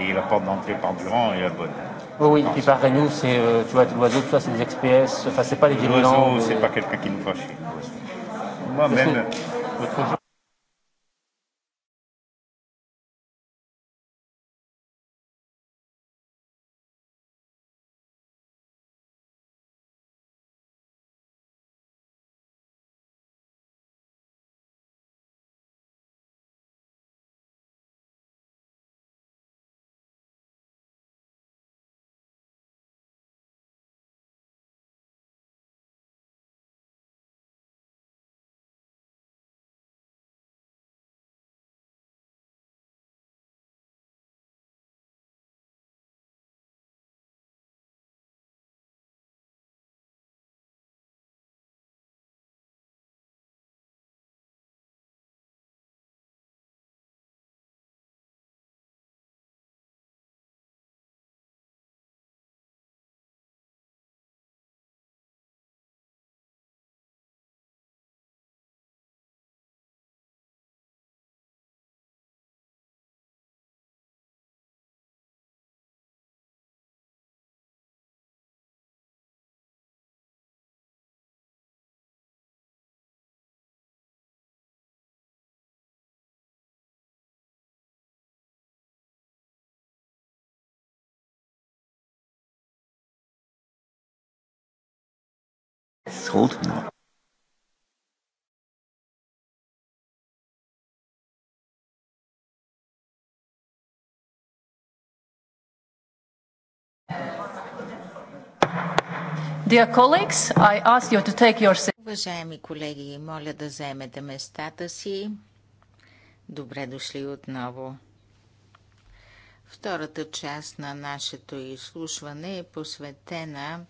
Et la porte d'entrée par Durand et la bonne. Oui, oui, et puis par Renou, c'est, euh, tu vois, l'oiseau, tout ça, c'est des XPS, enfin, c'est pas les virulents. L'oiseau, mais... c'est pas quelqu'un qui nous fâche. Moi-même, l'autre jour, sold Your... Уважаеми колеги, моля да заемете местата си. Добре дошли отново. Втората част на нашето изслушване е посветена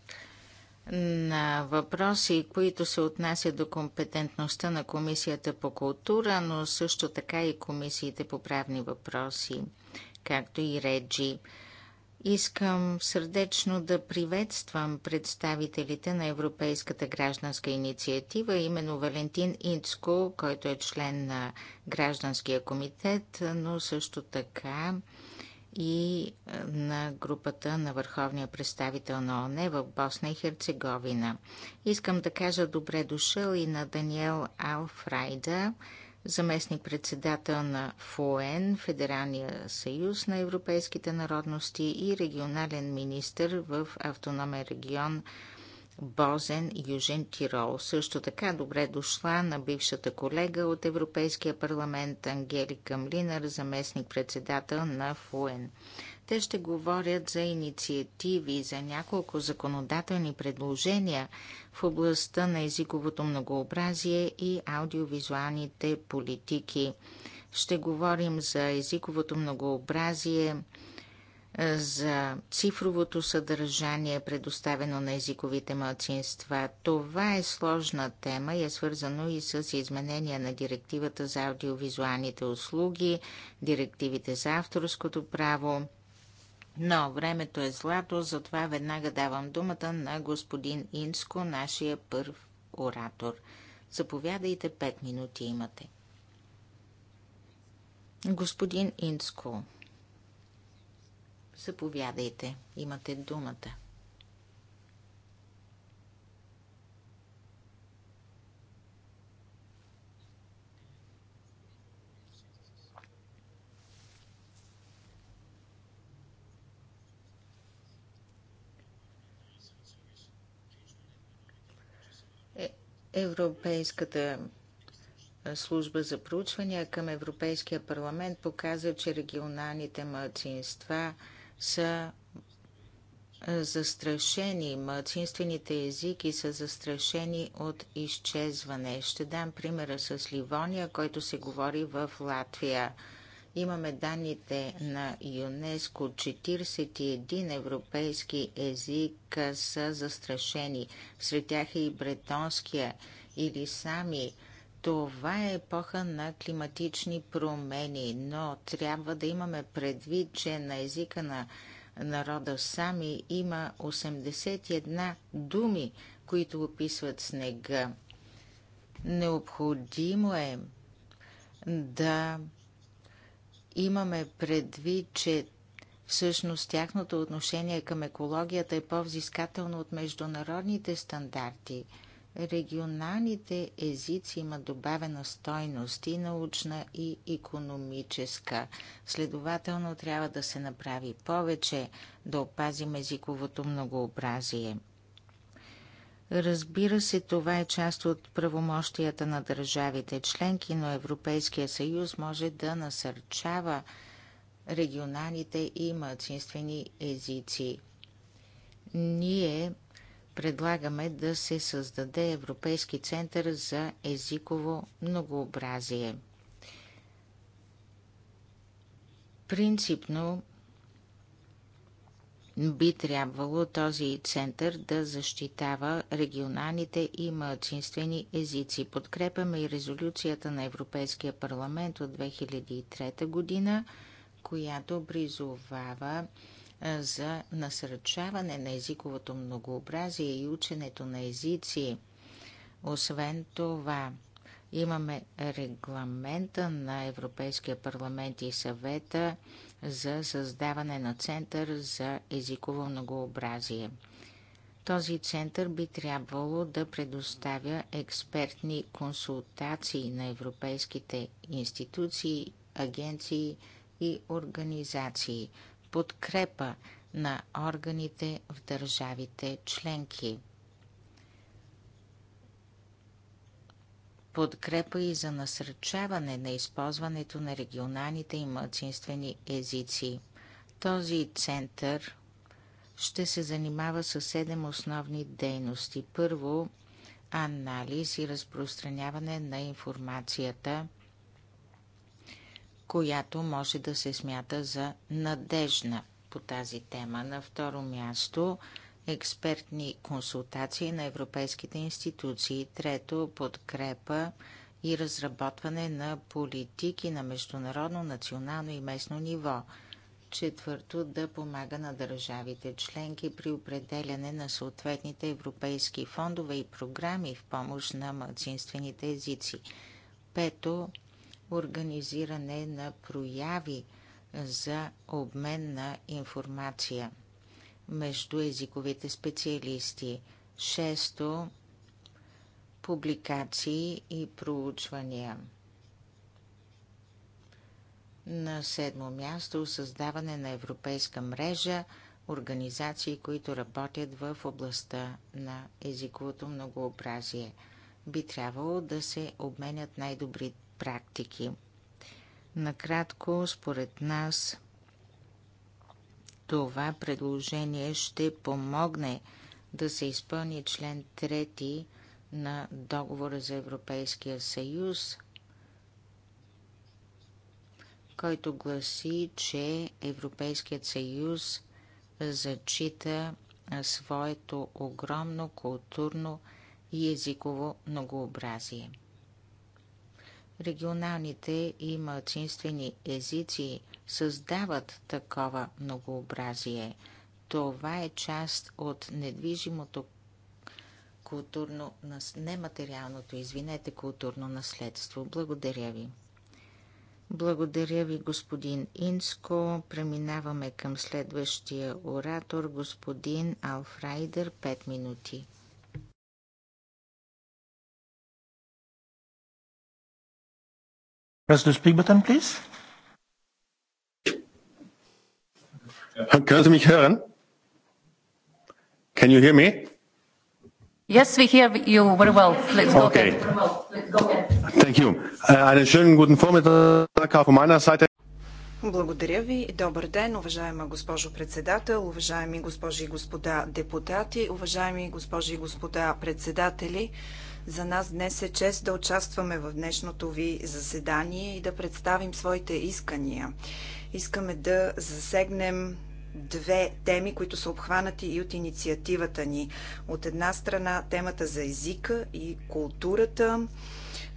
на въпроси, които се отнасят до компетентността на Комисията по култура, но също така и комисиите по правни въпроси, както и Реджи. Искам сърдечно да приветствам представителите на Европейската гражданска инициатива, именно Валентин Инцко, който е член на Гражданския комитет, но също така и е, на групата на върховния представител на ОНЕ в Босна и Херцеговина. Искам да кажа добре дошъл и на Даниел Алфрайда, заместник-председател на ФОН, Федералния съюз на европейските народности и регионален министр в автономен регион Бозен, Южен Тирол. Също така добре дошла на бившата колега от Европейския парламент Ангелика Млинар, заместник-председател на ФУЕН. Те ще говорят за инициативи, за няколко законодателни предложения в областта на езиковото многообразие и аудиовизуалните политики. Ще говорим за езиковото многообразие, за цифровото съдържание, предоставено на езиковите младсинства. Това е сложна тема и е свързано и с изменения на директивата за аудиовизуалните услуги, директивите за авторското право. Но времето е злато, затова веднага давам думата на господин Инско, нашия първ оратор. Заповядайте, пет минути имате. Господин Инско, Заповядайте, имате думата. Е, Европейската служба за проучвания към Европейския парламент показа, че регионалните младсинства са застрашени, младсинствените езики са застрашени от изчезване. Ще дам примера с Ливония, който се говори в Латвия. Имаме данните на ЮНЕСКО. 41 европейски езика са застрашени. Сред тях е и бретонския или сами това е епоха на климатични промени, но трябва да имаме предвид, че на езика на народа сами има 81 думи, които описват снега. Необходимо е да имаме предвид, че всъщност тяхното отношение към екологията е по-взискателно от международните стандарти – регионалните езици имат добавена стойност и научна, и економическа. Следователно трябва да се направи повече, да опазим езиковото многообразие. Разбира се, това е част от правомощията на държавите членки, но Европейския съюз може да насърчава регионалните и мъцинствени езици. Ние предлагаме да се създаде Европейски център за езиково многообразие. Принципно би трябвало този център да защитава регионалните и малцинствени езици. Подкрепяме и резолюцията на Европейския парламент от 2003 година, която призовава за насърчаване на езиковото многообразие и ученето на езици. Освен това, имаме регламента на Европейския парламент и съвета за създаване на Център за езиково многообразие. Този център би трябвало да предоставя експертни консултации на европейските институции, агенции и организации подкрепа на органите в държавите членки. Подкрепа и за насърчаване на използването на регионалните и младсинствени езици. Този център ще се занимава с седем основни дейности. Първо, анализ и разпространяване на информацията – която може да се смята за надежна по тази тема. На второ място експертни консултации на европейските институции. Трето подкрепа и разработване на политики на международно, национално и местно ниво. Четвърто, да помага на държавите членки при определяне на съответните европейски фондове и програми в помощ на младсинствените езици. Пето, организиране на прояви за обмен на информация между езиковите специалисти. Шесто публикации и проучвания. На седмо място създаване на европейска мрежа организации, които работят в областта на езиковото многообразие. Би трябвало да се обменят най добрите практики. Накратко, според нас, това предложение ще помогне да се изпълни член 3 на договора за Европейския съюз, който гласи, че Европейският съюз зачита своето огромно културно и езиково многообразие. Регионалните и малцинствени езици създават такова многообразие. Това е част от недвижимото културно, нематериалното, извинете, културно наследство. Благодаря ви. Благодаря ви, господин Инско. Преминаваме към следващия оратор, господин Алфрайдер, 5 минути. Press the speak button, please. Können Sie mich hören? Can you hear me? Yes, we hear you very well. Let's go okay. ahead. Thank you. Einen schönen guten Vormittag auch von meiner Seite. Благодаря ви. Добър ден, уважаема госпожо председател, уважаеми госпожи и господа депутати, уважаеми госпожи и господа председатели. За нас днес е чест да участваме в днешното ви заседание и да представим своите искания. Искаме да засегнем две теми, които са обхванати и от инициативата ни. От една страна темата за езика и културата,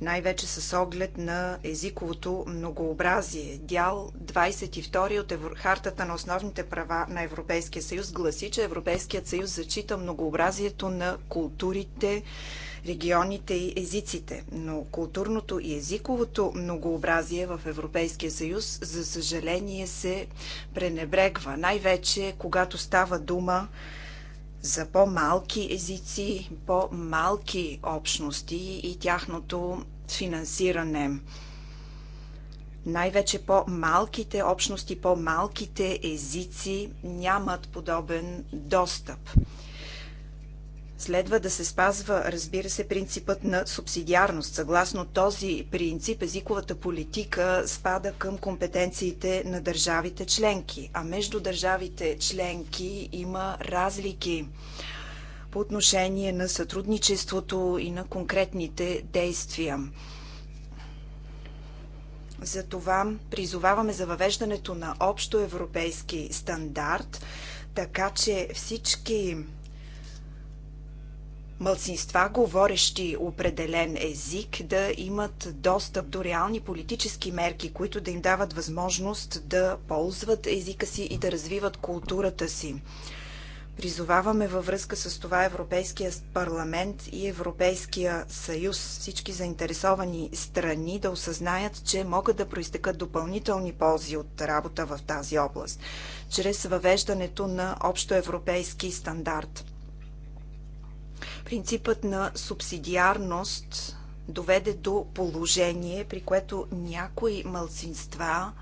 най-вече с оглед на езиковото многообразие. Дял 22 от Евро... Хартата на основните права на Европейския съюз гласи, че Европейският съюз зачита многообразието на културите, регионите и езиците, но културното и езиковото многообразие в Европейския съюз, за съжаление, се пренебрегва. Най-вече, когато става дума за по-малки езици, по-малки общности и тяхното финансиране. Най-вече по-малките общности, по-малките езици нямат подобен достъп. Следва да се спазва, разбира се, принципът на субсидиарност. Съгласно този принцип, езиковата политика спада към компетенциите на държавите членки, а между държавите членки има разлики по отношение на сътрудничеството и на конкретните действия. Затова призоваваме за въвеждането на общо европейски стандарт, така че всички мълцинства, говорещи определен език, да имат достъп до реални политически мерки, които да им дават възможност да ползват езика си и да развиват културата си. Призоваваме във връзка с това Европейския парламент и Европейския съюз, всички заинтересовани страни да осъзнаят, че могат да проистекат допълнителни ползи от работа в тази област, чрез въвеждането на общоевропейски стандарт. Принципът на субсидиарност доведе до положение, при което някои мълцинства,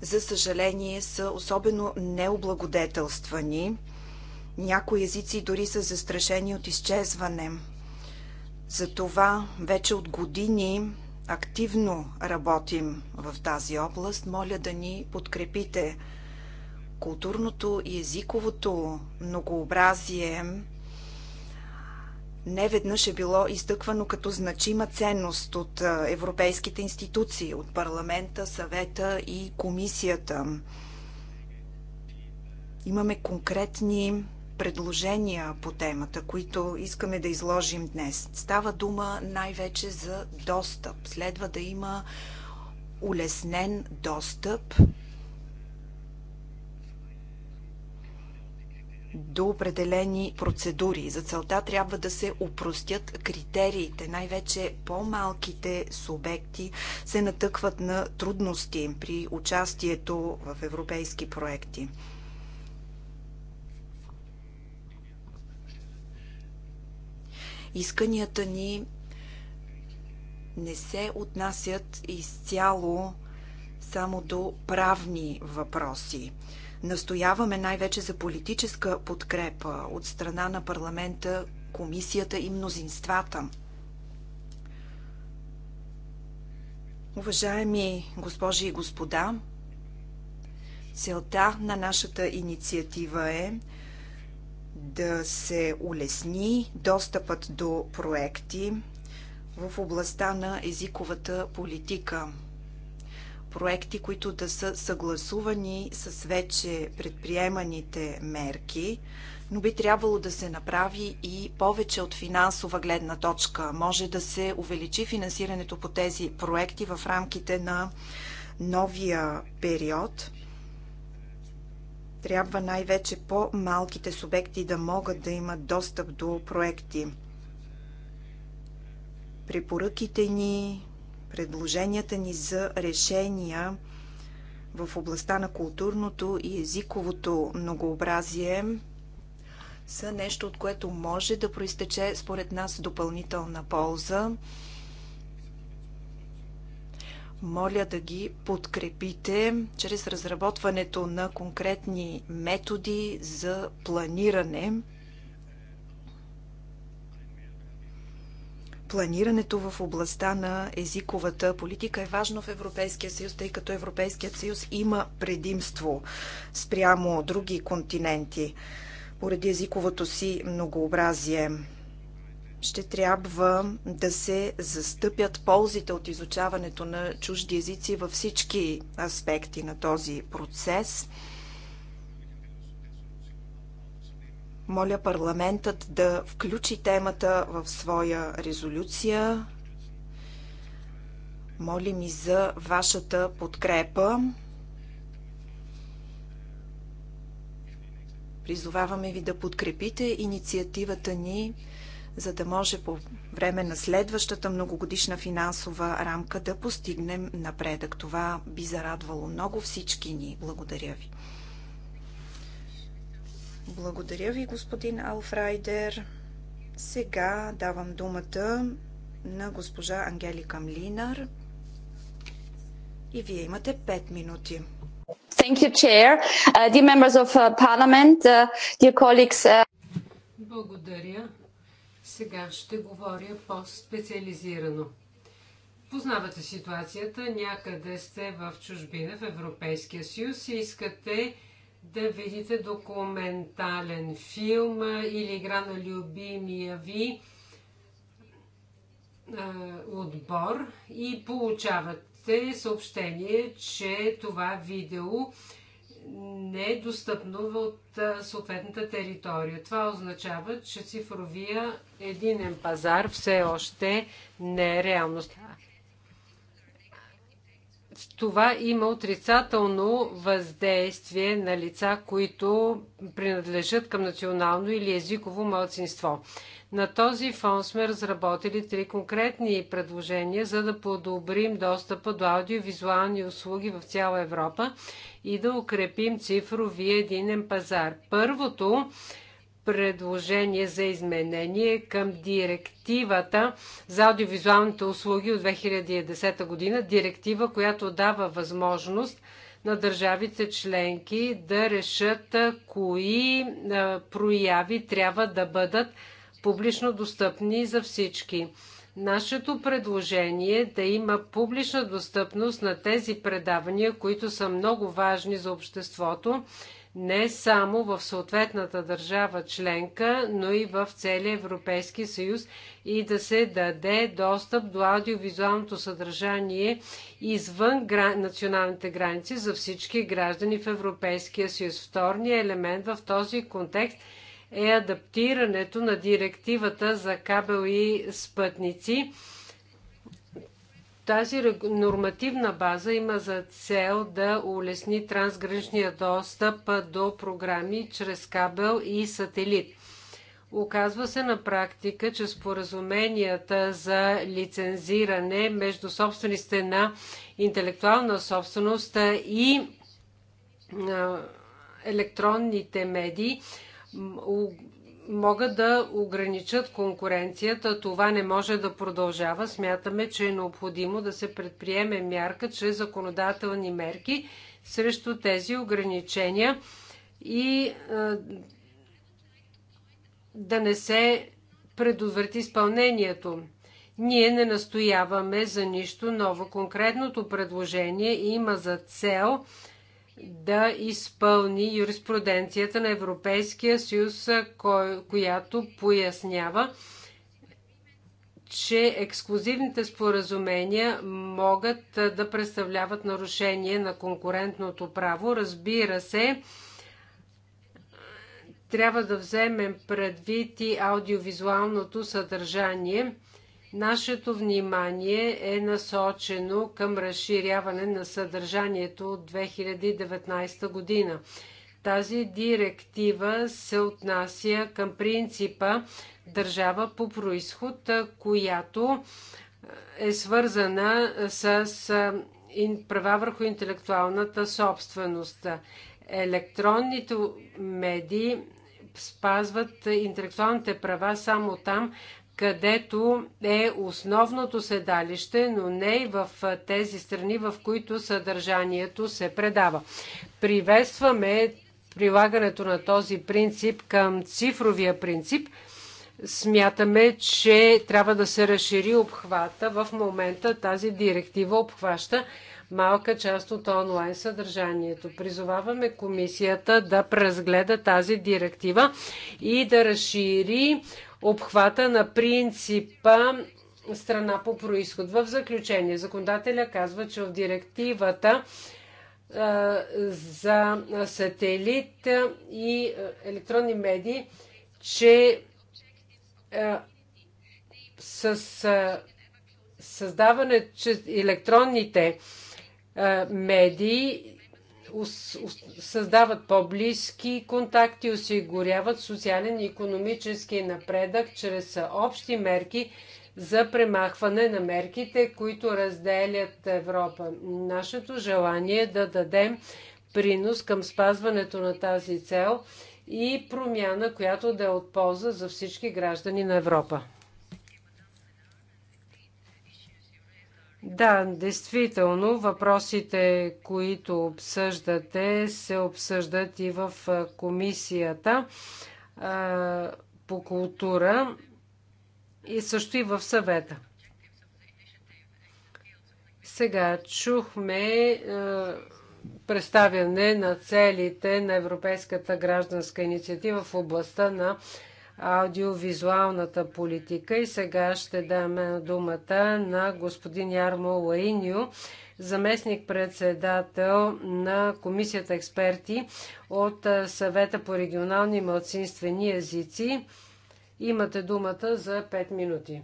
за съжаление, са особено необлагодетелствани. Някои езици дори са застрашени от изчезване. Затова вече от години активно работим в тази област. Моля да ни подкрепите. Културното и езиковото многообразие неведнъж е било изтъквано като значима ценност от европейските институции, от парламента, съвета и комисията. Имаме конкретни предложения по темата, които искаме да изложим днес. Става дума най-вече за достъп. Следва да има улеснен достъп до определени процедури. За целта трябва да се упростят критериите. Най-вече по-малките субекти се натъкват на трудности при участието в европейски проекти. Исканията ни не се отнасят изцяло само до правни въпроси. Настояваме най-вече за политическа подкрепа от страна на парламента, комисията и мнозинствата. Уважаеми госпожи и господа, целта на нашата инициатива е да се улесни достъпът до проекти в областта на езиковата политика – проекти, които да са съгласувани с вече предприеманите мерки, но би трябвало да се направи и повече от финансова гледна точка. Може да се увеличи финансирането по тези проекти в рамките на новия период трябва най-вече по-малките субекти да могат да имат достъп до проекти. Препоръките ни Предложенията ни за решения в областта на културното и езиковото многообразие са нещо, от което може да проистече според нас допълнителна полза. Моля да ги подкрепите чрез разработването на конкретни методи за планиране. Планирането в областта на езиковата политика е важно в Европейския съюз, тъй като Европейският съюз има предимство спрямо други континенти поради езиковото си многообразие. Ще трябва да се застъпят ползите от изучаването на чужди езици във всички аспекти на този процес – Моля парламентът да включи темата в своя резолюция. Молим и за вашата подкрепа. Призоваваме ви да подкрепите инициативата ни, за да може по време на следващата многогодишна финансова рамка да постигнем напредък. Това би зарадвало много всички ни. Благодаря ви. Благодаря ви, господин Алфрайдер. Сега давам думата на госпожа Ангелика Млинар. И вие имате 5 минути. Thank you, Chair. Uh, dear members of uh, Parliament, uh, dear colleagues. Uh... Благодаря. Сега ще говоря по-специализирано. Познавате ситуацията, някъде сте в чужбина, в Европейския съюз и искате да видите документален филм или игра на любимия ви отбор и получавате съобщение, че това видео не е достъпно от съответната територия. Това означава, че цифровия единен пазар все още не е реалност това има отрицателно въздействие на лица, които принадлежат към национално или езиково малцинство. На този фон сме разработили три конкретни предложения, за да подобрим достъпа до аудиовизуални услуги в цяла Европа и да укрепим цифровия единен пазар. Първото предложение за изменение към директивата за аудиовизуалните услуги от 2010 година, директива, която дава възможност на държавите членки да решат кои прояви трябва да бъдат публично достъпни за всички. Нашето предложение е да има публична достъпност на тези предавания, които са много важни за обществото не само в съответната държава членка, но и в целия Европейски съюз и да се даде достъп до аудиовизуалното съдържание извън гра... националните граници за всички граждани в Европейския съюз. Вторният елемент в този контекст е адаптирането на директивата за кабел и спътници тази нормативна база има за цел да улесни трансграничния достъп до програми чрез кабел и сателит. Оказва се на практика, че споразуменията за лицензиране между собствениците на интелектуална собственост и електронните медии могат да ограничат конкуренцията. Това не може да продължава. Смятаме, че е необходимо да се предприеме мярка чрез законодателни мерки срещу тези ограничения и да не се предотврати изпълнението. Ние не настояваме за нищо ново. Конкретното предложение има за цел да изпълни юриспруденцията на Европейския съюз, която пояснява, че ексклюзивните споразумения могат да представляват нарушение на конкурентното право. Разбира се, трябва да вземем предвид и аудиовизуалното съдържание – Нашето внимание е насочено към разширяване на съдържанието от 2019 година. Тази директива се отнася към принципа държава по происход, която е свързана с права върху интелектуалната собственост. Електронните медии спазват интелектуалните права само там, където е основното седалище, но не и в тези страни, в които съдържанието се предава. Приветстваме прилагането на този принцип към цифровия принцип. Смятаме, че трябва да се разшири обхвата. В момента тази директива обхваща малка част от онлайн съдържанието. Призоваваме комисията да преразгледа тази директива и да разшири обхвата на принципа страна по происход. В заключение, законодателя казва, че в директивата за сателит и електронни медии, че с създаване, че електронните медии създават по-близки контакти, осигуряват социален и економически напредък чрез общи мерки за премахване на мерките, които разделят Европа. Нашето желание е да дадем принос към спазването на тази цел и промяна, която да е от полза за всички граждани на Европа. Да, действително, въпросите, които обсъждате, се обсъждат и в комисията по култура и също и в съвета. Сега чухме представяне на целите на Европейската гражданска инициатива в областта на аудиовизуалната политика. И сега ще даме думата на господин Ярмо Лаиньо, заместник-председател на Комисията експерти от Съвета по регионални и младсинствени езици. Имате думата за 5 минути.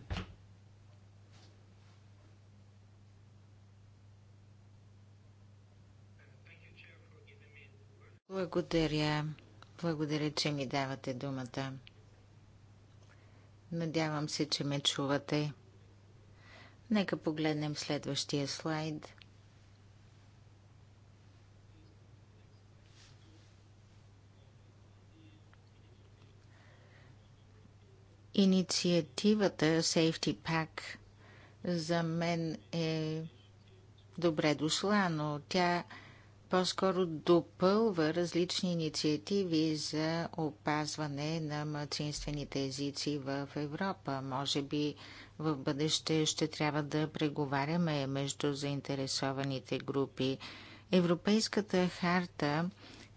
Благодаря. Благодаря, че ми давате думата. Надявам се, че ме чувате. Нека погледнем следващия слайд. Инициативата Safety Pack за мен е добре дошла, но тя е по-скоро допълва различни инициативи за опазване на младсинствените езици в Европа. Може би в бъдеще ще трябва да преговаряме между заинтересованите групи. Европейската харта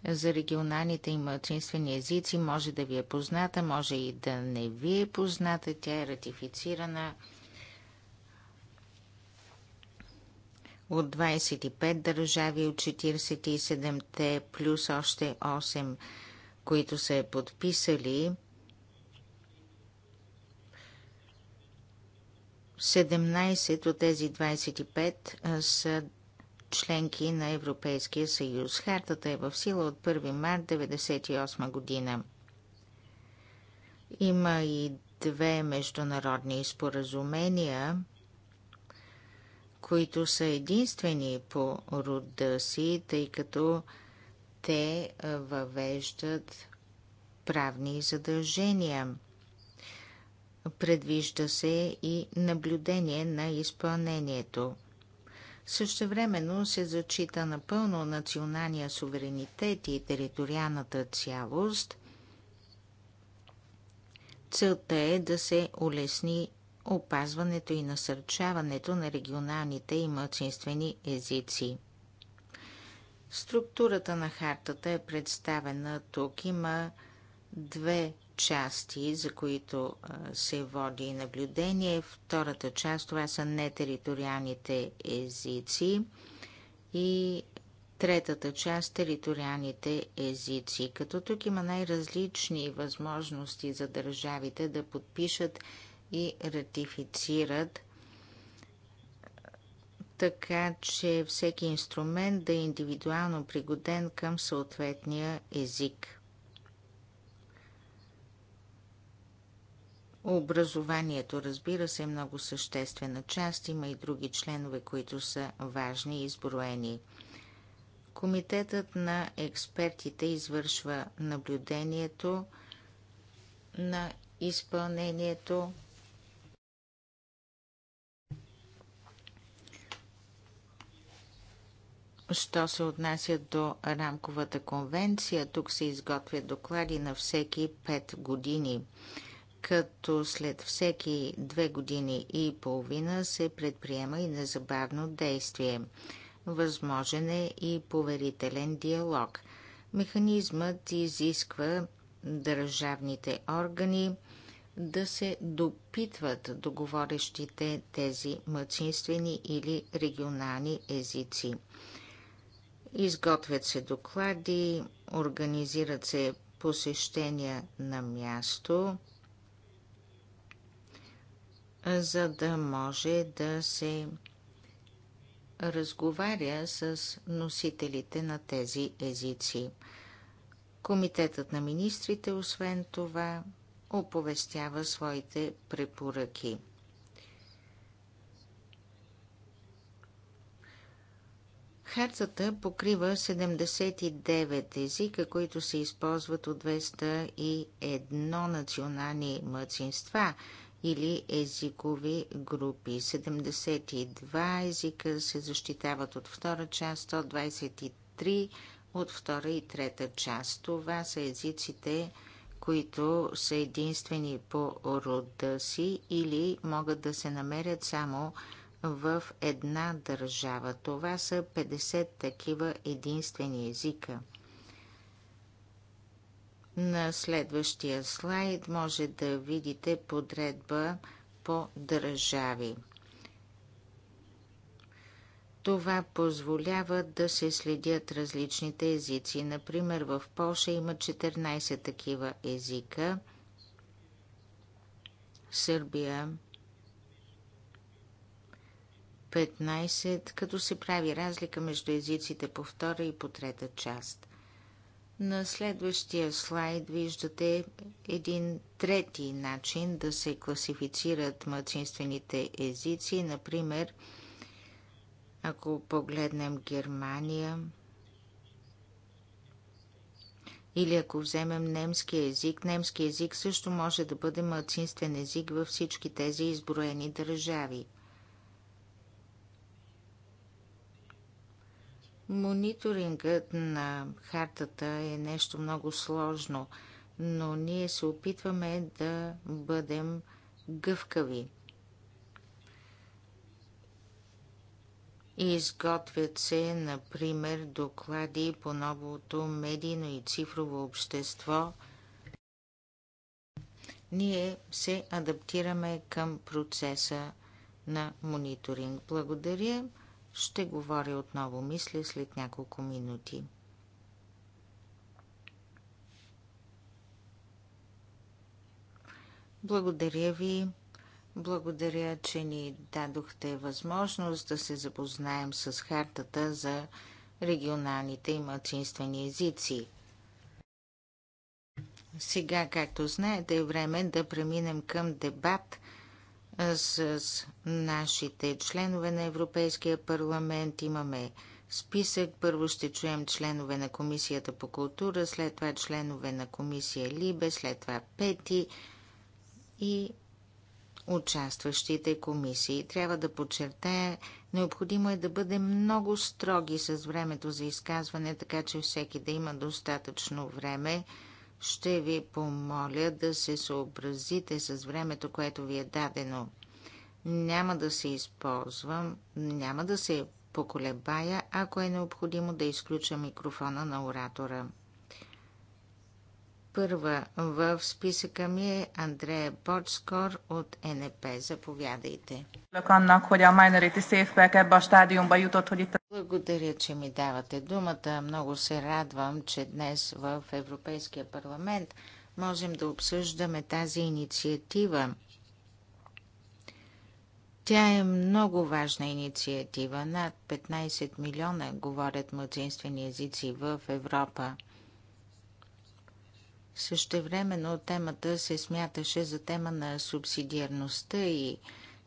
за регионалните и младсинствени езици може да ви е позната, може и да не ви е позната. Тя е ратифицирана от 25 държави от 47-те, плюс още 8, които са е подписали. 17 от тези 25 са членки на Европейския съюз. Хартата е в сила от 1 март 1998 година. Има и две международни споразумения които са единствени по рода си, тъй като те въвеждат правни задължения. Предвижда се и наблюдение на изпълнението. Същевременно се зачита напълно националния суверенитет и териториалната цялост. Целта е да се улесни опазването и насърчаването на регионалните и мълцинствени езици. Структурата на хартата е представена тук. Има две части, за които се води наблюдение. Втората част това са нетериториалните езици и третата част териториалните езици. Като тук има най-различни възможности за държавите да подпишат и ратифицират, така че всеки инструмент да е индивидуално пригоден към съответния език. Образованието, разбира се, е много съществена част. Има и други членове, които са важни и изброени. Комитетът на експертите извършва наблюдението на изпълнението Що се отнася до рамковата конвенция, тук се изготвят доклади на всеки 5 години, като след всеки 2 години и половина се предприема и незабавно действие. Възможен е и поверителен диалог. Механизмът изисква държавните органи да се допитват договорещите тези мъчинствени или регионални езици. Изготвят се доклади, организират се посещения на място, за да може да се разговаря с носителите на тези езици. Комитетът на министрите, освен това, оповестява своите препоръки. Херцата покрива 79 езика, които се използват от 201 национални мъцинства или езикови групи. 72 езика се защитават от втора част, 123 от втора и трета част. Това са езиците, които са единствени по рода си или могат да се намерят само в в една държава. Това са 50 такива единствени езика. На следващия слайд може да видите подредба по държави. Това позволява да се следят различните езици. Например, в Польша има 14 такива езика. Сърбия 15, като се прави разлика между езиците по втора и по трета част. На следващия слайд виждате един трети начин да се класифицират мъцинствените езици. Например, ако погледнем Германия или ако вземем немски език, немски език също може да бъде мъцинствен език във всички тези изброени държави – Мониторингът на хартата е нещо много сложно, но ние се опитваме да бъдем гъвкави. Изготвят се, например, доклади по новото медийно и цифрово общество. Ние се адаптираме към процеса на мониторинг. Благодаря. Ще говоря отново, мисля, след няколко минути. Благодаря ви. Благодаря, че ни дадохте възможност да се запознаем с хартата за регионалните и младсинствени езици. Сега, както знаете, е време да преминем към дебат с нашите членове на Европейския парламент. Имаме списък. Първо ще чуем членове на Комисията по култура, след това членове на Комисия Либе, след това Пети и участващите комисии. Трябва да подчертая, необходимо е да бъдем много строги с времето за изказване, така че всеки да има достатъчно време ще ви помоля да се съобразите с времето, което ви е дадено. Няма да се използвам, няма да се поколебая, ако е необходимо да изключа микрофона на оратора. Първа в списъка ми е Андрея Боцкор от НП. Заповядайте. Е Благодаря, че ми давате думата. Много се радвам, че днес в Европейския парламент можем да обсъждаме тази инициатива. Тя е много важна инициатива. Над 15 милиона говорят младсинствени езици в Европа – Същевременно темата се смяташе за тема на субсидиарността и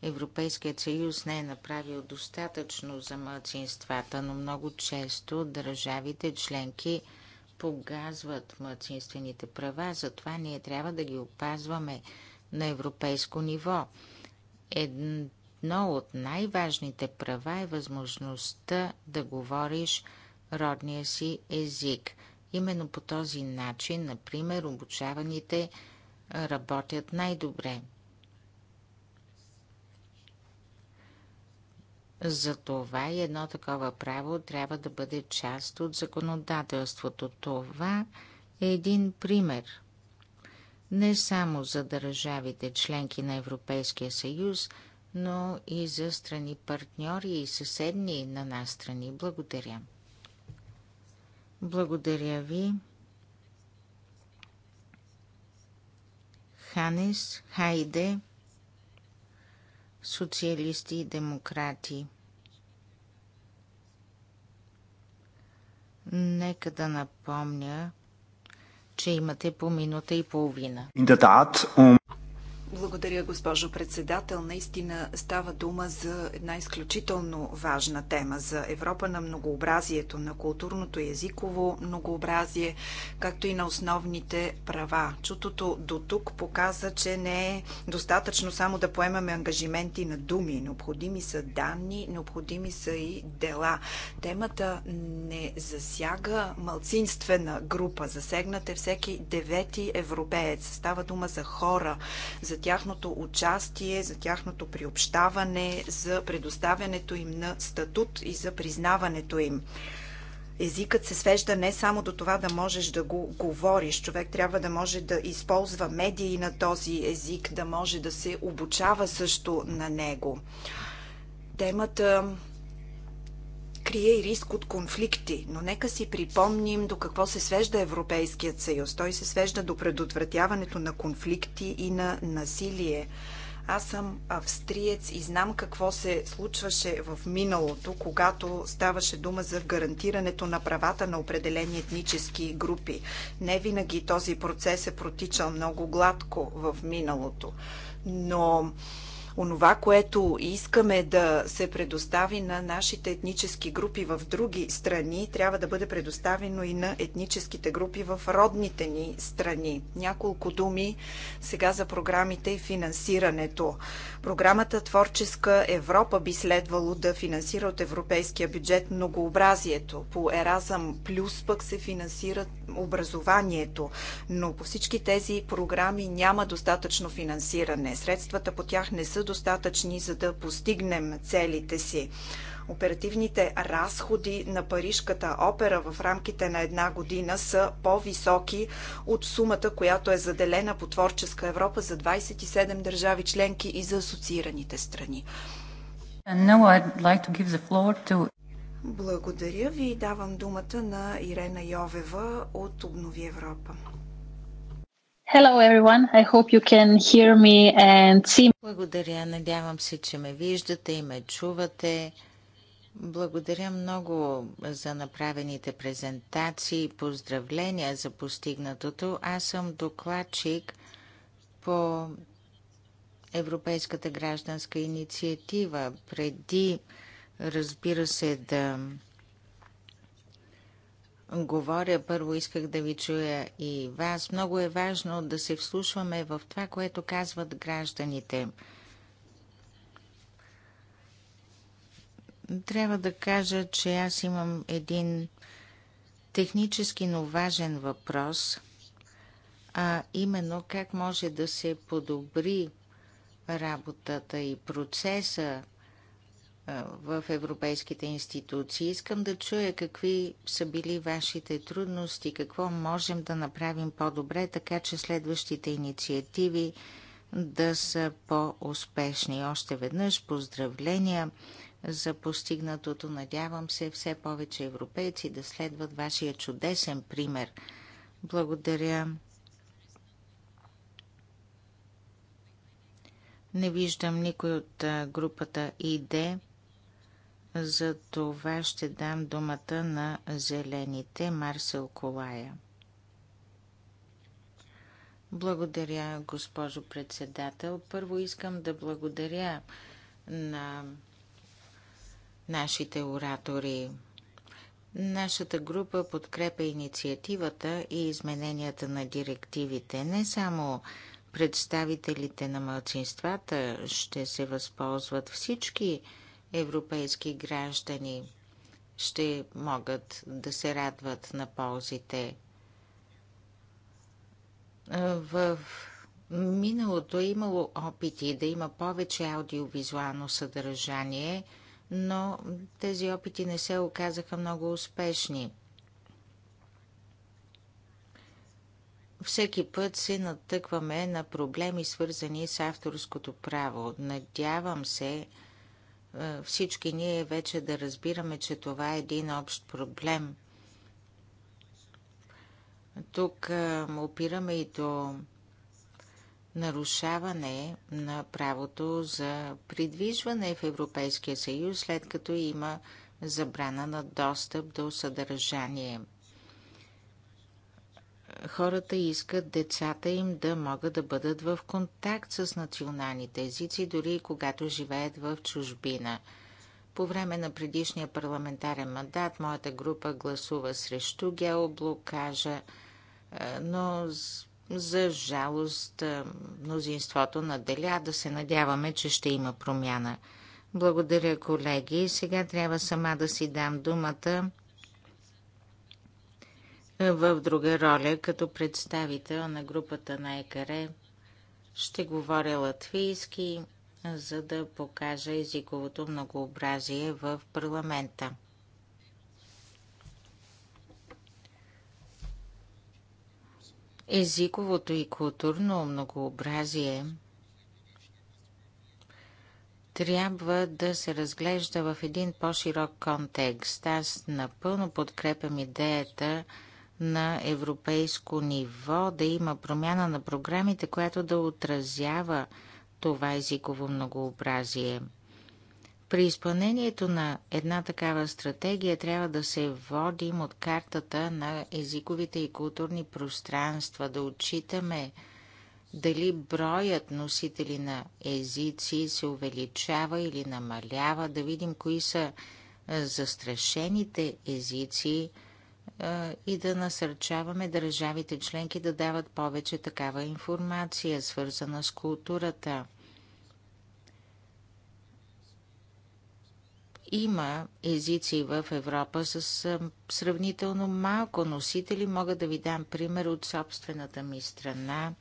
Европейският съюз не е направил достатъчно за младсинствата, но много често държавите членки погазват младсинствените права, затова ние трябва да ги опазваме на европейско ниво. Едно от най-важните права е възможността да говориш родния си език. Именно по този начин, например, обучаваните работят най-добре. Затова и едно такова право трябва да бъде част от законодателството. Това е един пример. Не само за държавите членки на Европейския съюз, но и за страни партньори и съседни на нас страни. Благодаря. Благодаря ви. Ханес, Хайде, социалисти и демократи. Нека да напомня, че имате по минута и половина. Благодаря, госпожо председател. Наистина става дума за една изключително важна тема за Европа на многообразието, на културното и езиково многообразие, както и на основните права. Чутото до тук показа, че не е достатъчно само да поемаме ангажименти на думи. Необходими са данни, необходими са и дела. Темата не засяга малцинствена група. Засегнат е всеки девети европеец. Става дума за хора, за тяхното участие, за тяхното приобщаване, за предоставянето им на статут и за признаването им. Езикът се свежда не само до това да можеш да го говориш. Човек трябва да може да използва медии на този език, да може да се обучава също на него. Темата крие и риск от конфликти, но нека си припомним до какво се свежда Европейският съюз. Той се свежда до предотвратяването на конфликти и на насилие. Аз съм австриец и знам какво се случваше в миналото, когато ставаше дума за гарантирането на правата на определени етнически групи. Не винаги този процес е протичал много гладко в миналото, но онова, което искаме да се предостави на нашите етнически групи в други страни, трябва да бъде предоставено и на етническите групи в родните ни страни. Няколко думи сега за програмите и финансирането. Програмата Творческа Европа би следвало да финансира от европейския бюджет многообразието. По Еразъм Плюс пък се финансира образованието, но по всички тези програми няма достатъчно финансиране. Средствата по тях не са достатъчни, за да постигнем целите си. Оперативните разходи на Парижката опера в рамките на една година са по-високи от сумата, която е заделена по Творческа Европа за 27 държави членки и за асоциираните страни. Благодаря ви. Давам думата на Ирена Йовева от Обнови Европа. Hello everyone. I hope you can hear me and see. Благодаря. Надявам се, че ме виждате и ме чувате. Благодаря много за направените презентации и поздравления за постигнатото. Аз съм докладчик по Европейската гражданска инициатива. Преди, разбира се, да говоря, първо исках да ви чуя и вас. Много е важно да се вслушваме в това, което казват гражданите – Трябва да кажа, че аз имам един технически, но важен въпрос, а именно как може да се подобри работата и процеса в европейските институции. Искам да чуя какви са били вашите трудности, какво можем да направим по-добре, така че следващите инициативи да са по-успешни. Още веднъж поздравления за постигнатото. Надявам се все повече европейци да следват вашия чудесен пример. Благодаря. Не виждам никой от групата ИД. За това ще дам думата на зелените Марсел Колая. Благодаря, госпожо председател. Първо искам да благодаря на нашите оратори. Нашата група подкрепя инициативата и измененията на директивите. Не само представителите на мълцинствата ще се възползват всички европейски граждани ще могат да се радват на ползите. В миналото е имало опити да има повече аудиовизуално съдържание – но тези опити не се оказаха много успешни. Всеки път се натъкваме на проблеми, свързани с авторското право. Надявам се е, всички ние вече да разбираме, че това е един общ проблем. Тук е, опираме и до нарушаване на правото за придвижване в Европейския съюз, след като има забрана на достъп до съдържание. Хората искат децата им да могат да бъдат в контакт с националните езици, дори и когато живеят в чужбина. По време на предишния парламентарен мандат моята група гласува срещу геоблокажа, е, но за жалост, мнозинството наделя да се надяваме, че ще има промяна. Благодаря, колеги. Сега трябва сама да си дам думата в друга роля, като представител на групата на ЕКАРЕ. Ще говоря латвийски, за да покажа езиковото многообразие в парламента. езиковото и културно многообразие трябва да се разглежда в един по-широк контекст. Аз напълно подкрепям идеята на европейско ниво да има промяна на програмите, която да отразява това езиково многообразие – при изпълнението на една такава стратегия трябва да се водим от картата на езиковите и културни пространства, да отчитаме дали броят носители на езици се увеличава или намалява, да видим кои са застрашените езици и да насърчаваме държавите членки да дават повече такава информация, свързана с културата. Има езици в Европа с сравнително малко носители. Мога да ви дам пример от собствената ми страна.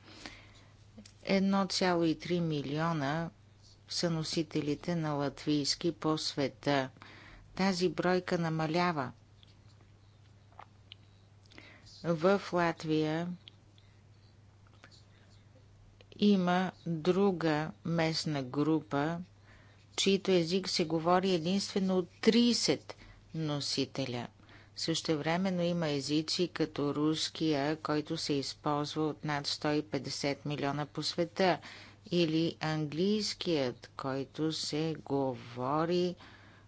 1,3 милиона са носителите на латвийски по света. Тази бройка намалява. В Латвия има друга местна група, чието език се говори единствено от 30 носителя. Същевременно има езици като руския, който се използва от над 150 милиона по света, или английският, който се говори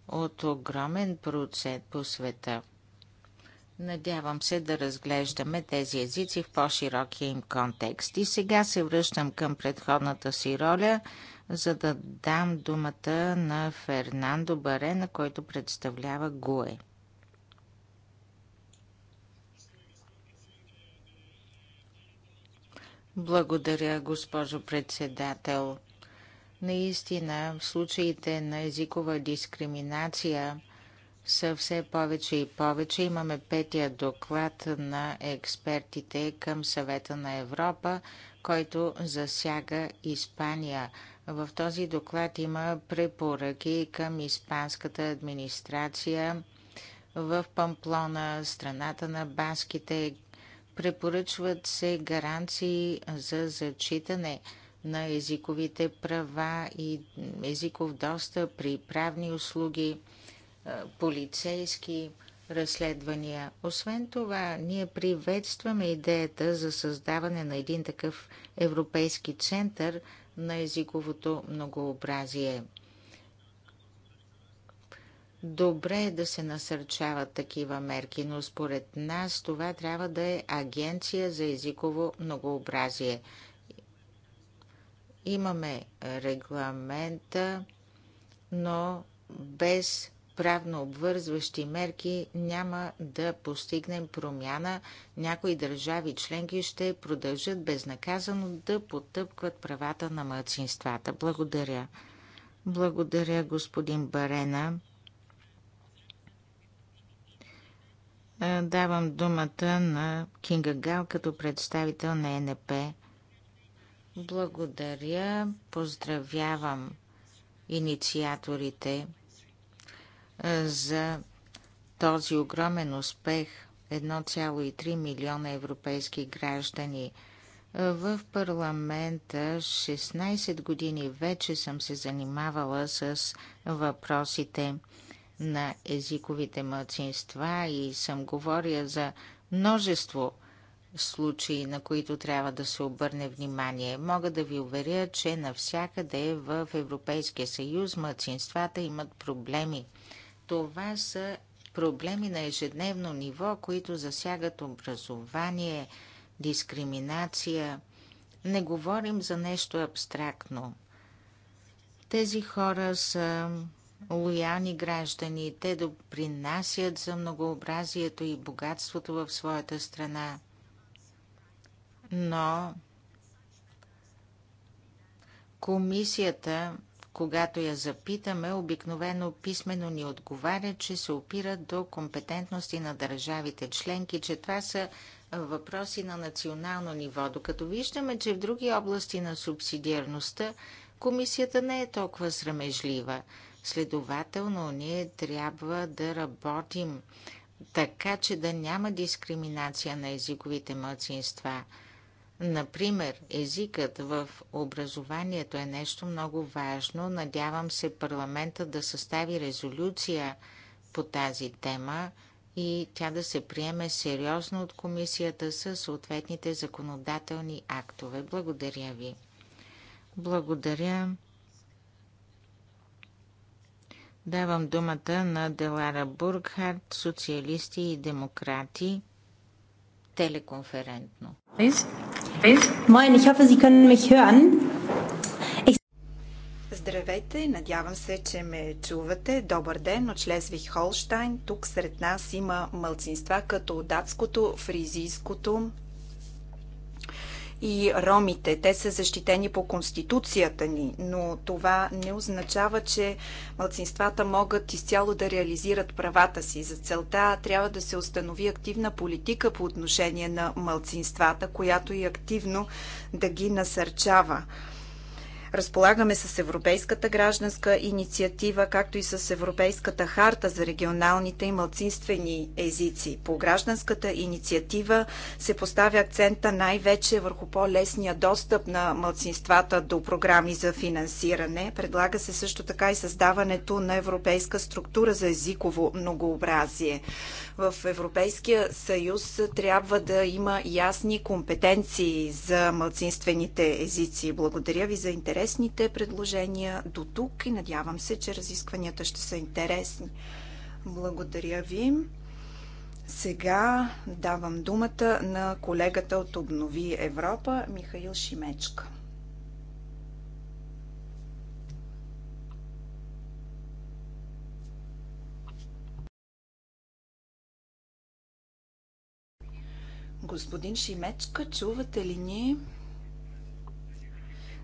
от огромен процент по света. Надявам се да разглеждаме тези езици в по-широкия им контекст. И сега се връщам към предходната си роля – за да дам думата на Фернандо Барена, който представлява ГУЕ. Благодаря, госпожо председател. Наистина, в случаите на езикова дискриминация са все повече и повече. Имаме петия доклад на експертите към съвета на Европа, който засяга Испания. В този доклад има препоръки към испанската администрация в Памплона, страната на баските. Препоръчват се гаранции за зачитане на езиковите права и езиков достъп при правни услуги, е, полицейски разследвания. Освен това, ние приветстваме идеята за създаване на един такъв европейски център на езиковото многообразие. Добре е да се насърчават такива мерки, но според нас това трябва да е Агенция за езиково многообразие. Имаме регламента, но без правно обвързващи мерки няма да постигнем промяна. Някои държави членки ще продължат безнаказано да потъпкват правата на младсинствата. Благодаря. Благодаря, господин Барена. Давам думата на Кинга Гал като представител на НП. Благодаря. Поздравявам инициаторите за този огромен успех 1,3 милиона европейски граждани. В парламента 16 години вече съм се занимавала с въпросите на езиковите мълцинства и съм говоря за множество случаи, на които трябва да се обърне внимание. Мога да ви уверя, че навсякъде в Европейския съюз мълцинствата имат проблеми това са проблеми на ежедневно ниво, които засягат образование, дискриминация. Не говорим за нещо абстрактно. Тези хора са лоялни граждани, те допринасят за многообразието и богатството в своята страна. Но комисията когато я запитаме, обикновено писменно ни отговаря, че се опира до компетентности на държавите членки, че това са въпроси на национално ниво, докато виждаме, че в други области на субсидиарността комисията не е толкова срамежлива. Следователно, ние трябва да работим така, че да няма дискриминация на езиковите мъцинства. Например, езикът в образованието е нещо много важно. Надявам се парламента да състави резолюция по тази тема и тя да се приеме сериозно от комисията с съответните законодателни актове. Благодаря ви. Благодаря. Давам думата на Делара Бургхарт, социалисти и демократи, телеконферентно. Please. Moin, ich hoffe, Sie können mich hören. Здравейте, надявам се, че ме чувате. Добър ден от Шлезвих Холштайн. Тук сред нас има мълцинства като датското, фризийското, и ромите. Те са защитени по Конституцията ни, но това не означава, че младсинствата могат изцяло да реализират правата си. За целта трябва да се установи активна политика по отношение на младсинствата, която и активно да ги насърчава. Разполагаме с Европейската гражданска инициатива, както и с Европейската харта за регионалните и малцинствени езици. По гражданската инициатива се поставя акцента най-вече върху по-лесния достъп на малцинствата до програми за финансиране. Предлага се също така и създаването на Европейска структура за езиково многообразие. В Европейския съюз трябва да има ясни компетенции за мълцинствените езици. Благодаря ви за интересните предложения до тук и надявам се, че разискванията ще са интересни. Благодаря ви. Сега давам думата на колегата от Обнови Европа Михаил Шимечка. Господин Шимечка, чувате ли ни?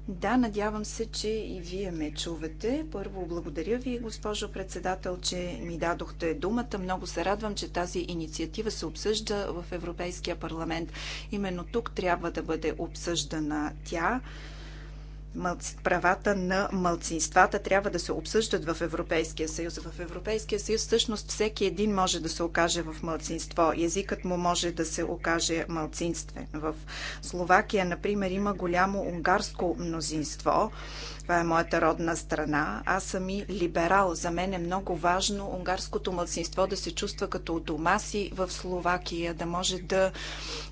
Да, надявам се, че и вие ме чувате. Първо, благодаря ви, госпожо председател, че ми дадохте думата. Много се радвам, че тази инициатива се обсъжда в Европейския парламент. Именно тук трябва да бъде обсъждана тя правата на мълцинствата трябва да се обсъждат в Европейския съюз. В Европейския съюз всъщност всеки един може да се окаже в мълцинство. Езикът му може да се окаже мълцинствен. В Словакия, например, има голямо унгарско мнозинство, това е моята родна страна. Аз съм и либерал. За мен е много важно унгарското младсинство да се чувства като у дома си в Словакия, да може да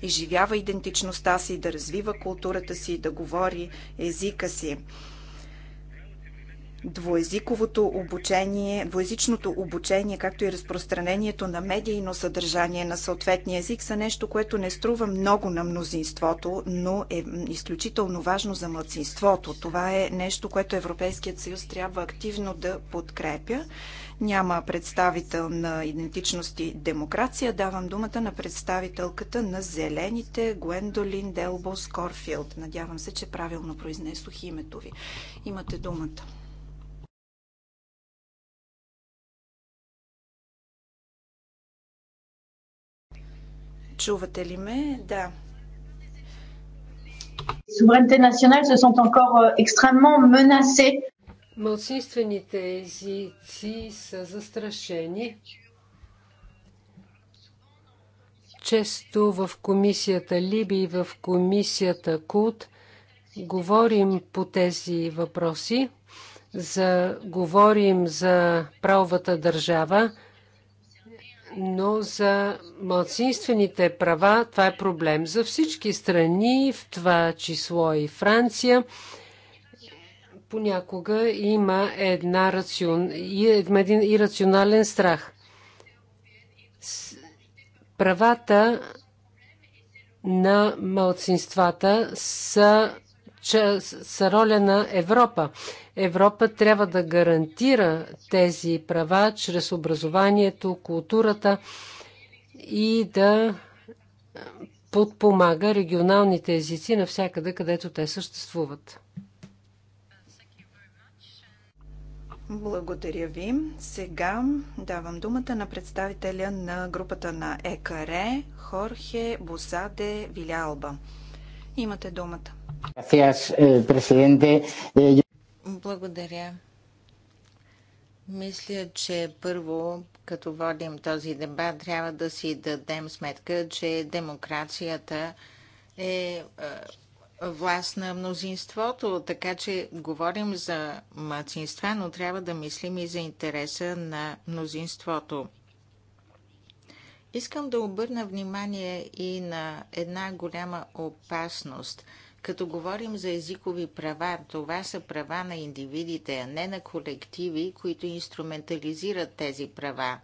изживява идентичността си, да развива културата си, да говори езика си двоезиковото обучение, двоезичното обучение, както и разпространението на медийно съдържание на съответния език са нещо, което не струва много на мнозинството, но е изключително важно за младсинството. Това е нещо, което Европейският съюз трябва активно да подкрепя. Няма представител на идентичност и демокрация. Давам думата на представителката на зелените Гуендолин Делбо Скорфилд. Надявам се, че правилно произнесох името ви. Имате думата. Чувате ли ме? Да. Суверенте национал се sont encore екстремно euh, menacées. Малцинствените езици са застрашени. Често в комисията Либи и в комисията Култ говорим по тези въпроси. За, говорим за правовата държава, но за малцинствените права това е проблем за всички страни, в това число и Франция. Понякога има една рацион... един ирационален страх. Правата на малцинствата са, са роля на Европа. Европа трябва да гарантира тези права чрез образованието, културата и да подпомага регионалните езици навсякъде, където те съществуват. Благодаря ви. Сега давам думата на представителя на групата на ЕКАРЕ, Хорхе Босаде Вилялба. Имате думата. Gracias, eh, presidente. Eh, благодаря. Мисля, че първо, като водим този дебат, трябва да си дадем сметка, че демокрацията е, е власт на мнозинството, така че говорим за младсинства, но трябва да мислим и за интереса на мнозинството. Искам да обърна внимание и на една голяма опасност – като говорим за езикови права, това са права на индивидите, а не на колективи, които инструментализират тези права.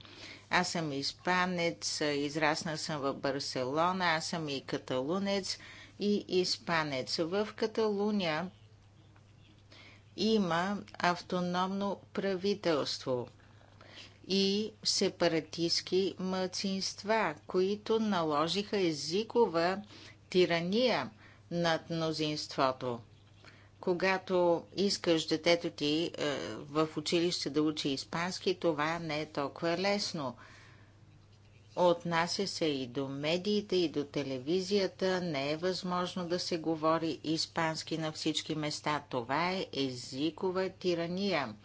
Аз съм испанец, израсна съм в Барселона, аз съм и каталунец и испанец. В Каталуния има автономно правителство и сепаратистски мълцинства, които наложиха езикова тирания над мнозинството. Когато искаш детето ти е, в училище да учи испански, това не е толкова лесно. Отнася се и до медиите, и до телевизията. Не е възможно да се говори испански на всички места. Това е езикова тирания.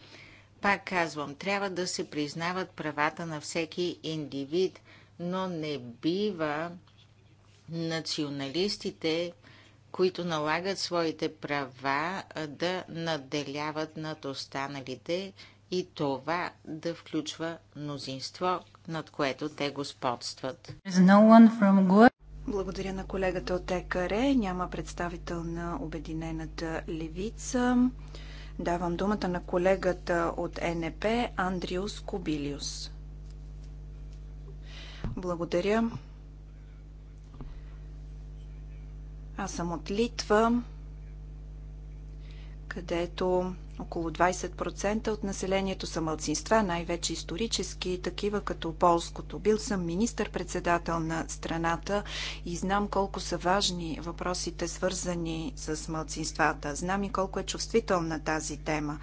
Пак казвам, трябва да се признават правата на всеки индивид, но не бива националистите които налагат своите права да наделяват над останалите и това да включва мнозинство, над което те господстват. Благодаря на колегата от ЕКАРЕ. Няма представител на Обединената левица. Давам думата на колегата от НП Андриус Кобилиус. Благодаря. Аз съм от Литва, където около 20% от населението са мълцинства, най-вече исторически, такива като полското. Бил съм министър-председател на страната и знам колко са важни въпросите, свързани с мълцинствата. Знам и колко е чувствителна тази тема.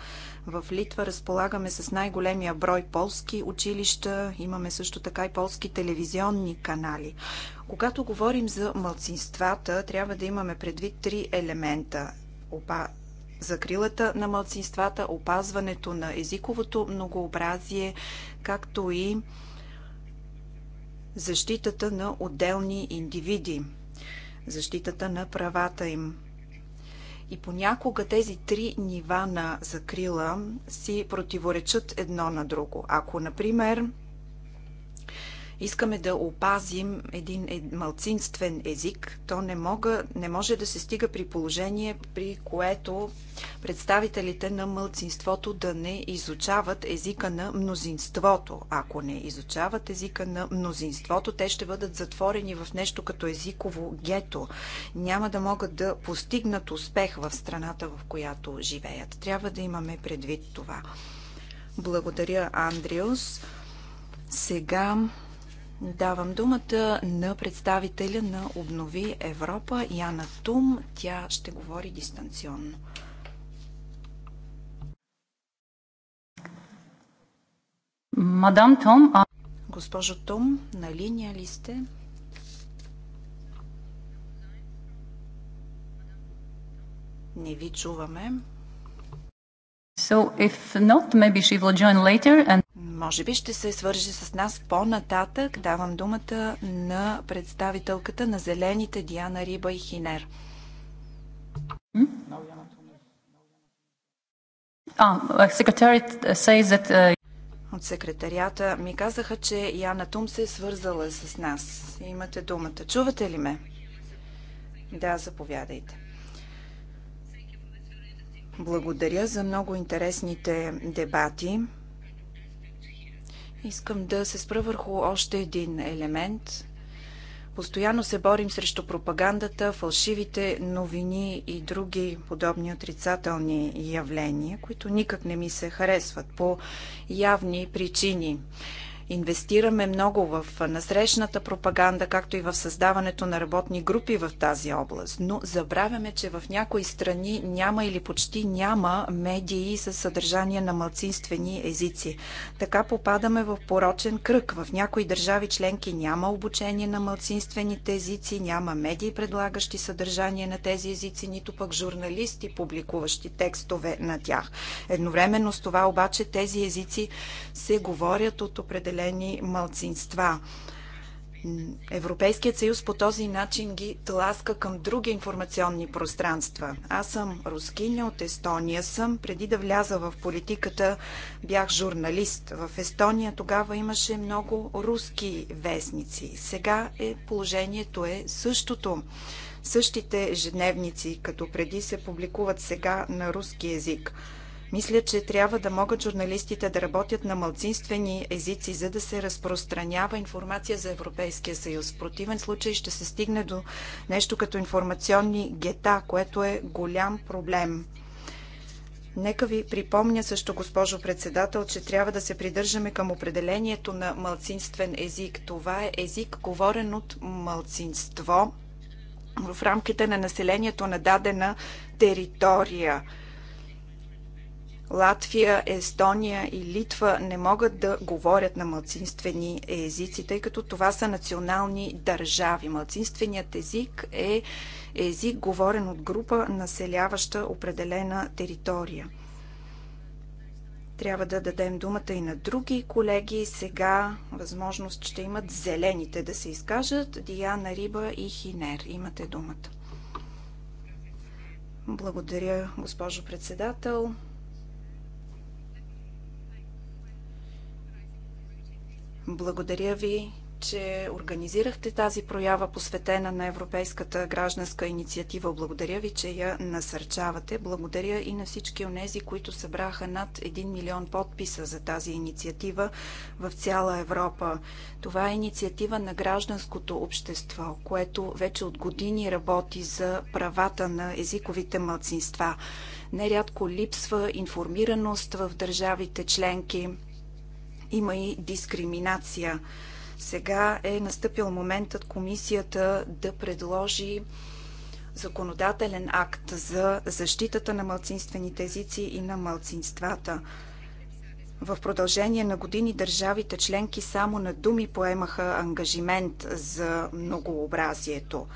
В Литва разполагаме с най-големия брой полски училища, имаме също така и полски телевизионни канали. Когато говорим за мълцинствата, трябва да имаме предвид три елемента. Опа... Закрилата на мълцинствата, опазването на езиковото многообразие, както и защитата на отделни индивиди, защитата на правата им. И понякога тези три нива на закрила си противоречат едно на друго. Ако, например, искаме да опазим един малцинствен език, то не, мога, не може да се стига при положение, при което представителите на малцинството да не изучават езика на мнозинството. Ако не изучават езика на мнозинството, те ще бъдат затворени в нещо като езиково гето. Няма да могат да постигнат успех в страната, в която живеят. Трябва да имаме предвид това. Благодаря, Андриус. Сега Давам думата на представителя на Обнови Европа, Яна Тум. Тя ще говори дистанционно. Мадам Том, а... Госпожо Том, на линия ли сте? Не ви чуваме. So if not, maybe she will join later and... Може би ще се свържи с нас по-нататък. Давам думата на представителката на зелените Диана Риба и Хинер. Hmm? Ah, that, uh... От секретарията ми казаха, че Яна Тум се е свързала с нас. Имате думата. Чувате ли ме? Да, заповядайте. Благодаря за много интересните дебати. Искам да се спра върху още един елемент. Постоянно се борим срещу пропагандата, фалшивите новини и други подобни отрицателни явления, които никак не ми се харесват по явни причини. Инвестираме много в насрещната пропаганда, както и в създаването на работни групи в тази област. Но забравяме, че в някои страни няма или почти няма медии с съдържание на малцинствени езици. Така попадаме в порочен кръг. В някои държави членки няма обучение на малцинствените езици, няма медии, предлагащи съдържание на тези езици, нито пък журналисти, публикуващи текстове на тях. Едновременно с това обаче тези езици се говорят от определен определени малцинства. Европейският съюз по този начин ги тласка към други информационни пространства. Аз съм рускиня от Естония съм. Преди да вляза в политиката бях журналист. В Естония тогава имаше много руски вестници. Сега е, положението е същото. Същите ежедневници, като преди, се публикуват сега на руски язик. Мисля, че трябва да могат журналистите да работят на малцинствени езици, за да се разпространява информация за Европейския съюз. В противен случай ще се стигне до нещо като информационни гета, което е голям проблем. Нека ви припомня също, госпожо председател, че трябва да се придържаме към определението на малцинствен език. Това е език, говорен от малцинство в рамките на населението на дадена територия. Латвия, Естония и Литва не могат да говорят на младсинствени езици, тъй като това са национални държави. Младсинственият език е език, говорен от група, населяваща определена територия. Трябва да дадем думата и на други колеги. Сега възможност ще имат зелените да се изкажат. Диана Риба и Хинер. Имате думата. Благодаря, госпожо председател. Благодаря ви, че организирахте тази проява, посветена на Европейската гражданска инициатива. Благодаря ви, че я насърчавате. Благодаря и на всички онези, които събраха над 1 милион подписа за тази инициатива в цяла Европа. Това е инициатива на гражданското общество, което вече от години работи за правата на езиковите мълцинства. Нерядко липсва информираност в държавите членки има и дискриминация. Сега е настъпил моментът комисията да предложи законодателен акт за защитата на малцинствените езици и на малцинствата. В продължение на години държавите членки само на думи поемаха ангажимент за многообразието.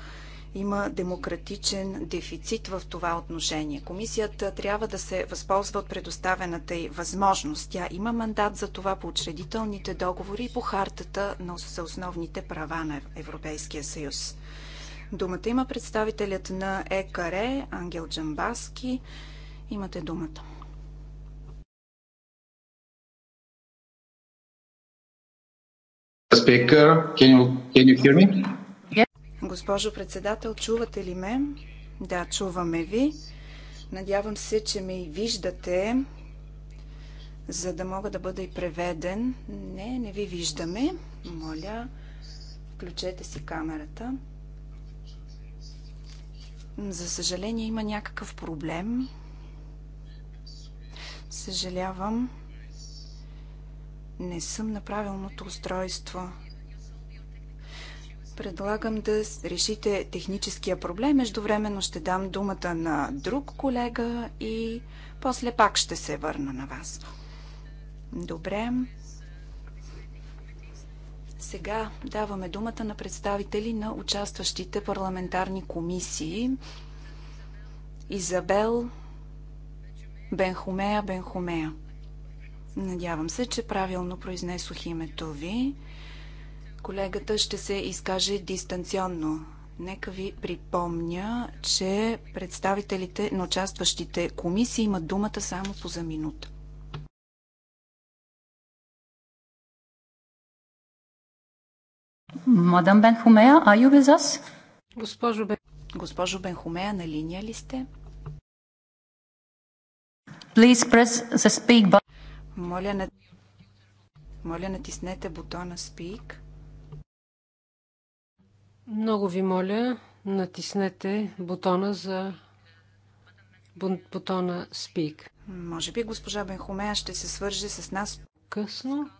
Има демократичен дефицит в това отношение. Комисията трябва да се възползва от предоставената й възможност. Тя има мандат за това по учредителните договори и по хартата на основните права на Европейския съюз. Думата има представителят на ЕКАРЕ, Ангел Джамбаски. Имате думата. Speaker, can you, can you hear me? Госпожо председател, чувате ли ме? Да, чуваме ви. Надявам се, че ме и виждате, за да мога да бъда и преведен. Не, не ви виждаме. Моля, включете си камерата. За съжаление има някакъв проблем. Съжалявам. Не съм на правилното устройство предлагам да решите техническия проблем. Междувременно ще дам думата на друг колега и после пак ще се върна на вас. Добре. Сега даваме думата на представители на участващите парламентарни комисии. Изабел Бенхумея Бенхумея. Надявам се, че правилно произнесох името ви. Колегата ще се изкаже дистанционно. Нека ви припомня, че представителите на участващите комисии имат думата само по за минута. Мадам Бенхумея, а you with us? Госпожо, Бен... Госпожо Бенхумея, на линия ли сте? Please press the speak button. Моля, на... Моля натиснете бутона Speak. Много ви моля, натиснете бутона за бутона Speak. Може би госпожа Бенхомея ще се свърже с нас късно.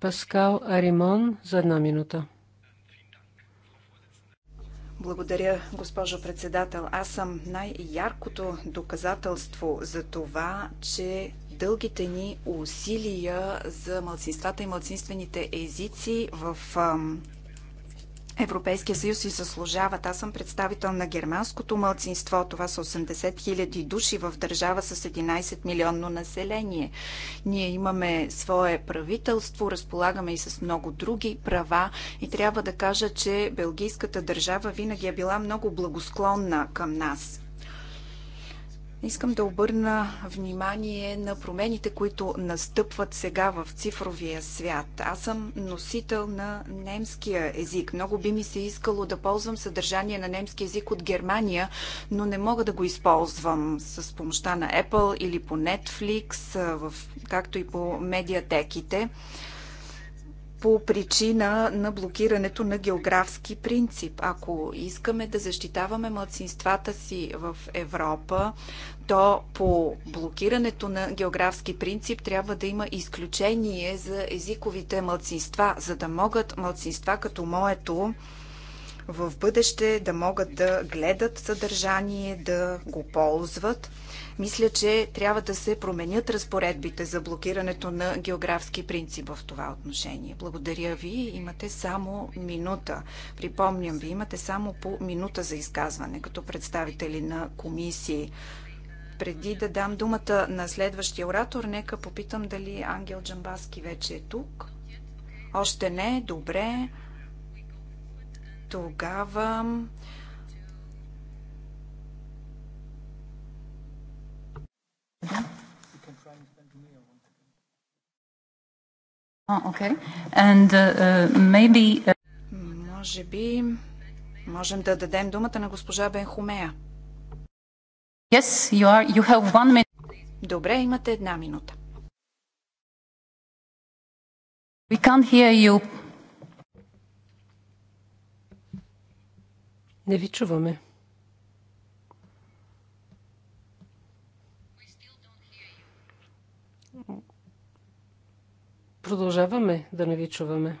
Паскал Аримон за една минута. Благодаря, госпожо председател. Аз съм най-яркото доказателство за това, че дългите ни усилия за младсинствата и младсинствените езици в Европейския съюз и заслужават. Аз съм представител на германското мълцинство. Това са 80 хиляди души в държава с 11 милионно население. Ние имаме свое правителство, разполагаме и с много други права и трябва да кажа, че белгийската държава винаги е била много благосклонна към нас. Искам да обърна внимание на промените, които настъпват сега в цифровия свят. Аз съм носител на немския език. Много би ми се искало да ползвам съдържание на немски език от Германия, но не мога да го използвам с помощта на Apple или по Netflix, както и по медиатеките по причина на блокирането на географски принцип. Ако искаме да защитаваме младсинствата си в Европа, то по блокирането на географски принцип трябва да има изключение за езиковите младсинства, за да могат младсинства като моето в бъдеще да могат да гледат съдържание, да го ползват – мисля, че трябва да се променят разпоредбите за блокирането на географски принцип в това отношение. Благодаря ви. Имате само минута. Припомням ви, имате само по минута за изказване като представители на комисии. Преди да дам думата на следващия оратор, нека попитам дали Ангел Джамбаски вече е тук. Още не, добре. Тогава Uh, uh, uh, Може би можем да дадем думата на госпожа Бенхумея. Yes, you are, you have one minute. Добре, имате една минута. We can't hear you. Не ви чуваме. Продължаваме да не ви чуваме.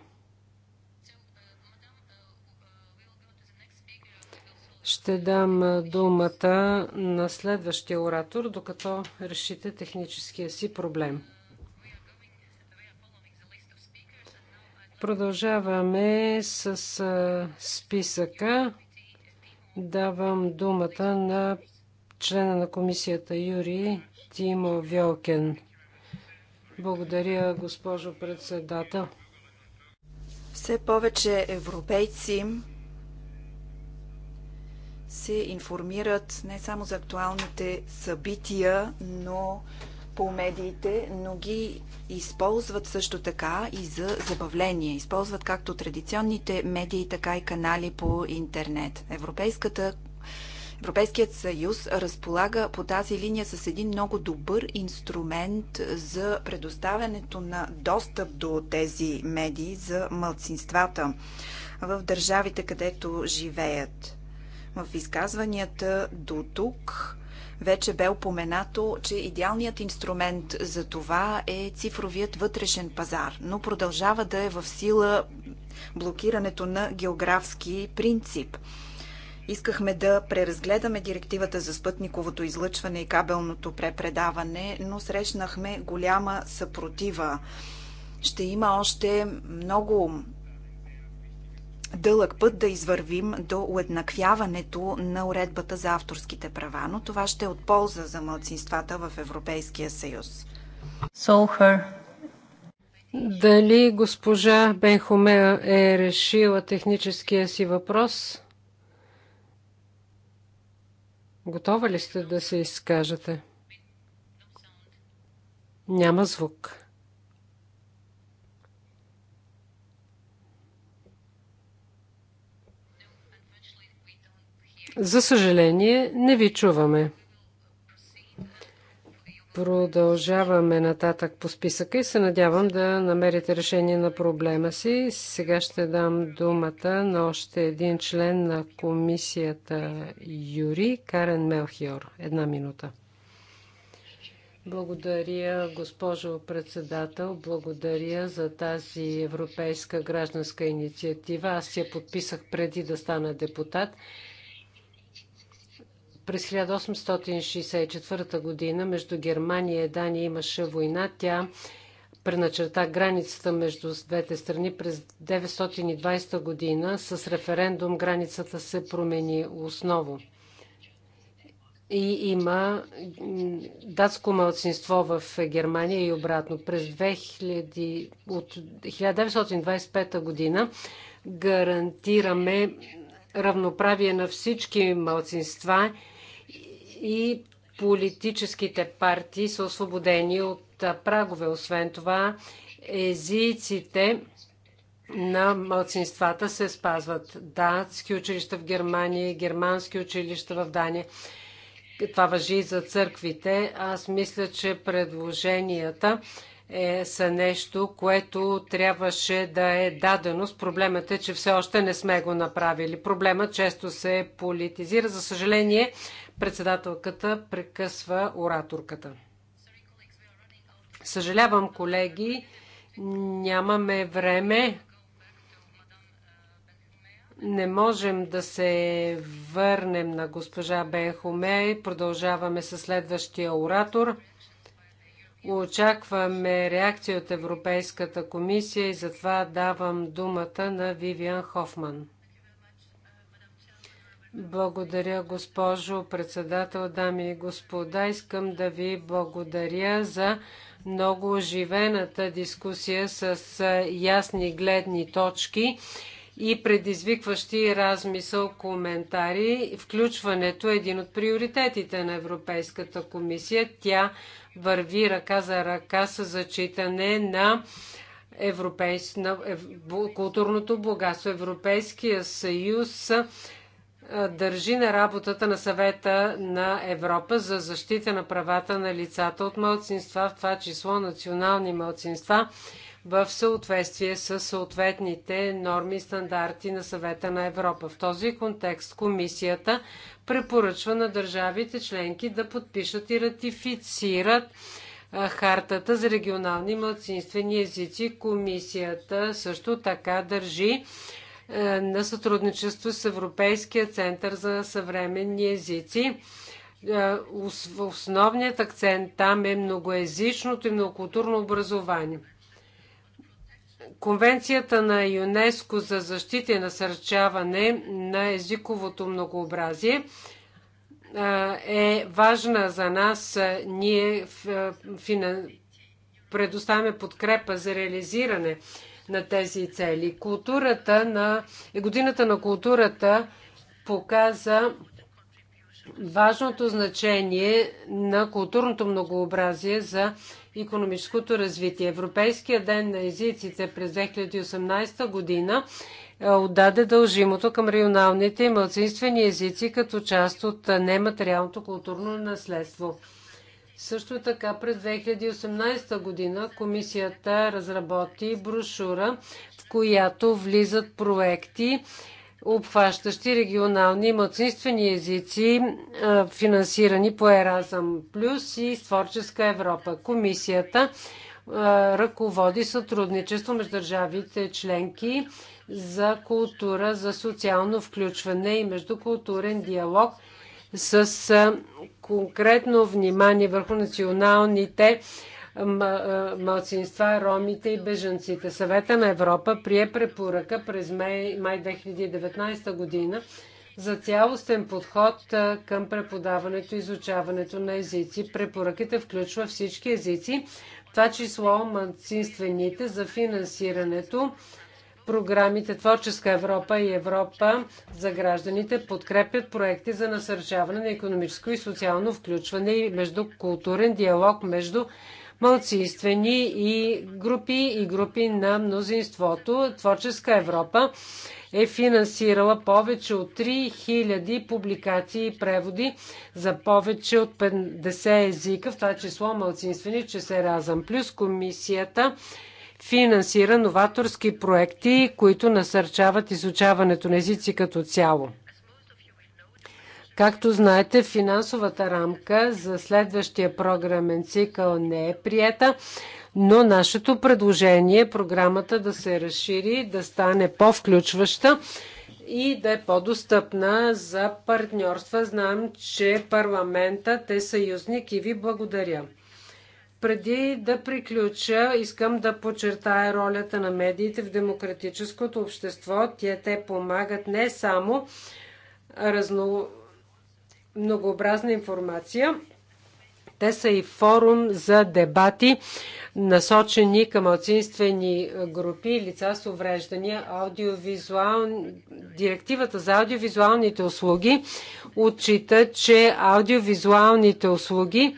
Ще дам думата на следващия оратор, докато решите техническия си проблем. Продължаваме с списъка. Давам думата на члена на комисията Юри Тимо Вьокен. Благодаря, госпожо председател. Все повече европейци се информират не само за актуалните събития, но по медиите, но ги използват също така и за забавление. Използват както традиционните медии, така и канали по интернет. Европейската Европейският съюз разполага по тази линия с един много добър инструмент за предоставянето на достъп до тези медии за мълцинствата в държавите, където живеят. В изказванията до тук вече бе упоменато, че идеалният инструмент за това е цифровият вътрешен пазар, но продължава да е в сила блокирането на географски принцип – Искахме да преразгледаме директивата за спътниковото излъчване и кабелното препредаване, но срещнахме голяма съпротива. Ще има още много дълъг път да извървим до уеднаквяването на уредбата за авторските права, но това ще е от полза за младсинствата в Европейския съюз. So Дали госпожа Бенхомея е решила техническия си въпрос? Готова ли сте да се изкажете? Няма звук. За съжаление, не ви чуваме. Продължаваме нататък по списъка и се надявам да намерите решение на проблема си. Сега ще дам думата на още един член на комисията Юри, Карен Мелхиор. Една минута. Благодаря, госпожо председател. Благодаря за тази европейска гражданска инициатива. Аз я подписах преди да стана депутат през 1864 година между Германия и Дания имаше война. Тя преначерта границата между двете страни през 920 година. С референдум границата се промени осново. И има датско мълцинство в Германия и обратно. През 2000, от 1925 година гарантираме равноправие на всички мълцинства и политическите партии са освободени от прагове. Освен това, езиците на младсинствата се спазват. Датски училища в Германия, германски училища в Дания. Това въжи и за църквите. Аз мисля, че предложенията е, са нещо, което трябваше да е даденост. Проблемът е, че все още не сме го направили. Проблемът често се политизира. За съжаление, Председателката прекъсва ораторката. Съжалявам, колеги, нямаме време. Не можем да се върнем на госпожа Бенхоме. Продължаваме с следващия оратор. Очакваме реакция от Европейската комисия и затова давам думата на Вивиан Хофман. Благодаря, госпожо председател, дами и господа. Искам да ви благодаря за много оживената дискусия с ясни гледни точки и предизвикващи размисъл коментари. Включването е един от приоритетите на Европейската комисия. Тя върви ръка за ръка с зачитане на европейс... на ев... културното богатство. Европейския съюз държи на работата на съвета на Европа за защита на правата на лицата от мълцинства, в това число национални мълцинства, в съответствие с съответните норми и стандарти на съвета на Европа. В този контекст комисията препоръчва на държавите членки да подпишат и ратифицират Хартата за регионални младсинствени езици. Комисията също така държи е, на сътрудничество с Европейския център за съвременни езици. Е, основният акцент там е многоязичното и многокултурно образование. Конвенцията на ЮНЕСКО за защита и насърчаване на езиковото многообразие е, е важна за нас. Ние предоставяме подкрепа за реализиране на тези цели. Културата на, годината на културата показа важното значение на културното многообразие за економическото развитие. Европейския ден на езиците през 2018 година е, отдаде дължимото към регионалните и мълцинствени езици като част от е, нематериалното културно наследство. Също така през 2018 година комисията разработи брошура, в която влизат проекти, обхващащи регионални и младсинствени езици, финансирани по Еразъм Плюс и Творческа Европа. Комисията ръководи сътрудничество между държавите членки за култура, за социално включване и междукултурен диалог – с конкретно внимание върху националните малцинства, ромите и бежанците. Съвета на Европа прие препоръка през май 2019 година за цялостен подход към преподаването и изучаването на езици. Препоръките включва всички езици, това число малцинствените за финансирането Програмите Творческа Европа и Европа за гражданите подкрепят проекти за насърчаване на економическо и социално включване и междукултурен диалог между малцинствени и групи и групи на мнозинството. Творческа Европа е финансирала повече от 3000 публикации и преводи за повече от 50 езика, в това число малцинствени, че се разъм. Плюс комисията финансира новаторски проекти, които насърчават изучаването на езици като цяло. Както знаете, финансовата рамка за следващия програмен цикъл не е прията, но нашето предложение е програмата да се разшири, да стане по-включваща и да е по-достъпна за партньорства. Знам, че парламентът е съюзник и ви благодаря. Преди да приключа, искам да подчертая ролята на медиите в демократическото общество. Те, те помагат не само разно... многообразна информация, те са и форум за дебати, насочени към малцинствени групи, лица с увреждания, аудиовизуал... Директивата за аудиовизуалните услуги отчита, че аудиовизуалните услуги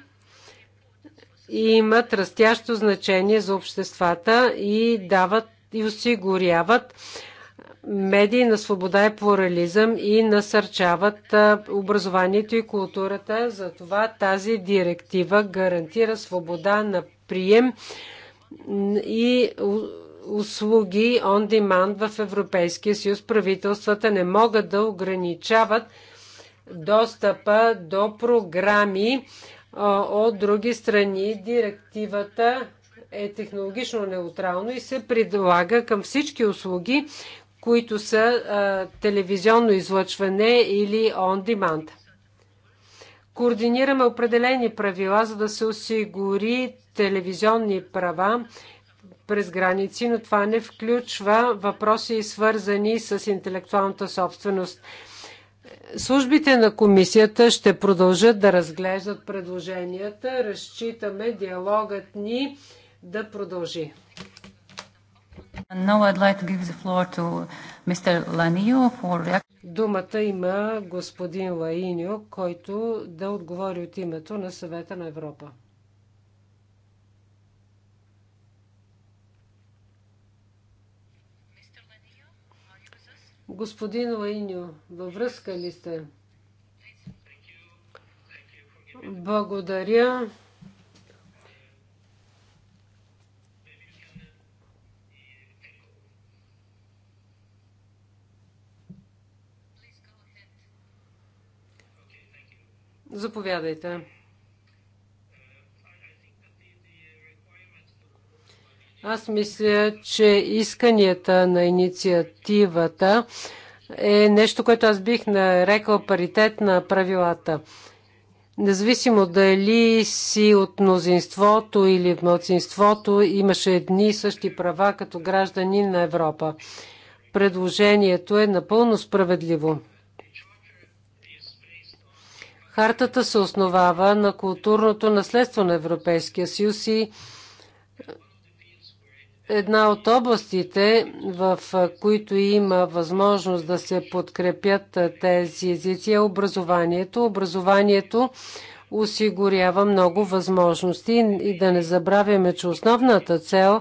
имат растящо значение за обществата и дават и осигуряват медии на свобода и плурализъм и насърчават образованието и културата. Затова тази директива гарантира свобода на прием и услуги on demand в Европейския съюз. Правителствата не могат да ограничават достъпа до програми от други страни. Директивата е технологично неутрално и се предлага към всички услуги, които са телевизионно излъчване или он демант Координираме определени правила, за да се осигури телевизионни права през граници, но това не включва въпроси свързани с интелектуалната собственост. Службите на комисията ще продължат да разглеждат предложенията. Разчитаме диалогът ни да продължи. Думата има господин Лаиньо, който да отговори от името на съвета на Европа. Господин Лайню, във връзка ли сте? Благодаря. Заповядайте. Аз мисля, че исканията на инициативата е нещо, което аз бих нарекал паритет на правилата. Независимо дали си от мнозинството или в младсинството, имаше едни и същи права като граждани на Европа. Предложението е напълно справедливо. Хартата се основава на културното наследство на Европейския съюз и една от областите, в които има възможност да се подкрепят тези езици, е образованието. Образованието осигурява много възможности и да не забравяме, че основната цел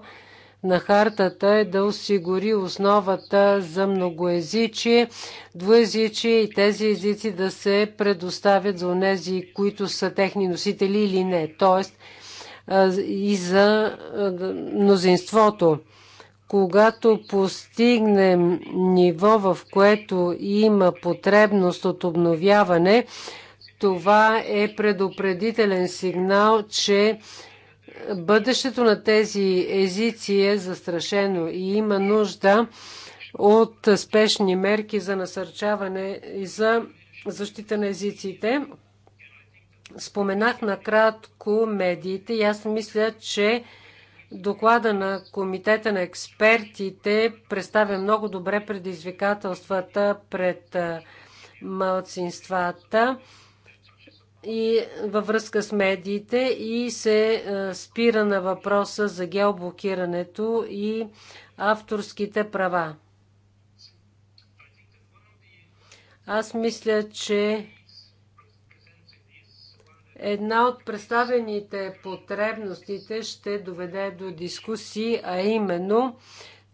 на хартата е да осигури основата за многоезичие, двоезичи и тези езици да се предоставят за онези, които са техни носители или не. Тоест, и за мнозинството. Когато постигнем ниво, в което има потребност от обновяване, това е предупредителен сигнал, че бъдещето на тези езици е застрашено и има нужда от спешни мерки за насърчаване и за защита на езиците. Споменах накратко медиите и аз мисля, че доклада на Комитета на експертите представя много добре предизвикателствата пред малцинствата и във връзка с медиите и се спира на въпроса за геоблокирането и авторските права. Аз мисля, че Една от представените потребностите ще доведе до дискусии, а именно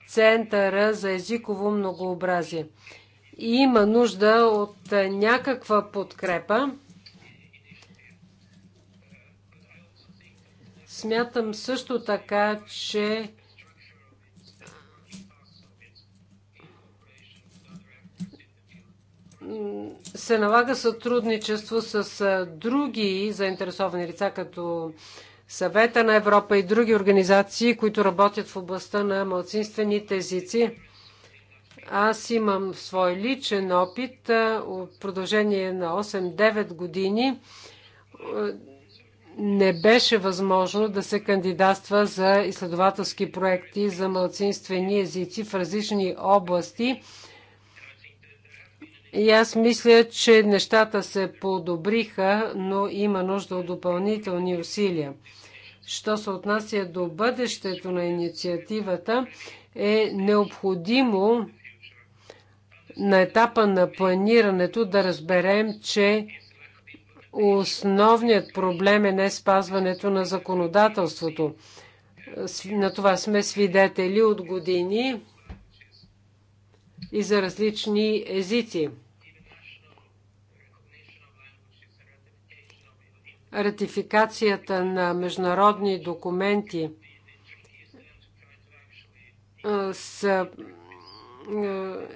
Центъра за езиково многообразие. И има нужда от някаква подкрепа. Смятам също така, че се налага сътрудничество с други заинтересовани лица, като Съвета на Европа и други организации, които работят в областта на малцинствените езици. Аз имам свой личен опит от продължение на 8-9 години. Е, не беше възможно да се кандидатства за изследователски проекти за малцинствени езици в различни области – и аз мисля, че нещата се подобриха, но има нужда от допълнителни усилия. Що се отнася до бъдещето на инициативата, е необходимо на етапа на планирането да разберем, че основният проблем е не спазването на законодателството. На това сме свидетели от години и за различни езици. ратификацията на международни документи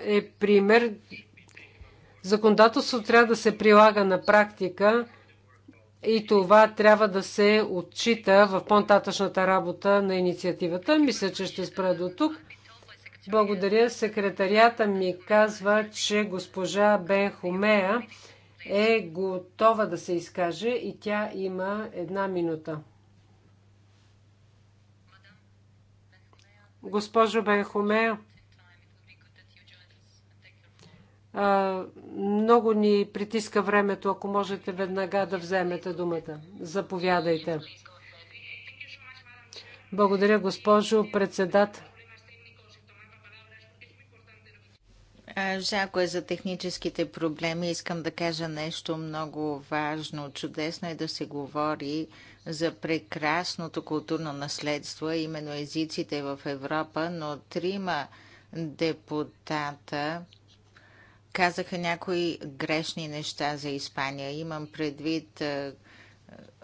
е пример. Законодателството трябва да се прилага на практика и това трябва да се отчита в по-нататъчната работа на инициативата. Мисля, че ще спра до тук. Благодаря. Секретарията ми казва, че госпожа Бен Хумея е готова да се изкаже и тя има една минута. Госпожо Бенхомея, много ни притиска времето, ако можете веднага да вземете думата. Заповядайте. Благодаря, госпожо председател. Жалко е за техническите проблеми. Искам да кажа нещо много важно. Чудесно е да се говори за прекрасното културно наследство, именно езиците в Европа, но трима депутата казаха някои грешни неща за Испания. Имам предвид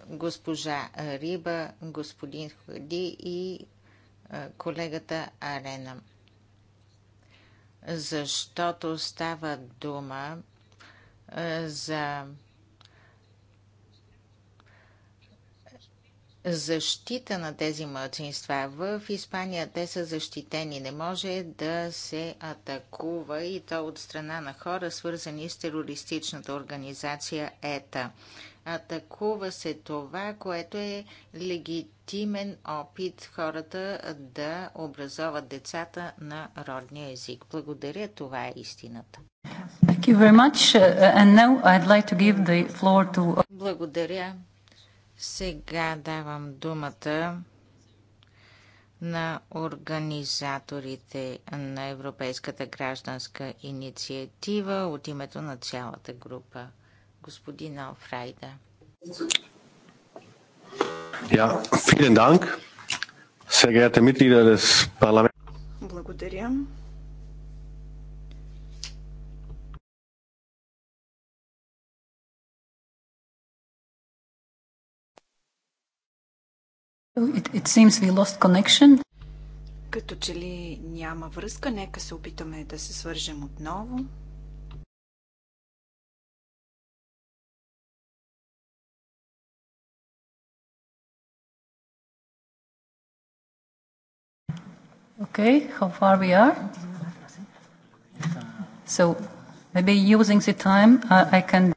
госпожа Риба, господин Хади и колегата Арена защото става дума е, за защита на тези младсинства. В Испания те са защитени. Не може да се атакува и то от страна на хора, свързани с терористичната организация ЕТА. Атакува се това, което е легитимно интимен опит хората да образоват децата на родния език. Благодаря, това е истината. Like to... Благодаря. Сега давам думата на организаторите на Европейската гражданска инициатива от името на цялата група. Господин Алфрайда. Ja, vielen Dank, sehr geehrte Mitglieder des Parlaments. Благодаря. It, it seems we lost connection. Като че ли няма връзка, нека се опитаме да се свържем отново. Okay, how far we are? So maybe using the time uh, I can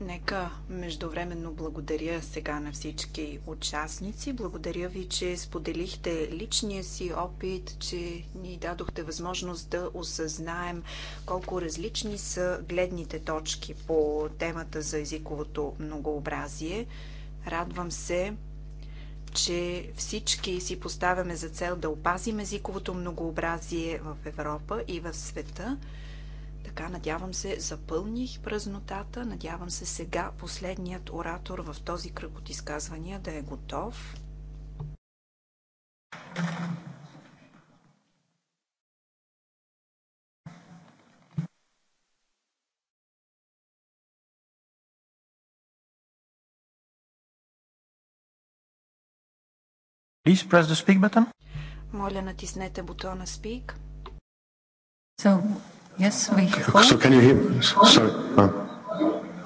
Нека междувременно благодаря сега на всички участници. Благодаря ви, че споделихте личния си опит, че ни дадохте възможност да осъзнаем колко различни са гледните точки по темата за езиковото многообразие. Радвам се, че всички си поставяме за цел да опазим езиковото многообразие в Европа и в света. Така, надявам се, запълних празнотата. Надявам се сега последният оратор в този кръг от изказвания да е готов. Thank you. Please press the speak button. Моля, натиснете бутона Speak. So, yes, we hope... So can you hear Sorry. Uh.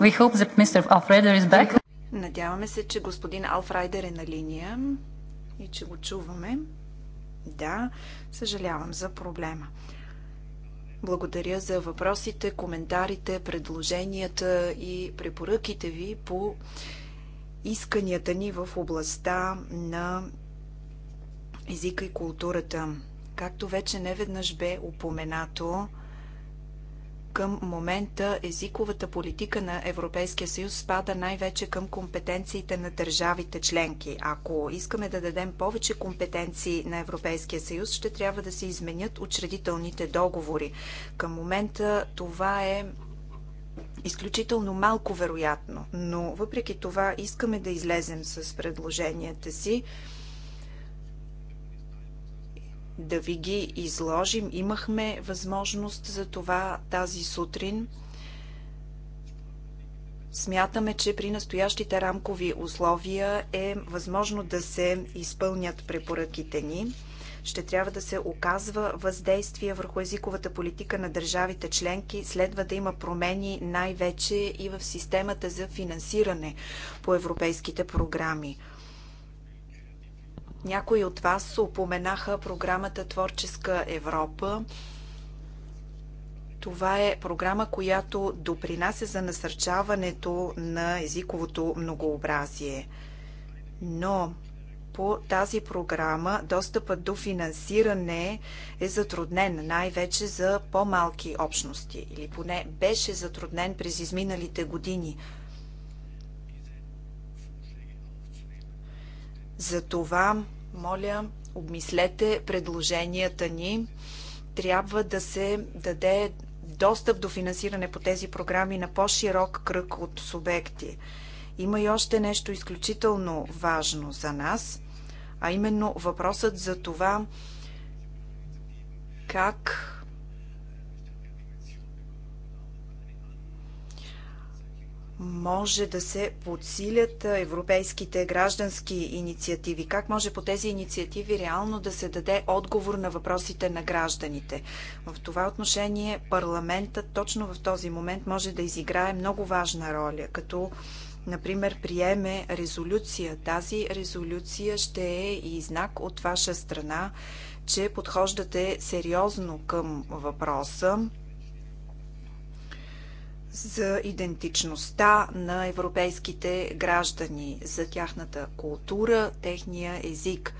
We hope that Mr. Alfreder is back. Надяваме се, че господин Алфрайдер е на линия и че го чуваме. Да, съжалявам за проблема. Благодаря за въпросите, коментарите, предложенията и препоръките ви по исканията ни в областта на езика и културата. Както вече неведнъж бе упоменато, към момента езиковата политика на Европейския съюз спада най-вече към компетенциите на държавите членки. Ако искаме да дадем повече компетенции на Европейския съюз, ще трябва да се изменят учредителните договори. Към момента това е изключително малко вероятно, но въпреки това искаме да излезем с предложенията си да ви ги изложим. Имахме възможност за това тази сутрин. Смятаме, че при настоящите рамкови условия е възможно да се изпълнят препоръките ни. Ще трябва да се оказва въздействие върху езиковата политика на държавите членки. Следва да има промени най-вече и в системата за финансиране по европейските програми. Някои от вас упоменаха програмата Творческа Европа. Това е програма, която допринася за насърчаването на езиковото многообразие. Но по тази програма достъпът до финансиране е затруднен, най-вече за по-малки общности, или поне беше затруднен през изминалите години. Затова, моля, обмислете предложенията ни. Трябва да се даде достъп до финансиране по тези програми на по-широк кръг от субекти. Има и още нещо изключително важно за нас, а именно въпросът за това как може да се подсилят европейските граждански инициативи? Как може по тези инициативи реално да се даде отговор на въпросите на гражданите? В това отношение парламентът точно в този момент може да изиграе много важна роля, като например, приеме резолюция. Тази резолюция ще е и знак от ваша страна, че подхождате сериозно към въпроса за идентичността на европейските граждани, за тяхната култура, техния език.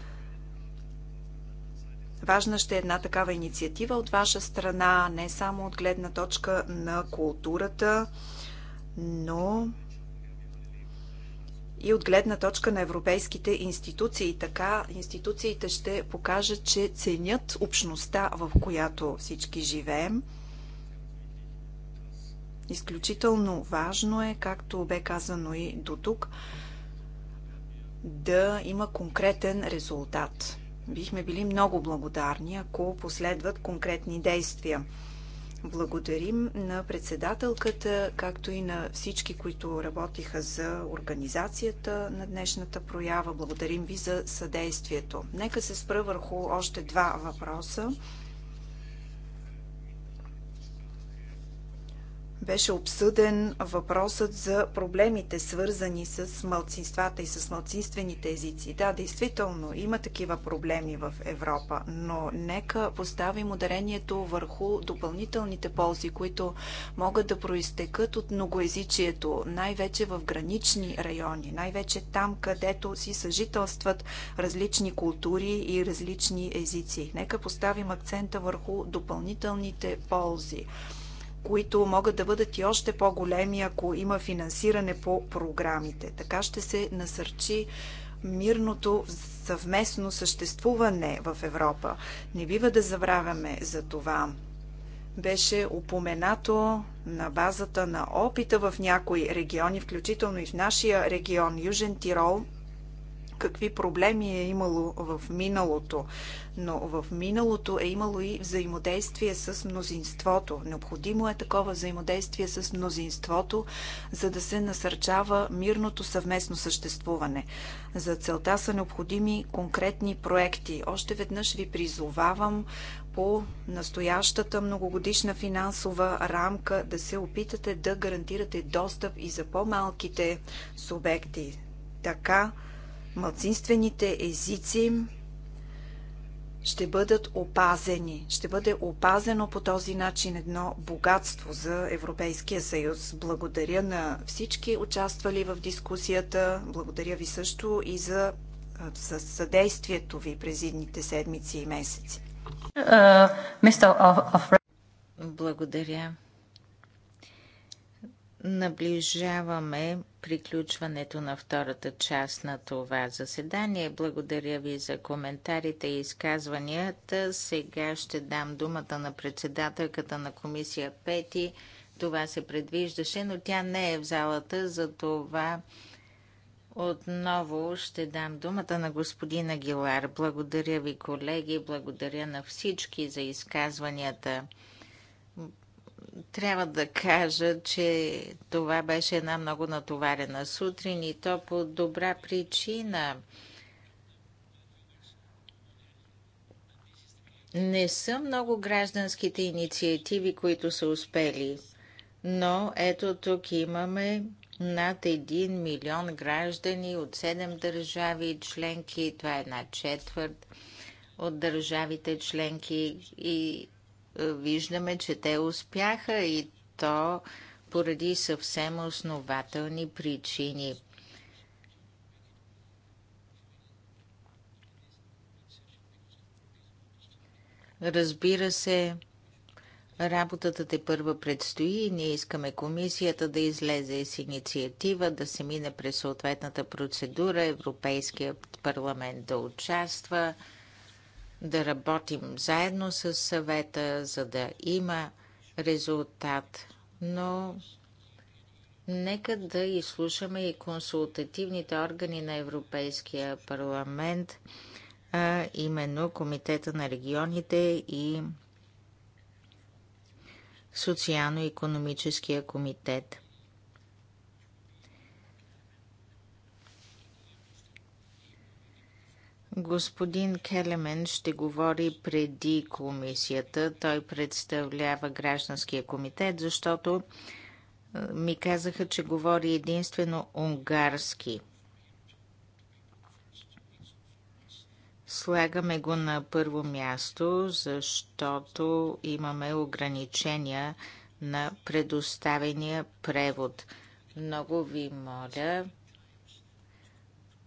Важна ще е една такава инициатива от ваша страна, не само от гледна точка на културата, но и от гледна точка на европейските институции. Така институциите ще покажат, че ценят общността, в която всички живеем – Изключително важно е, както бе казано и до тук, да има конкретен резултат. Бихме били много благодарни, ако последват конкретни действия. Благодарим на председателката, както и на всички, които работиха за организацията на днешната проява. Благодарим ви за съдействието. Нека се спра върху още два въпроса. беше обсъден въпросът за проблемите, свързани с мълцинствата и с мълцинствените езици. Да, действително, има такива проблеми в Европа, но нека поставим ударението върху допълнителните ползи, които могат да проистекат от многоезичието, най-вече в гранични райони, най-вече там, където си съжителстват различни култури и различни езици. Нека поставим акцента върху допълнителните ползи които могат да бъдат и още по-големи, ако има финансиране по програмите. Така ще се насърчи мирното съвместно съществуване в Европа. Не бива да забравяме за това. Беше упоменато на базата на опита в някои региони, включително и в нашия регион Южен Тирол – какви проблеми е имало в миналото, но в миналото е имало и взаимодействие с мнозинството. Необходимо е такова взаимодействие с мнозинството, за да се насърчава мирното съвместно съществуване. За целта са необходими конкретни проекти. Още веднъж ви призовавам по настоящата многогодишна финансова рамка да се опитате да гарантирате достъп и за по-малките субекти. Така малцинствените езици ще бъдат опазени. Ще бъде опазено по този начин едно богатство за Европейския съюз. Благодаря на всички участвали в дискусията. Благодаря ви също и за, съдействието ви през идните седмици и месеци. Uh, Благодаря. Наближаваме приключването на втората част на това заседание. Благодаря ви за коментарите и изказванията. Сега ще дам думата на председателката на комисия Пети. Това се предвиждаше, но тя не е в залата, за това отново ще дам думата на господин Агилар. Благодаря ви, колеги, благодаря на всички за изказванията трябва да кажа, че това беше една много натоварена сутрин и то по добра причина. Не са много гражданските инициативи, които са успели, но ето тук имаме над 1 милион граждани от 7 държави членки, това е една четвърт от държавите членки и е, виждаме, че те успяха и то поради съвсем основателни причини. Разбира се, работата те първа предстои и ние искаме комисията да излезе с инициатива, да се мине през съответната процедура, Европейският парламент да участва – да работим заедно с съвета, за да има резултат. Но нека да изслушаме и консултативните органи на Европейския парламент, а именно Комитета на регионите и Социално-економическия комитет. Господин Келемен ще говори преди комисията. Той представлява гражданския комитет, защото е, ми казаха, че говори единствено унгарски. Слагаме го на първо място, защото имаме ограничения на предоставения превод. Много ви моля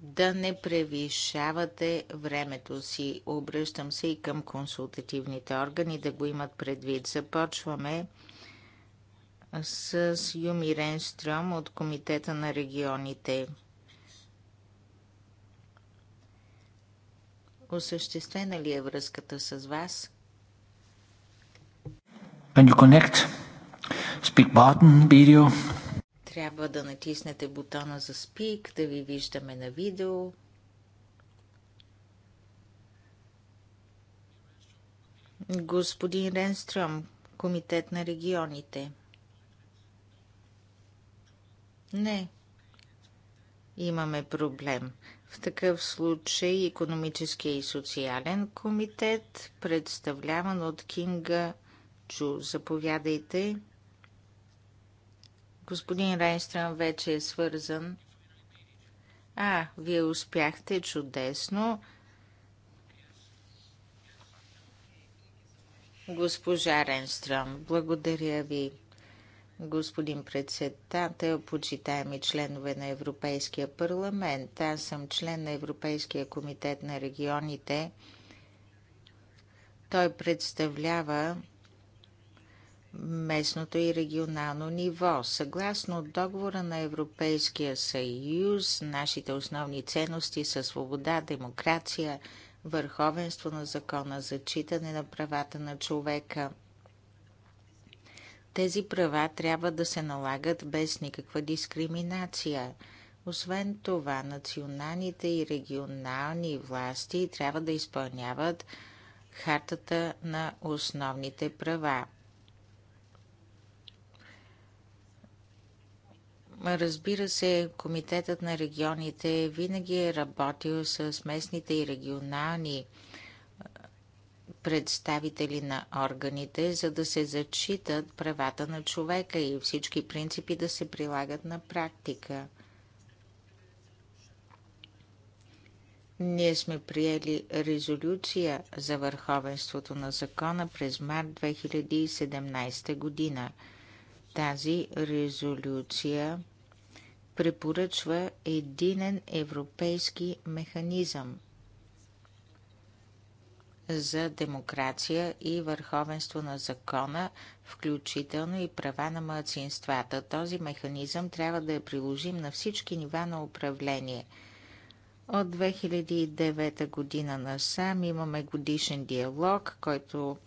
да не превишавате времето си. Обръщам се и към консултативните органи да го имат предвид. Започваме с Юми Ренстрем от Комитета на регионите. Осъществена ли е връзката с вас? Can you connect? Speak button, video. Трябва да натиснете бутона за спик, да ви виждаме на видео. Господин Ренстром, Комитет на регионите. Не. Имаме проблем. В такъв случай економическия и социален комитет, представляван от Кинга Чу. Заповядайте. Господин Рейнстрън вече е свързан. А, вие успяхте чудесно. Госпожа Ренстрам, благодаря ви. Господин председател, почитаеми членове на Европейския парламент, аз съм член на Европейския комитет на регионите. Той представлява местното и регионално ниво. Съгласно договора на Европейския съюз, нашите основни ценности са свобода, демокрация, върховенство на закона, зачитане на правата на човека. Тези права трябва да се налагат без никаква дискриминация. Освен това, националните и регионални власти трябва да изпълняват хартата на основните права. Разбира се, Комитетът на регионите винаги е работил с местните и регионални представители на органите, за да се зачитат правата на човека и всички принципи да се прилагат на практика. Ние сме приели резолюция за върховенството на закона през март 2017 година. Тази резолюция препоръчва единен европейски механизъм за демокрация и върховенство на закона, включително и права на младсинствата. Този механизъм трябва да е приложим на всички нива на управление. От 2009 година насам имаме годишен диалог, който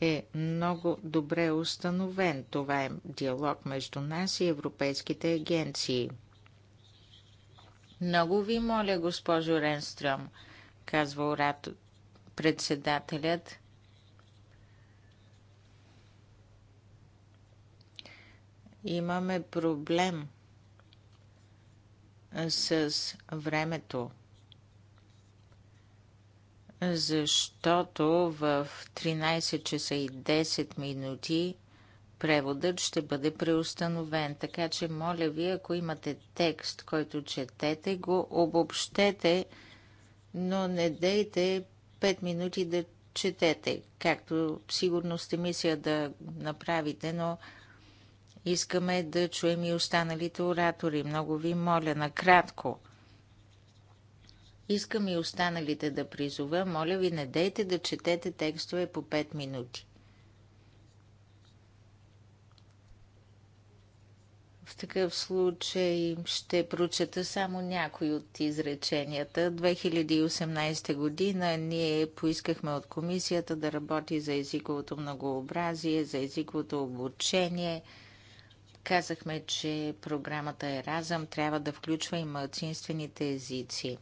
е много добре установен. Това е диалог между нас и европейските агенции. Много ви моля, госпожо Ренстрем, казва орат председателят. Имаме проблем с времето защото в 13 часа и 10 минути преводът ще бъде преустановен. Така че, моля ви, ако имате текст, който четете, го обобщете, но не дейте 5 минути да четете, както сигурно сте мисля да направите, но искаме да чуем и останалите оратори. Много ви моля, накратко. Искам и останалите да призова, моля ви, не дейте да четете текстове по 5 минути. В такъв случай ще прочета само някои от изреченията. 2018 година ние поискахме от комисията да работи за езиковото многообразие, за езиковото обучение. Казахме, че програмата Еразъм трябва да включва и мълцинствените езици.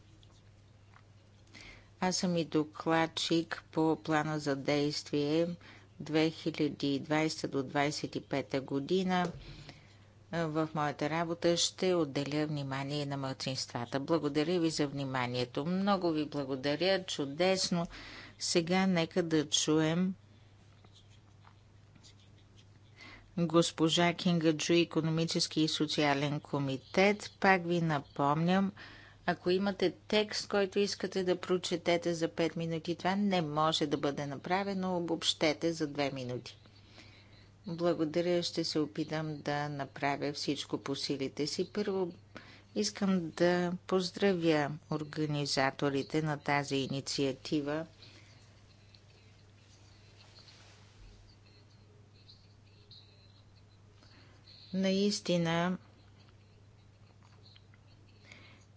Аз съм и докладчик по плана за действие 2020 до 2025 година. В моята работа ще отделя внимание на младсинствата. Благодаря ви за вниманието. Много ви благодаря. Чудесно. Сега нека да чуем госпожа Кинга Джу, економически и социален комитет. Пак ви напомням, ако имате текст, който искате да прочетете за 5 минути, това не може да бъде направено. Обобщете за 2 минути. Благодаря, ще се опитам да направя всичко по силите си. Първо искам да поздравя организаторите на тази инициатива. Наистина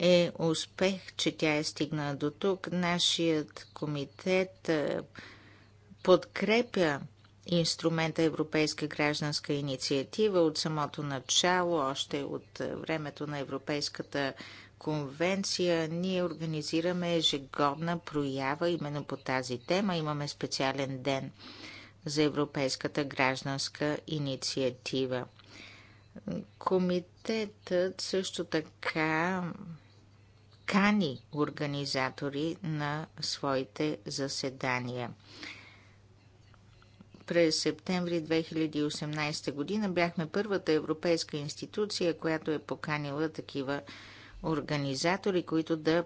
е успех, че тя е стигнала до тук. Нашият комитет е, подкрепя инструмента Европейска гражданска инициатива от самото начало, още от е, времето на Европейската конвенция. Ние организираме ежегодна проява именно по тази тема. Имаме специален ден за Европейската гражданска инициатива. Комитетът също така покани организатори на своите заседания. През септември 2018 година бяхме първата европейска институция, която е поканила такива организатори, които да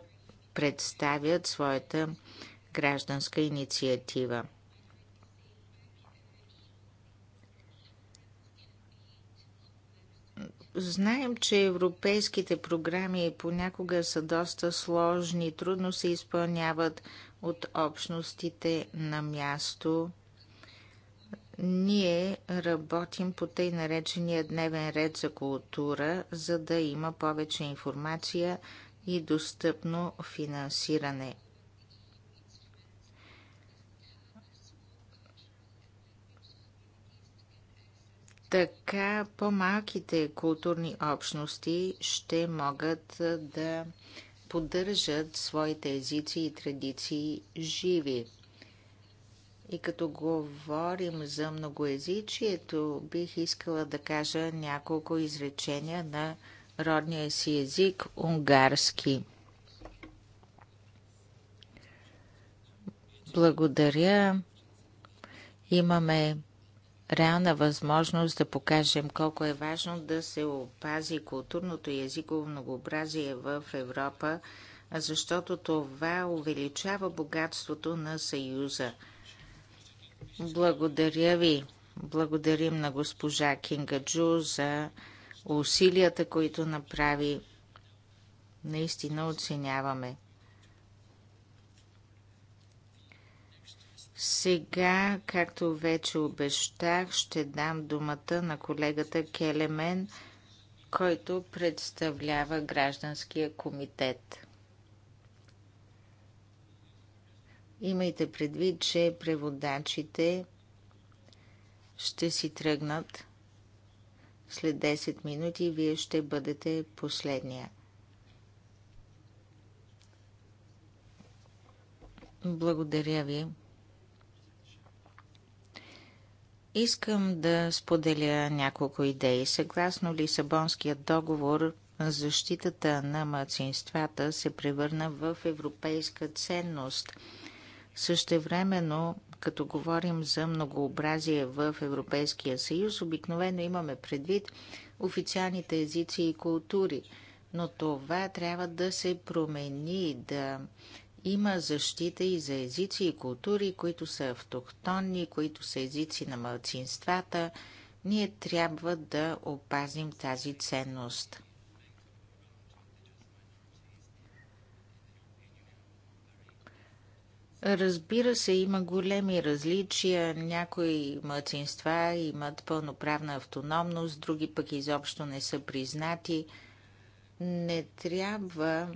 представят своята гражданска инициатива. Знаем, че европейските програми понякога са доста сложни, трудно се изпълняват от общностите на място. Ние работим по тъй наречения дневен ред за култура, за да има повече информация и достъпно финансиране. Така по-малките културни общности ще могат да поддържат своите езици и традиции живи. И като говорим за многоязичието, бих искала да кажа няколко изречения на родния си език унгарски. Благодаря. Имаме реална възможност да покажем колко е важно да се опази културното и езиково многообразие в Европа, защото това увеличава богатството на Съюза. Благодаря ви. Благодарим на госпожа Кингаджу за усилията, които направи. Наистина оценяваме. Сега, както вече обещах, ще дам думата на колегата Келемен, който представлява гражданския комитет. Имайте предвид, че преводачите ще си тръгнат след 10 минути и вие ще бъдете последния. Благодаря ви. Искам да споделя няколко идеи. Съгласно Лисабонския договор, защитата на младсинствата се превърна в европейска ценност. Същевременно, като говорим за многообразие в Европейския съюз, обикновено имаме предвид официалните езици и култури. Но това трябва да се промени, да има защита и за езици и култури, които са автохтонни, които са езици на мълцинствата. Ние трябва да опазим тази ценност. Разбира се, има големи различия. Някои младсинства имат пълноправна автономност, други пък изобщо не са признати. Не трябва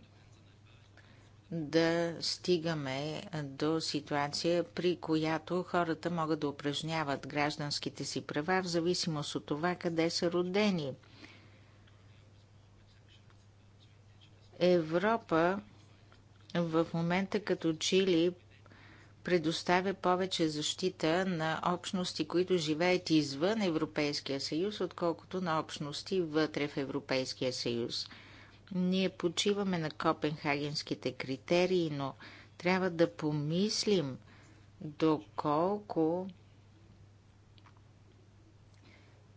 да стигаме до ситуация, при която хората могат да упражняват гражданските си права в зависимост от това къде са родени. Европа в момента като Чили предоставя повече защита на общности, които живеят извън Европейския съюз, отколкото на общности вътре в Европейския съюз – ние почиваме на копенхагенските критерии, но трябва да помислим доколко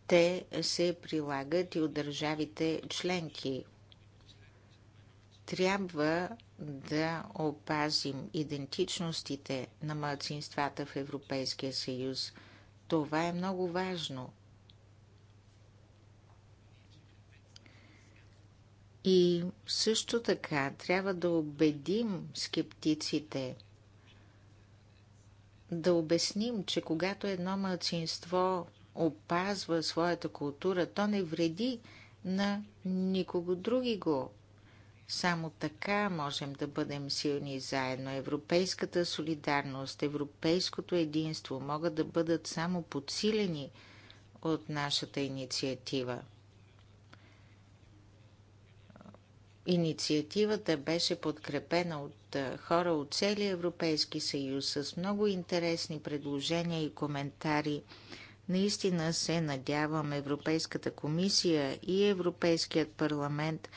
те се прилагат и от държавите членки. Трябва да опазим идентичностите на младсинствата в Европейския съюз. Това е много важно. И също така трябва да убедим скептиците, да обясним, че когато едно мълцинство опазва своята култура, то не вреди на никого други го. Само така можем да бъдем силни заедно. Европейската солидарност, европейското единство могат да бъдат само подсилени от нашата инициатива. Инициативата беше подкрепена от хора от целия Европейски съюз с много интересни предложения и коментари. Наистина се надявам Европейската комисия и Европейският парламент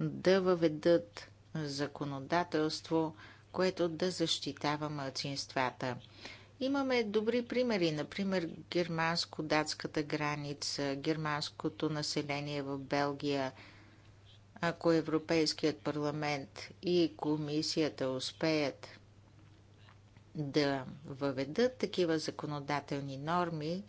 да въведат законодателство, което да защитава младсинствата. Имаме добри примери, например германско-датската граница, германското население в Белгия – ако Европейският парламент и комисията успеят да въведат такива законодателни норми,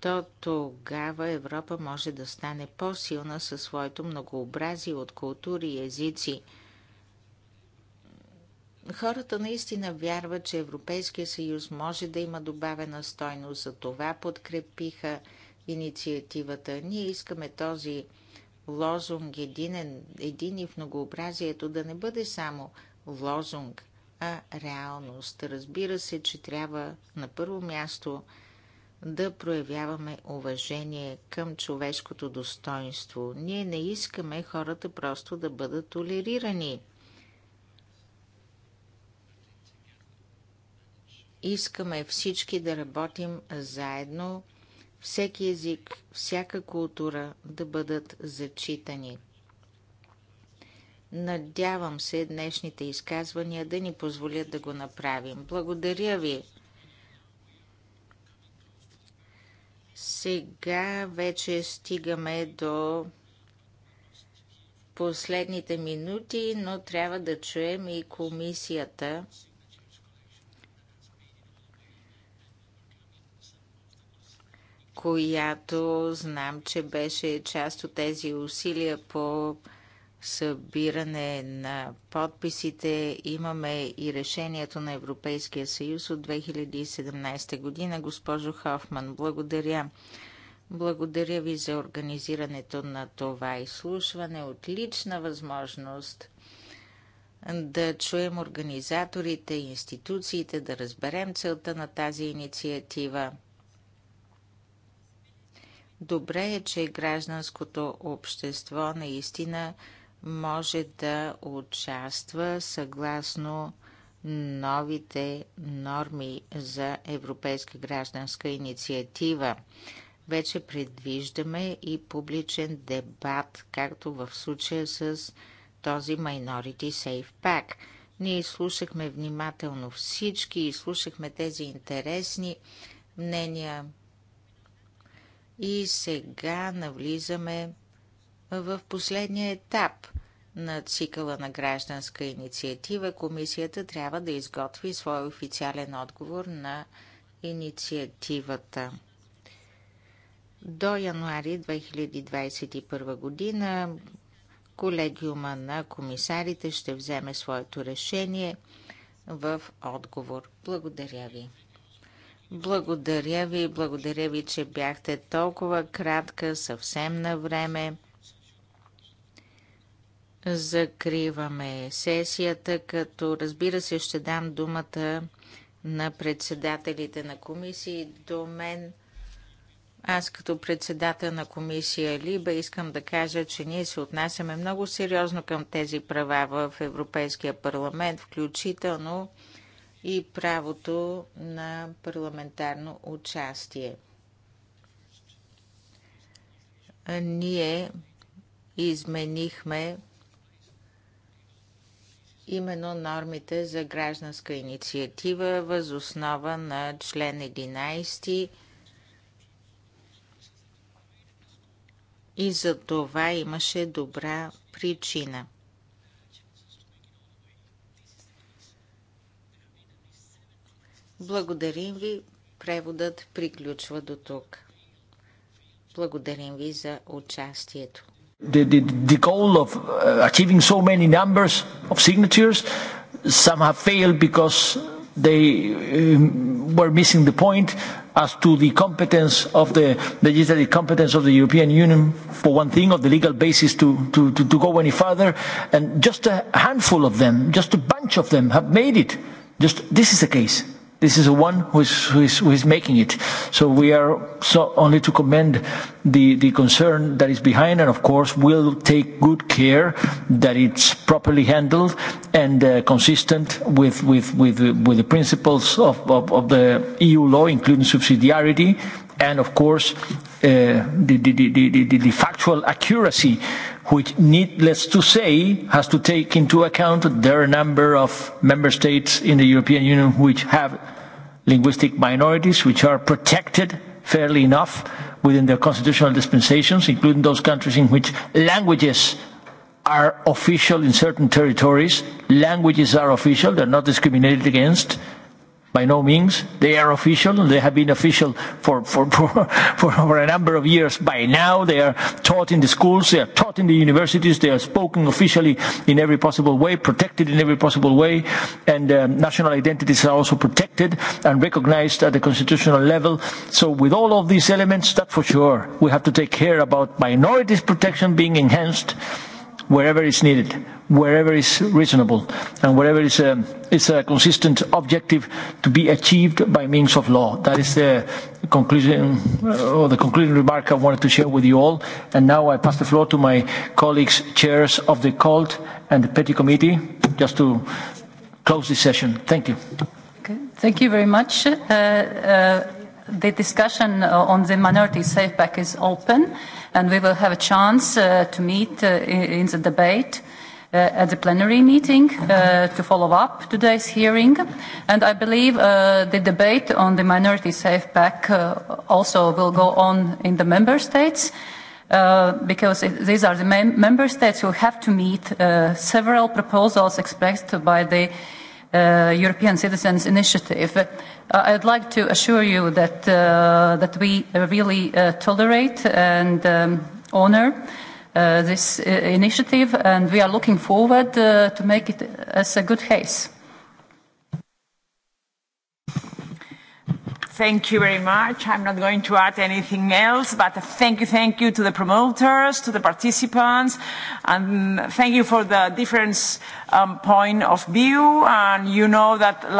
то тогава Европа може да стане по-силна със своето многообразие от култури и езици. Хората наистина вярват, че Европейския съюз може да има добавена стойност, за това подкрепиха инициативата. Ние искаме този лозунг единен, един и в многообразието да не бъде само лозунг, а реалност. Разбира се, че трябва на първо място да проявяваме уважение към човешкото достоинство. Ние не искаме хората просто да бъдат толерирани. Искаме всички да работим заедно – всеки език, всяка култура да бъдат зачитани. Надявам се днешните изказвания да ни позволят да го направим. Благодаря ви! Сега вече стигаме до последните минути, но трябва да чуем и комисията – която знам, че беше част от тези усилия по събиране на подписите. Имаме и решението на Европейския съюз от 2017 година. Госпожо Хофман, благодаря. Благодаря ви за организирането на това изслушване. Отлична възможност да чуем организаторите, институциите, да разберем целта на тази инициатива. Добре е, че гражданското общество наистина може да участва съгласно новите норми за Европейска гражданска инициатива. Вече предвиждаме и публичен дебат, както в случая с този Minority Safe Pack. Ние слушахме внимателно всички и слушахме тези интересни мнения и сега навлизаме в последния етап на цикъла на гражданска инициатива. Комисията трябва да изготви свой официален отговор на инициативата. До януари 2021 година колегиума на комисарите ще вземе своето решение в отговор. Благодаря ви. Благодаря ви, благодаря ви, че бяхте толкова кратка, съвсем на време. Закриваме сесията, като разбира се ще дам думата на председателите на комисии до мен. Аз като председател на комисия Либа искам да кажа, че ние се отнасяме много сериозно към тези права в Европейския парламент, включително и правото на парламентарно участие. Ние изменихме именно нормите за гражданска инициатива въз основа на член 11 и за това имаше добра причина – Благодарим ви. Преводът приключва до тук. Благодарим ви за участието. The, the, the goal of achieving so many numbers of signatures, some have failed because they uh were missing the point as to the competence of the legislative competence of the European Union, for one thing, of the legal basis to, to, to, to go any further. And just a handful of them, just a bunch of them have made it. Just this is the case This is the one who is, who is, who is making it. So we are so only to commend the, the concern that is behind and of course we'll take good care that it's properly handled and uh, consistent with, with, with, with the principles of, of, of the EU law including subsidiarity and of course uh, the, the, the, the, the factual accuracy uh, which, needless to say, has to take into account their number of member states in the European Union which have linguistic minorities which are protected fairly enough within their constitutional dispensations, including those countries in which languages are official in certain territories. Languages are official, they're not discriminated against by no means. They are official. They have been official for, for, for, for over a number of years by now. They are taught in the schools. They are taught in the universities. They are spoken officially in every possible way, protected in every possible way. And um, national identities are also protected and recognized at the constitutional level. So with all of these elements, that for sure, we have to take care about minorities protection being enhanced wherever it's needed wherever is reasonable and wherever is a, is a consistent objective to be achieved by means of law. That is the conclusion or the concluding remark I wanted to share with you all. And now I pass the floor to my colleagues, chairs of the COLT and the Petty Committee, just to close this session. Thank you. Okay. Thank you very much. Uh, uh, the discussion on the minority safe pack is open and we will have a chance uh, to meet uh, in the debate uh, at the plenary meeting uh, to follow up today's hearing. And I believe uh, the debate on the minority safe pack uh, also will go on in the member states uh because it, these are the mem member states who have to meet uh, several proposals expressed by the uh, European Citizens Initiative. Uh, I'd like to assure you that, uh, that we really uh, tolerate and um, honor uh, uh, this uh, initiative, and we are looking forward uh, to make it as a good case. Thank you very much. I'm not going to add anything else, but thank you, thank you to the promoters, to the participants, and thank you for the different um, point of view. And you know that